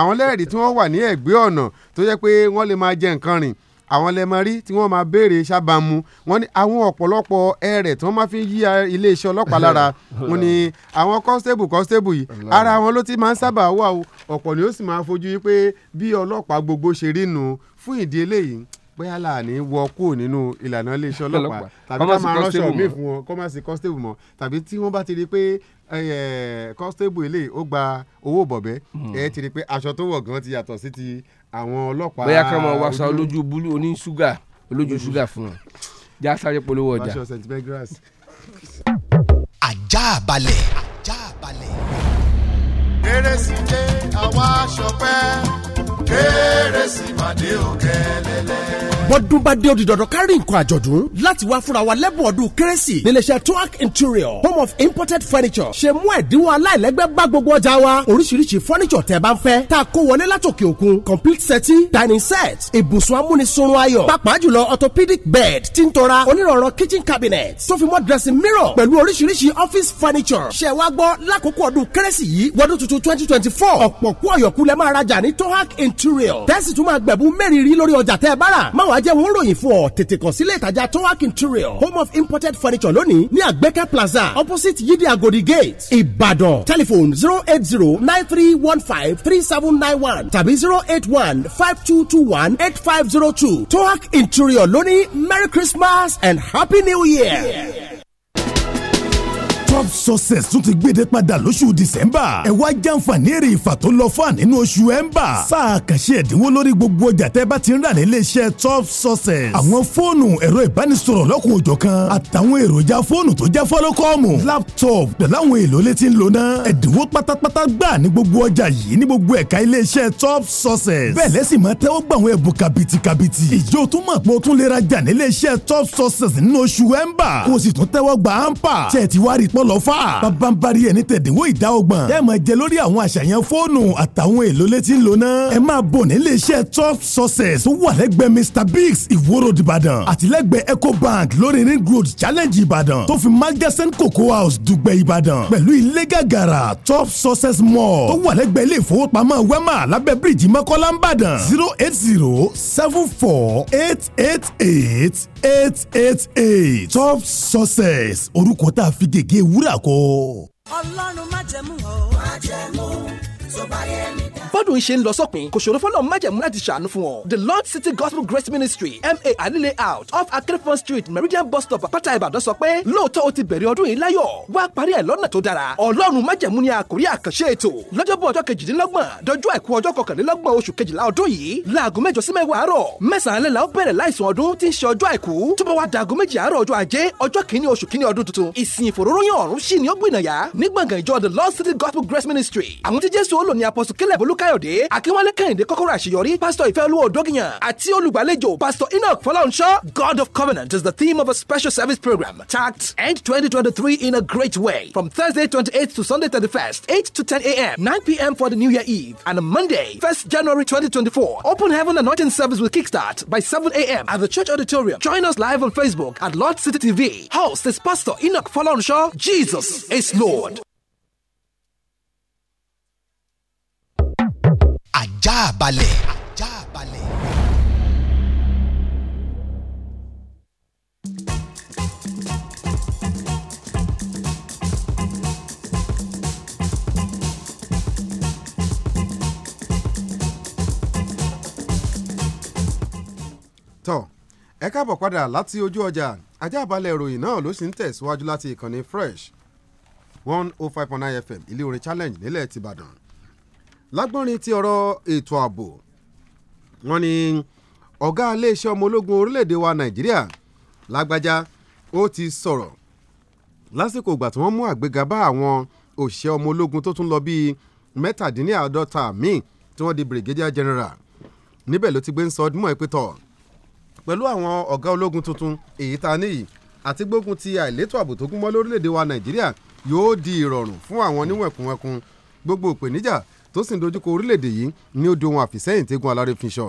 àwọn lẹ́ẹ̀rí tí wọ́n wà ní ẹ̀gbẹ́ ọ̀nà tó jẹ́ pé wọ́n lè máa jẹ nǹkan rìn àwọn lẹ́mọ rí tí wọ́n máa béèrè sábàámu wọ́n ní àwọn ọ̀pọ̀lọpọ̀ ẹ̀rẹ̀ tí wọ́n máa fi yí iléeṣẹ́ ọlọ́pàá lára wọ́n ní àwọn constable constable yìí ara àwọn ló ti máa ń sábà wà o ọ̀pọ̀ ni ó sì máa fojú yí pé bí ọlọ́pàá gbogbo ṣe rí nu fún ìdí eléyìí bóyá láàánú wọ kúrò nínú ìlànà iléeṣẹ́ ọlọ́pàá tàbí ká máa ránṣọ míì fún wọn kó má sí constable mọ́ tàbí tí wọ́n bá ti rí i pé kọ́stébù eh, ilé ó gba owó bọ̀bẹ́ hmm. ẹ ti rí i pé aṣọ tó wọ̀ gan ti yàtọ̀ sí ti àwọn ọlọ́pàá. bóyá ká máa wàṣà olójú búlú oní ṣúgà olójú ṣúgà fún wọn já sáré polówó ọjà. ajá balẹ̀. ajá balẹ̀. kérésì dé àwa ṣọpẹ́ kérésì pàdé òkè lélẹ̀ bọ́dún bá dé odi dandan kárí nǹkan àjọ̀dún láti wá fúnra wa lẹ́bùn ọdún kérésì níléeṣẹ́ toac interior home of imported furniture ṣe mú ẹ̀dínwó aláìlẹ́gbẹ́ bá gbogbo ọjà wa oríṣiríṣi furniture tẹ́ bá ń fẹ́ tá kó wọlé látòkè òkun complete setting dining set ibùsùn amúnisunrun ayọ̀ pàápàá jùlọ orthopedic bed tí ń tọ́ra onírọ̀rọ̀ kitchen cabinet tó fi mọ́ dressing mirror pẹ̀lú oríṣiríṣi office furniture ṣe wá gbọ́ lákòókò ọdún kérésì yìí wọ́dún tuntun twenty twenty four ọ̀pọ̀ kú ọ̀yọ̀kú lẹ máa rajà ní toac interior tẹ́sí tún máa gbẹ̀bú mẹ́rin rí lórí ọjà tẹ́ bá máa wá jẹ́ wọn ròyìn fún ọ tètè kàn sílé ìtajà towac interior home of imported furniture lónìí ní àgbẹ̀kẹ́ plaza opposite yídí agodi gate ìbàdàn telephone zero eight zero nine three one five three seven nine one tàbí zero eight one five two two one eight five zero two towac interior lónìí merry christmas and happy new year. Yeah top success tún ti gbéde padà lóṣù december ẹ wá jàǹfààní èrè ìfà tó lọ fún ànínú oṣù ember sáà kàṣe ẹ̀dínwó lórí gbogbo ọjà tẹ́ bá ti ń rà nílé top success àwọn fóònù ẹ̀rọ ìbánisọ̀rọ̀ lọ́kùn òjọ̀ kan àtàwọn èròjà fóònù tó jẹ́ fọ́lọ́kọ́ọ̀mù laptop pẹ̀lú àwọn èlò létí ń lò náà ẹ̀dínwó pátápátá gbà ní gbogbo ọjà yìí ní gbogbo ẹ̀ka ilé top success bẹ́ẹ̀ lẹ́sìn máa tẹ́wọ́ gbà àwọn ẹ̀bùn kàbìtì kàbìtì ìjọ tún mọ̀ pé tún lè rajà nílé top success nínú oṣù ember kó o sì tún tẹ́wọ́ gbà ampa tẹ̀ tí wá rí pọ́l lọ́fà bábánbárí ẹni tẹ̀dínwó ìdá ọgbọ̀n tẹ́ máa jẹ lórí àwọn àṣàyàn fóònù àtàwọn èlò létí lóná ẹ máa bọ̀ nílé iṣẹ́ top success wà lẹ́gbẹ̀ẹ́ Mr Biggs ìwòrò ìbàdàn àtìlẹ́gbẹ̀ẹ́ Ecobank lórí ring road challenge ìbàdàn tó fi magasin cocoa house dùgbẹ̀ ìbàdàn pẹ̀lú ilé gàgàrà top success mall tó wà lẹ́gbẹ̀ẹ́ ilé ìfowópamọ́ wema lábẹ́ bíríìjì mọ́kọ́lá ń bàdàn zero eight zero seven four eight eight eight eight eight eight top success orúkọ tá a fi gègé w wúrà kọ. ọlọ́run májẹ̀mú ọ̀ májẹ̀mú bọ́dún ṣe ń lọ sópin kò ṣòro májẹ̀mú láti ṣàánú fún ọ. the lord city gospel grace ministry ma alile out off akrefon street meridian bus stop àpáta ìbàdàn sọ pé lóòótọ́ o ti bẹ̀rẹ̀ ọdún yìí láyọ̀ wá parí ẹ̀ lọ́nà tó dára ọlọ́run májẹ̀mú ni àkórí àkànṣe ètò lọ́jọ́bọ̀ ọjọ́ kejìdínlọ́gbọ̀n dọjú àìkú ọjọ́ kọkànlélọ́gbọ̀n oṣù kejìlá ọdún yìí láago mẹ́jọ sí mẹ́wàá àárọ̀ mẹ́sàn-án lẹ́la ó bẹ̀rẹ̀ láìsùn ọdún tí ń ṣe ọjọ́ àìkú tó bá wá daago méjì àárọ̀ ọjọ́ ajé ọjọ́ the lord city gospel grace ministry àwọn tí lò ní apọ́sù kílẹ̀ bolúkáyọ̀dé akínwálé kẹ́hìndé kọ́kọ́rọ́ àṣeyọrí pásítọ̀ ìfẹ́ òdógìyàn àti olùgbàlejò pásítọ̀ enoch fọláhùnsọ. God of Covenant is the theme of a special service program tagged End 2023 in a great way from Thursday 28th to Sunday 31st 8 to 10 a.m. 9 p.m. for the New Year Eve and Monday 1st January 2024 Open Heaven Anointing Service will kickstart by 7 a.m. at the Church Auditorium. Join us live on Facebook at Lord City TV. Host is Pastor Enoch Falanshaw. Jesus is Lord. ajá balẹ̀. ajá balẹ̀. tọ́ ẹ káàbọ̀ padà láti ojú ọjà ajá balẹ̀ ìròyìn náà ló sì ń tẹ̀síwájú láti ìkànnì fresh one oh five point nine fm ilé orin challenge nílẹ̀ tìbàdàn lágbọ́nrin ti ọ̀rọ̀ ètò ààbò wọ́n ní ọ̀gá iléeṣẹ́ ọmọ ológun orílẹ̀‐èdè wa nàìjíríà lágbájá ó ti sọ̀rọ̀ lásìkò ìgbà tí wọ́n mú àgbéga bá àwọn òṣìṣẹ́ ọmọ ológun tó tún lọ bíi mẹ́tàdínláàádọ́ta míì tí wọ́n di brigadier general níbẹ̀ ló ti gbé ń sọ ọdún mọ́ ẹ pé tọ̀ pẹ̀lú àwọn ọ̀gá ológun tuntun èyí ta níyì àti gbógun ti àìlétò ààbò tó gún lórílẹ̀‐èdè wa nàìjíríà yóò di ìrọ̀rùn fún àwọn oníwẹ̀kùnwẹ̀kùn gbogbo ìpèníjà tó sì ń dojúkọ orílẹ̀-èdè yìí ní ó di ohun àfìsẹ́yìn tégun aláréfinṣọ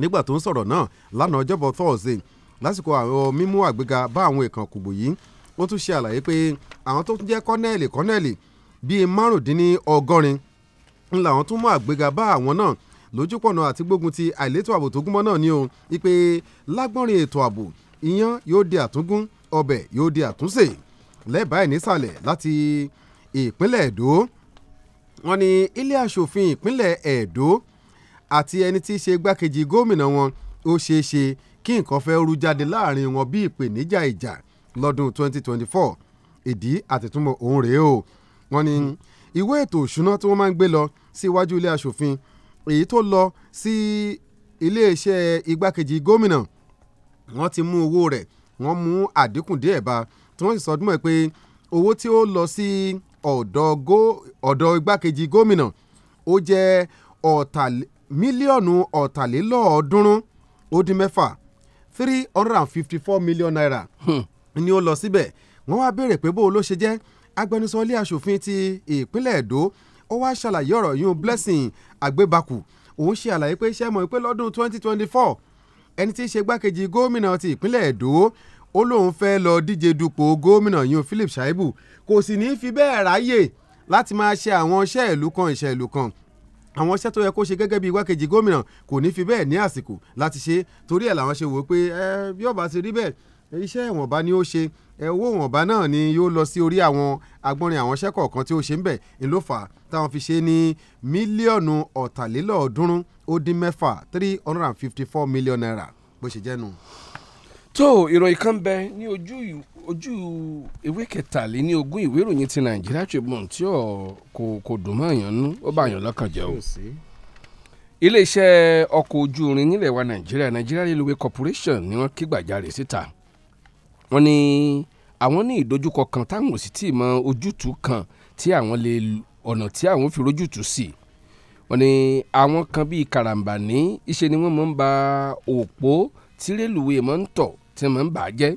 nígbà tó ń sọ̀rọ̀ náà lánàá ọjọ́bọ̀ thursday lásìkò àwọn mímú àgbéga bá àwọn ìkàn kùgbò yìí ó tún ṣe àlàyé pé àwọn tó jẹ́ kọ́nẹ́ẹ̀lì kọ́nẹ́ẹ̀lì bíi márùndínlọ́gọ́rin ńlá àwọn tún mú àgbéga bá àwọn náà lójúpọ̀nà àti gbógun ti àìlétò ààbò tó gúnmọ́ náà ni o ipe lágbọ́nrin ètò ààbò iyán yóò di àtúngún ọbẹ̀ yóò di àtúnṣe lẹ́bàá nísàlẹ̀ láti ìpínlẹ̀ èdò wọ́n ní ilé asòfin ìpínlẹ̀ Ẹdó àti ẹni tí í ṣe igbákejì gómìnà wọn ó ṣeé ṣe kí nǹkan fẹ́ rú jáde láàrin wọn bí ìpèníjà ìjà lọ́dún 2024 ìdí àtìtúmọ̀ òun rèé o wọ́n ní ìwé ètò òṣùná tí wọ́n máa ń gbé lọ síwájú ilé asòfin èyí tó lọ sí iléeṣẹ́ igbákejì gómìnà wọ́n ti mú owó rẹ̀ wọ́n mú àdínkù díẹ̀ bá tí wọ́n sì sọdún mọ́ ẹ pé owó tí ó lọ sí ọ̀dọ̀ igbákejì gómìnà ó jẹ́ mílíọ̀nù ọ̀tàlélọ́ọ̀ọ́dúnrún ó dín mẹ́fà three hundred and fifty four million naira hmm. ni ó lọ síbẹ̀ wọ́n wá béèrè pé bó ló ṣe jẹ́ agbẹnusọ ilé asòfin ti ìpínlẹ̀ èdò ó wá ṣàlàyé ọ̀rọ̀ yún blessing àgbébakù òun ṣe àlàyé pé iṣẹ́ mọ̀ pé lọ́dún twenty twenty four ẹni tí í ṣe igbákejì gómìnà ti ìpínlẹ̀ èdò ó lóun fẹ́ lọ díje dupò gómìnà yun Philip Shaibu kò sì ní fi bẹ́ẹ̀ ráyè láti máa ṣe àwọn iṣẹ́ ìlú kan iṣẹ́ ìlú kan àwọn iṣẹ́ tó yẹ kó ṣe gẹ́gẹ́ bí igbákejì gómìnà kò ní fi bẹ́ẹ̀ ní àsìkò láti ṣe torí ẹ̀ làwọn ṣe wò ó pé ẹ bí ọba ti rí bẹ́ẹ̀ iṣẹ́ ìwọ̀nba ni ó ṣe owó ìwọ̀nba náà ni yóò lọ sí orí àwọn agbọ́nrin àwọn iṣẹ́ kọ̀ọ̀kan tí ó ṣe ń bẹ̀ ń ló fà á táwọn fi ṣe ní mílíọ̀nù ọ̀tàlélọ́ọ̀ọ́dúnrún ó dín mẹ́fà three hundred and fifty four million naira bó ṣe jẹ́ nu tó ìròyìn kan bẹ ní ojú ojú ìwé kẹtàléní ogún ìwé ìròyìn ti Nigeria Tribune tí ò kò kò dùn mọ́ àyàn nú ó bá àyàn lọ́kàn jẹ́ o iléeṣẹ́ ọkọ̀ ojú irin nílẹ̀ wa Nigeria Nigeria Railway Corporation ni wọ́n ké gbàjarè síta wọ́n ní àwọn ní ìdojúkọ kan táwọn ò sì tí ì mọ ojútùú kan tí àwọn lè ọ̀nà tí àwọn fi rójútùú sí wọ́n ní àwọn kan bíi karambani iṣẹ́ ni wọ́n mọ̀ ń ba òpó tí rélùwé mọ̀ ń tọ̀ tí wọ́n ń bà á jẹ́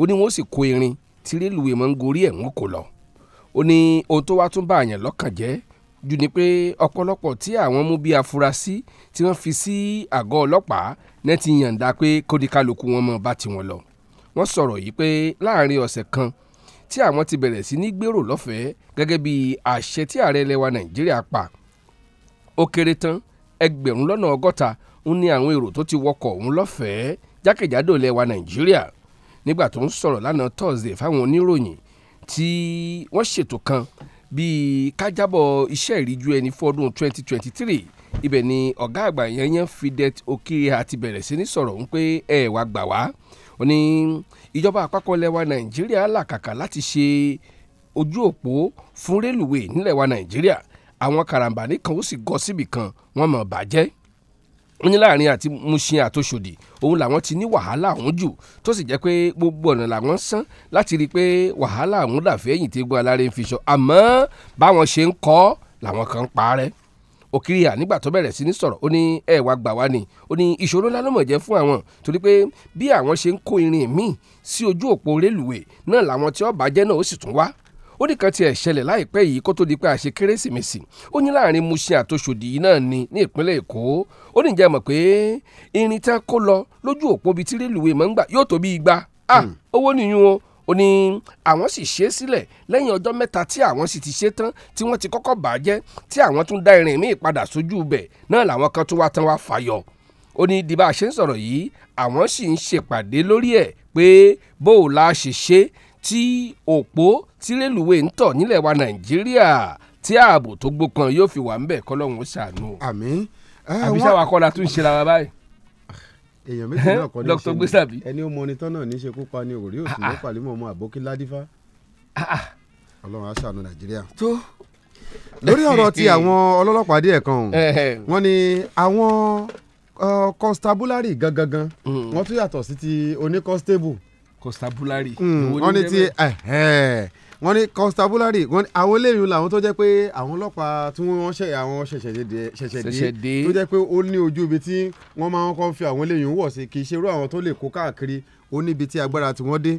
ó ní wọ́n sì kó irin tí rélùwé máa ń gorí ẹ̀ wọ́n kò lọ ó ní ohun tó wá tún bá àyàn lọ́kàn jẹ́ jù ni pé ọ̀pọ̀lọpọ̀ tí àwọn mú bí afurasí tí wọ́n fi sí àgọ́ ọlọ́pàá náà ti yàǹda pé kódìkálukú wọn mọ̀ bá tiwọn lọ wọ́n sọ̀rọ̀ yìí pé láàrin ọ̀sẹ̀ kan tí àwọn ti bẹ̀rẹ̀ sí ní gbèrò lọ́fẹ̀ẹ́ gẹ́gẹ́ bí àṣẹ tí ààrẹ ilẹ̀ wa nàìjíríà pa ó kéré tán ẹgbẹ̀rún lọ́nà ọgọ́ta ń ní àwọn èrò tó ti wọkọ̀ ọ̀hún lọ́fẹ̀ẹ́ jákèjádò ilẹ̀ wa nàìjíríà nígbà tó ń sọ̀rọ̀ lánàá thursday fáwọn oníròyìn tí wọ́n ṣètò kan bíi kájábọ̀ iṣẹ́ ìríjú ẹni fọ́dún 2023 ibẹ̀ ni ọ̀gá àgbà yẹn Fidet Okiri àti bẹ̀rẹ̀ sí ní sọ̀rọ̀ ń pé ẹ wá gbà wá ó ní ìjọba àpapọ̀ ilẹ̀ wa nàìjíríà làkàkà láti ṣe ojú òpó fún rélùwé nílẹ̀ wa nàìjíríà àwọn karambani kan ó sì gọ síbì kan wọ́n mọ̀ bàjẹ́ ó ní láàrin àti Mushin àtòṣòdì òun làwọn ti ní wàhálà ọ̀hún jù tó sì jẹ́ pé gbogbo ọ̀nà làwọn sán láti rí i pé wàhálà ọ̀hún dàfẹ́ ẹ̀yìn tí egun alárè ń fi sọ àmọ́ báwọn ṣe ń kọ́ làwọn kan ń parẹ́ Òkìrìyà nígbà tó bẹ̀rẹ̀ sí ní sọ̀rọ̀ ó ní ẹ wá gbà wá ni ó ní ìṣòro ńlá ló mọ̀ jẹ́ fún àwọn torí pé bí àwọn ṣe ń kó irin míì sí ojú òpó rélùwé náà làwọn tí ọba jẹ́ náà ó sì tún wá ó nìkan tiẹ̀ ṣẹlẹ̀ láìpẹ́ yìí kó tó di pé a ṣe kérésìmesì ó ní láàrin Mushin àtòṣòdì yìí náà ni ní ìpínlẹ̀ Èkó ó ní ìjà mọ̀ pé irin tán kó lọ lójú òpó bíi tí rélùwéè mọ̀ ń gbà yóò tó bí igba ah owó nìyún o ó ní àwọn sì ṣe é sílẹ̀ lẹ́yìn ọjọ́ mẹ́ta tí àwọn sì ti ṣe tán tí wọ́n ti kọ́kọ́ bà á jẹ́ tí àwọn tún dá irin míì padà sójú ibẹ̀ náà làwọn kan tún wá tán wá fàyọ. ó ní di bá a ṣe ń sọ̀rọ̀ yìí àwọn sì ń ṣèpàdé lórí ẹ̀ pé bó o ṣe ṣe tí òpó tí rélùwé ń tọ̀ nílẹ̀ wa nàìjíríà tí ààbò tó gbókan yóò fi wà ń bẹ̀ kọ́lọ́hún ṣàánú. àmín àbí sáwà kọ́la tún ṣe lára báyìí. èèyàn méjì náà kọ́ ní ṣe ni ẹni ó mọni tán náà ní ṣe kópa ní òrí òsì ló pàlímọ̀ ọmọ àbókí ládífá ọlọ́run á ṣàánú nàìjíríà. tó lórí ọ̀rọ̀ ti àwọn ọlọ́lọ́pàá díẹ̀ kan o wọ́n àwọn constabulary gangan hmm. wọ́n tún yàtọ̀ sí ti oní constabulary. Hmm, wọ́n ní ti eh, eh, wọ́n ní constabulary wọ́n ní àwọn eléyìí làwọn tó jẹ́ pé àwọn ọlọ́pàá tí wọ́n ṣẹ̀ àwọn ṣẹ̀ṣẹ̀ dé tó jẹ́ pé ó ní ojú ibi tí wọ́n máa ń kọ́ fi àwọn eléyìí wọ̀ sí kì í ṣe irú àwọn tó lè kó káàkiri ó níbi tí agbára tí wọ́n dé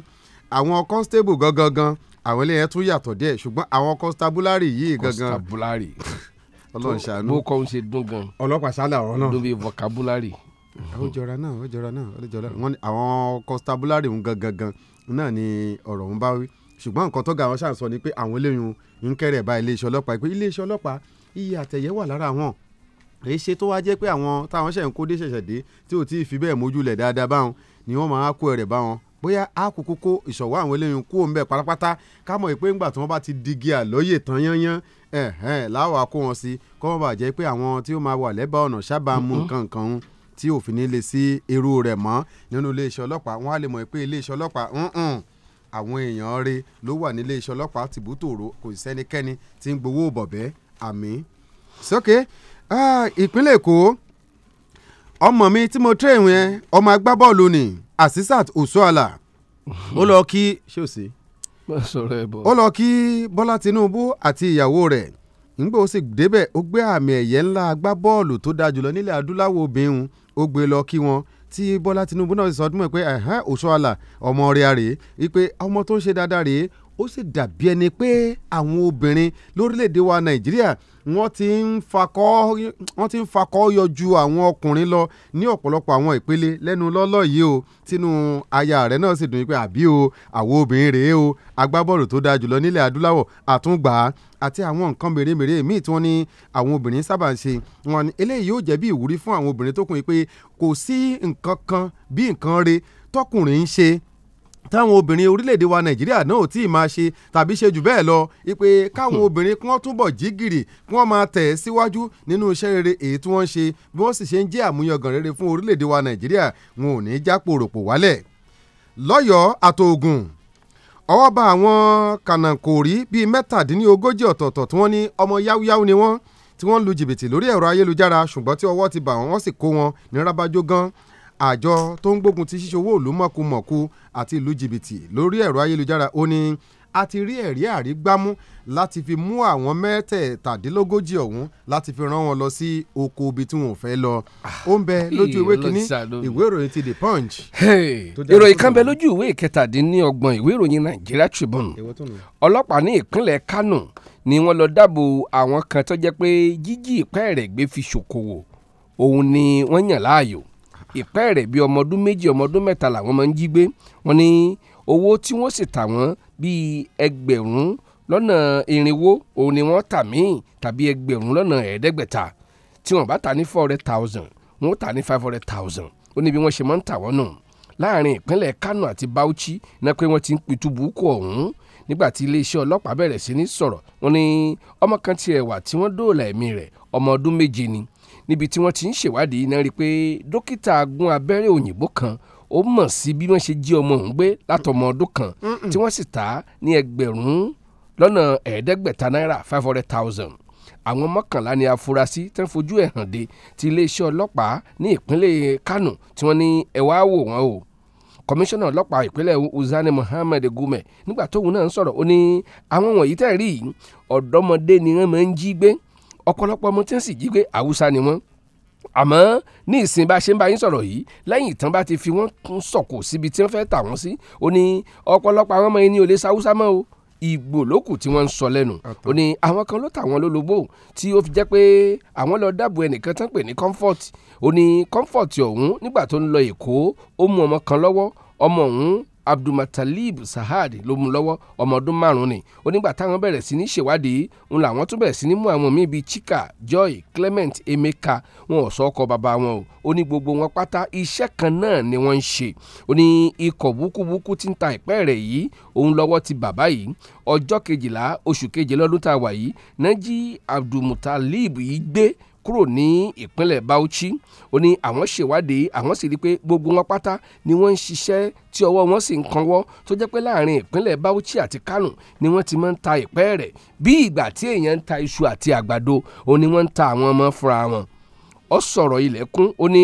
àwọn constable gangan gan àwọn eléyìí tún yàtọ̀ díẹ̀ ṣùgbọ́n àwọn constabulary yìí gangan constabulary ọlọ́run ṣàánú bó kọ́ ń ṣe dún gan ọlọ́pàá ṣáàlà ọ̀rọ̀ náà dún bíi vocabulary ó jọra náà ó jọra náà ó jọra wọn àwọn constabulary ń gangan gan náà ni ọ̀rọ̀ ń bá wí ṣùgbọ́n nǹkan tó ga àwọn ṣàǹsọ ni pé àwọn eléyìí ń kẹ́rẹ̀ bá iléeṣẹ́ ọlọ́pàá pé iléeṣẹ́ ọlọ́pàá iye àtẹ̀yẹ wà lára wọn èyí ṣe tó wá jẹ́ pé àwọn táwọn ṣẹ̀ ń kó dé ṣẹ̀ṣẹ̀ dé tí ò tí ì fi bẹ́ẹ̀ mójúlẹ̀ dáadáa báwọn ni wọ́n máa kó ẹrẹ̀ báwọn bóyá a kò kókó ìṣọ̀wọ́ àwọn eléyìí kú òun bẹ́ẹ̀ pátápátá ká mọ̀ pé ńgbà tí wọ́n bá ti digi àlọ́yè tán yányán láwọ̀ á kó wọn sí kọ́ wọ́n bàjẹ́ pé àwọn tí ó máa wà lẹ́bàá ọ̀nà sábà mm-hmm. nǹkan nǹkan ń tí òfin ní lè sí irú rẹ̀ mọ́ nínú iléeṣẹ́ ọlọ́pàá wọ́n á lè mọ̀ pé iléeṣẹ́ ọlọ́pàá àwọn èèyàn rẹ̀ ló wà nílé iṣẹ́ ọlọ́pàá tìbútòrò kò sẹ́nikẹ́ni tí ń gbowó bọ̀bẹ́ àmì. sókè ah, ìpínlẹ̀ èkó ọmọ mi tí mo train yẹn ọmọ agbábọ́ọ̀lù ni asisat osoala ó lọ kí ṣé o sí. ó lọ kí bọ́lá tinubu àti ìyàwó rẹ̀ nígbà ó sì débẹ̀ ó gbé àmì ẹ̀yẹ ńlá agbábọ́ọ̀lù tó dáa jùlọ nílẹ̀ adúláwọ̀ obìnrin ó gbé lọ kí wọn tí bọ́lá tinubu náà sọ ọdún mọ̀ pé òṣùàlà ọmọ rẹ̀ rèé wípé ọmọ tó ń ṣe dáadáa rèé ó sì dàbí ẹni pé àwọn obìnrin lórílẹ̀‐èdè wa nàìjíríà wọ́n ti ń fakọ́ wọ́n ti ń fakọ́ yọjú àwọn ọkùnrin lọ ní ọ̀pọ̀lọpọ̀ àwọn ìpele lẹ́nu lọ́lọ́ yìí o tínú aya rẹ̀ náà sì dùn pé àbí o àwọn obìnrin rèé o agbábọ́ọ̀lù tó dáa jùlọ nílẹ̀ adúláwọ̀ àtúngbà àti àwọn nǹkan mèremère míì tí wọ́n ní àwọn obìnrin sábà ń ṣe wọn ni eléyìí yóò jẹ́ bí ìwúrí fún àwọn obìnrin tó kùn pé kò sí nǹkan kan bí nǹkan re tọkùnrin ń ṣe táwọn obìnrin orílẹ̀-èdè wa nàìjíríà náà ò tí ì máa ṣe tàbí ṣe jù bẹ́ẹ̀ lọ ipe káwọn hmm. obìnrin kí wọ́n túbọ̀ jí gìrì kí wọ́n máa tẹ̀ ẹ́ síwájú nínú iṣẹ́ rere èyí tí wọ́n ń ṣe bí wọ́n sì ṣe ń jẹ́ àmúyangàn rere fún orílẹ̀-èdè wa nàìjíríà wọn ò ní í já pòròpò wálẹ̀. lọ́yọ̀ọ́ àtòògùn ọwọ́ bá àwọn kànàkòrí bíi mẹ́tàdínlógójì ọ̀tọ̀ọ̀tọ̀ tí wọ́n ní ọmọ yáwúyáwú ni wọ́n tí wọ́n lu jìbìtì lórí ẹ̀rọ gan àjọ tó ń gbógun ti ṣíṣe owó ìlú mọ̀kùmọ̀kù àti ìlú jìbìtì lórí ẹ̀rọ ayélujára ó ní a ti rí ẹ̀rí àrígbámú láti fi mú àwọn mẹ́tẹ̀ẹ̀tàdínlógójì ọ̀hún láti fi rán wọn lọ sí oko ibi tí wọn ò fẹ́ lọ. ó ń bẹ ah, lójú ìwé kínní ìwé ìròyìn ti the punch. ìròyìn kan bẹ lójú ìwé ìkẹtàdínlọ́gbọ̀n ìwé ìròyìn Nigeria Tribune ọlọ́pàá ní ìpínlẹ̀ Kano ni wọ́n lọ dáàbò àwọn kan tó jẹ́ pé jíjí ìpẹ́ẹ̀rẹ̀ gbé fi ṣòkòwò òun ni wọ́n yàn láàyò ìpẹ́ rẹ̀ bíi ọmọ ọdún méjì ọmọ ọdún mẹ́ta làwọn máa ń jí gbé wọn ní owó tí wọ́n sì tà wọ́n bíi ẹgbẹ̀rún lọ́nà irinwó òun ni wọ́n tà míì tàbí ẹgbẹ̀rún lọ́nà ẹ̀ẹ́dẹ́gbẹ̀ta tí wọ́n bá tà ní four hundred thousand wọ́n tà ní five hundred thousand ó ní bí wọ́n ṣe máa ń tà wọ́n nù láàrin ìpínlẹ̀ Kano àti Bauchi ní pé wọ́n ti ń pitú burúkú ọ̀hún nígbà tí iléeṣẹ́ ọlọ́pàá bẹ̀rẹ̀ sí ní sọ̀rọ̀ wọ́n ní ọmọ kan tiẹ̀ wà tí wọ́n dóòlà ẹ̀mí rẹ̀ ọmọ ọdún méje ni níbi tí wọ́n ti ń ṣèwádìí náà rí i pé dókítà agún abẹ́rẹ́ òyìnbó kan ó mọ̀ sí bí wọ́n ṣe jí ọmọ òun gbé látọmọ ọdún kan tí wọ́n sì ta ní ẹgbẹ̀rún lọ́nà ẹ̀ẹ́dẹ́gbẹ̀ta náírà five hundred thousand àwọn mọ́kànlá ni afurasí tó ń fojú ẹ̀ hàn dé ti iléeṣẹ́ ọlọ́pàá ní ìpínlẹ̀ Kánò tí wọ́n ní ẹ wá wò wọ́n o kọmíṣánná ọlọ́pàá ìpínlẹ̀ Uzani Muhammed Gume nígbà tóun náà ń sọ̀rọ̀ ó ní àwọn wọ̀nyí tẹ̀ ọ̀dọ́mọdé ni wọ́n máa ń jí gbé ọ̀pọ̀lọpọ̀ ọmọ tí ń sì jí gbé haúsá ni wọ́n àmọ́ ní ìsìn bá ṣe ń bá yín sọ̀rọ̀ yìí lẹ́yìn ìtàn bá ti fi wọ́n tún sọ̀kò síbi tí wọ́n fẹ́ tà wọ́n sí ó ní ọ̀pọ̀lọpọ̀ àwọn ọmọ yẹn ní olè sáúsá mọ́ o ìgbò lókù tí wọ́n ń sọ lẹ́nu ó ní àwọn kan ló tà wọ́n lólobó tí ó fi jẹ́ pé àwọn lọ dáàbò ẹnìkan tán pè ní comfort ó ní comfort ọ̀hún nígbà tó ń lọ èkó ó mú ọmọ kan lọ́wọ́ ọmọ ọ̀hún abdulmatalib sahad ló mú lọ́wọ́ ọmọ ọdún márùn-ún ni onígbà táwọn bẹ̀rẹ̀ sí ní ṣèwádìí ń la àwọn tún bẹ̀rẹ̀ sí ní mú àwọn míì bíi chika joy clement emeka wọn ò sọ ọkọ bàbá wọn o ó ní gbogbo wọn pátá iṣẹ́ kan náà ni wọ́n ń ṣe ó ní ikọ̀ wúkúwúkú tí ń ta ìpẹ́ rẹ̀ yìí òun lọ́wọ́ ti bàbá yìí ọjọ́ kejìlá oṣù kejìlá ọdún tá a wà yìí nájí abdulmutalib yìí gbé kúrò ní ìpínlẹ̀ Bauchi ó ní àwọn ṣèwádìí àwọn sì rí i pé gbogbo wọn pátá ni wọ́n ń ṣiṣẹ́ tí ọwọ́ wọn sì ń kanwọ́ tó jẹ́ pé láàrin ìpínlẹ̀ Bauchi àti Kano ni wọ́n ti máa ń ta ìpẹ́ rẹ̀ bí ìgbà tí èèyàn ń ta iṣu àti àgbàdo ó ní wọ́n ń ta àwọn ọmọ fúnra wọn ó sọ̀rọ̀ ilẹ̀kùn ó ní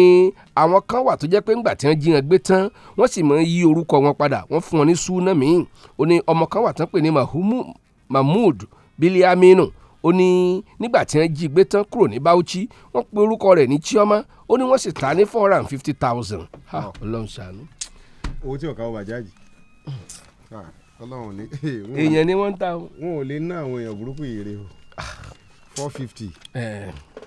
àwọn kan wà tó jẹ́ pé ńgbà tí wọ́n jí gbé tán wọ́n sì máa ń yí orúkọ wọn padà wọ́n fún wọn ní súnà míì ó ní ọmọ kan wà tán pè ní Mahmood Biliaminu ó ní nígbà tí wọ́n jí gbé tán kúrò ní Bauchi wọ́n pe orúkọ rẹ̀ ní Chioma ó ní wọ́n sì ta ní four hundred and fifty thousand ha Ọlọ́run ṣàánú. owó tí ọ̀ka ọba jáde hmm. ah, Ọlọ́run ní. Eh, èèyàn ni wọ́n ń ta o. wọn ò lè ná àwọn èèyàn burúkú yìí rè o ah. four fifty. Eh.